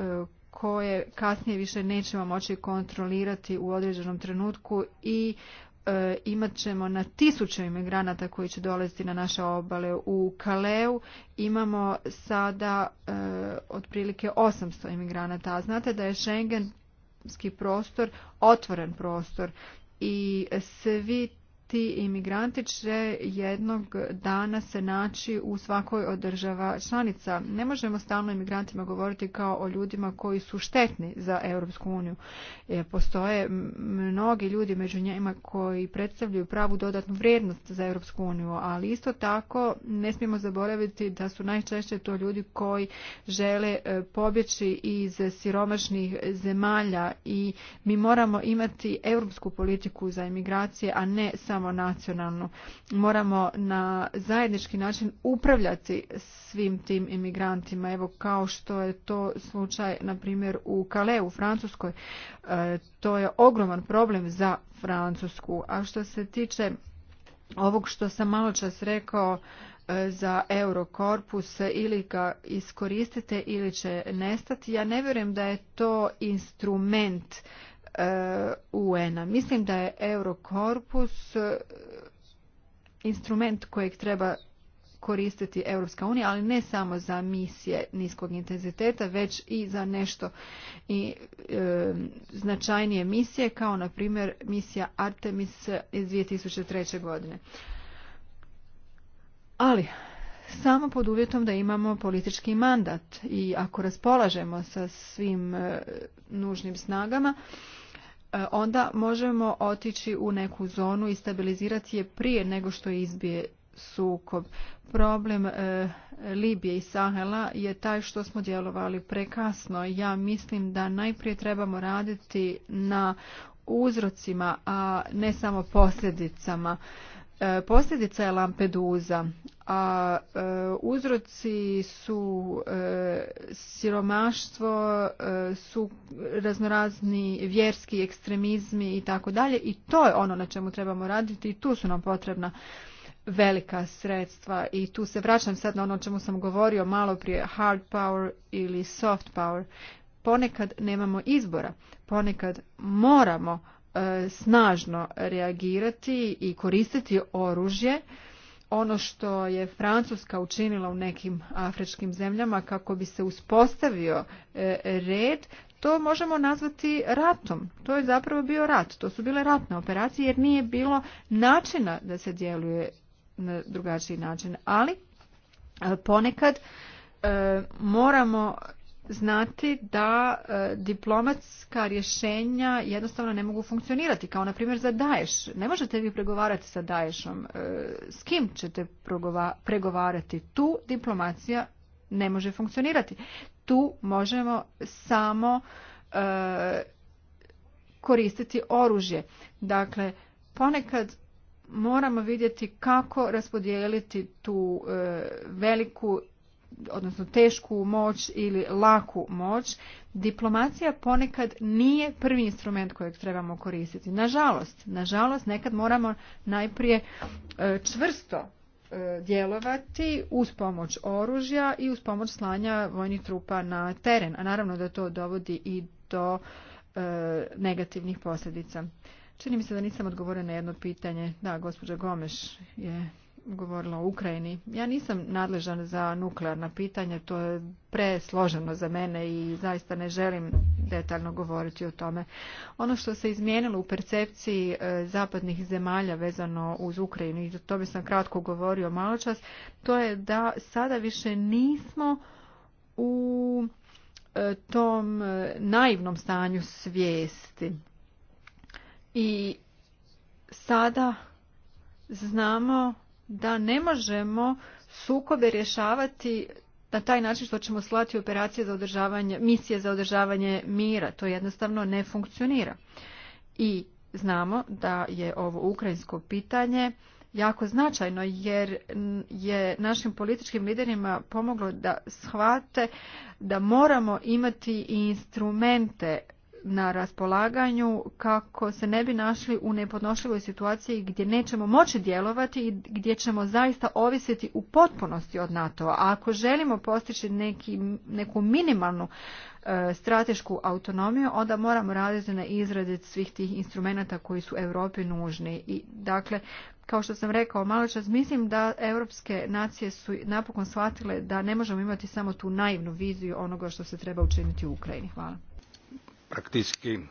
koje kasnije više nećemo moći kontrolirati u određenom trenutku i E, imat ćemo na tisuće imigranata koji će dolaziti na naše obale u Kaleu. Imamo sada e, otprilike 800 imigranata. A znate da je Schengenski prostor otvoren prostor i svi ti imigranti će jednog dana se naći u svakoj od država članica. Ne možemo stalno imigrantima govoriti kao o ljudima koji su štetni za Europsku uniju. E, postoje mnogi ljudi među njima koji predstavljaju pravu dodatnu vrijednost za Europsku uniju, ali isto tako ne smijemo zaboraviti da su najčešće to ljudi koji žele e, pobjeći iz siromašnih zemalja i mi moramo imati europsku politiku za imigracije, a ne samo samo nacionalnu. Moramo na zajednički način upravljati svim tim imigrantima. Evo kao što je to slučaj na primjer u Kale u Francuskoj. E, to je ogroman problem za Francusku. A što se tiče ovog što sam malo čas rekao e, za Eurokorpus e, ili ga iskoristite ili će nestati. Ja ne vjerujem da je to instrument UN-a. Mislim da je Eurokorpus e, instrument kojeg treba koristiti Europska unija, ali ne samo za misije niskog intenziteta, već i za nešto i e, značajnije misije, kao na primjer misija Artemis iz 2003. godine. Ali, samo pod uvjetom da imamo politički mandat i ako raspolažemo sa svim e, nužnim snagama, E, onda možemo otići u neku zonu i stabilizirati je prije nego što izbije sukob. Problem e, Libije i Sahela je taj što smo djelovali prekasno. Ja mislim da najprije trebamo raditi na uzrocima, a ne samo posljedicama. E, posljedica je lampeduza, a e, uzroci su e, siromaštvo, su raznorazni vjerski ekstremizmi i tako dalje i to je ono na čemu trebamo raditi i tu su nam potrebna velika sredstva i tu se vraćam sad na ono o čemu sam govorio malo prije hard power ili soft power. Ponekad nemamo izbora, ponekad moramo E, snažno reagirati i koristiti oružje ono što je Francuska učinila u nekim afričkim zemljama kako bi se uspostavio e, red, to možemo nazvati ratom. To je zapravo bio rat. To su bile ratne operacije jer nije bilo načina da se djeluje na drugačiji način. Ali e, ponekad moramo znati da e, diplomatska rješenja jednostavno ne mogu funkcionirati, kao na primjer za Daješ. Ne možete vi pregovarati sa Daješom. E, s kim ćete pregovarati? Tu diplomacija ne može funkcionirati. Tu možemo samo e, koristiti oružje. Dakle, ponekad moramo vidjeti kako raspodijeliti tu veliku odnosno tešku moć ili laku moć, diplomacija ponekad nije prvi instrument kojeg trebamo koristiti. Nažalost, nažalost nekad moramo najprije e, čvrsto e, djelovati uz pomoć oružja i uz pomoć slanja vojnih trupa na teren, a naravno da to dovodi i do e, negativnih posljedica. Čini mi se da nisam odgovorio na jedno pitanje. Da, gospođa Gomeš je govorila o Ukrajini. Ja nisam nadležan za nuklearna pitanja, to je presloženo za mene i zaista ne želim detaljno govoriti o tome. Ono što se izmijenilo u percepciji e, zapadnih zemalja vezano uz Ukrajinu, i o tome sam kratko govorio malo čas, to je da sada više nismo u e, tom e, naivnom stanju svijesti. I sada znamo da ne možemo sukobe rješavati na taj način što ćemo slati operacije za održavanje, misije za održavanje mira. To jednostavno ne funkcionira. I znamo da je ovo ukrajinsko pitanje jako značajno jer je našim političkim liderima pomoglo da shvate da moramo imati instrumente na raspolaganju kako se ne bi našli u nepodnošljivoj situaciji gdje nećemo moći djelovati i gdje ćemo zaista ovisiti u potpunosti od NATO-a. A ako želimo postići neki, neku minimalnu e, stratešku autonomiju, onda moramo raditi na izradi svih tih instrumenata koji su Europi nužni. I dakle, kao što sam rekao malo čas, mislim da europske nacije su napokon shvatile da ne možemo imati samo tu naivnu viziju onoga što se treba učiniti u Ukrajini. Hvala prakticky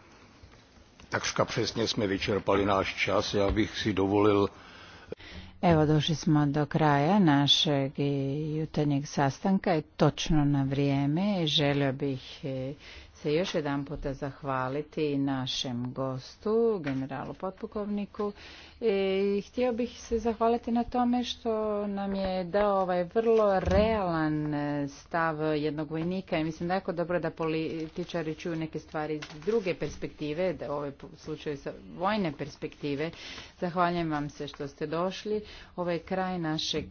takška přesně jsme vyčerpali náš čas. Já bych si dovolil Evo došli smo do kraja našeg jutarnjeg sastanka i točno na vrijeme. Želio bih e, se još jedan puta zahvaliti našem gostu, generalu potpukovniku E, htio bih se zahvaliti na tome što nam je dao ovaj vrlo realan e, stav jednog vojnika i mislim da je jako dobro da političari čuju neke stvari iz druge perspektive, da u ovaj slučaju sa vojne perspektive. Zahvaljujem vam se što ste došli. Ovo je kraj našeg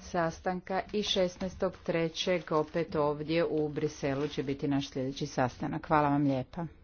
sastanka i 16.3. opet ovdje u Briselu će biti naš sljedeći sastanak. Hvala vam lijepa.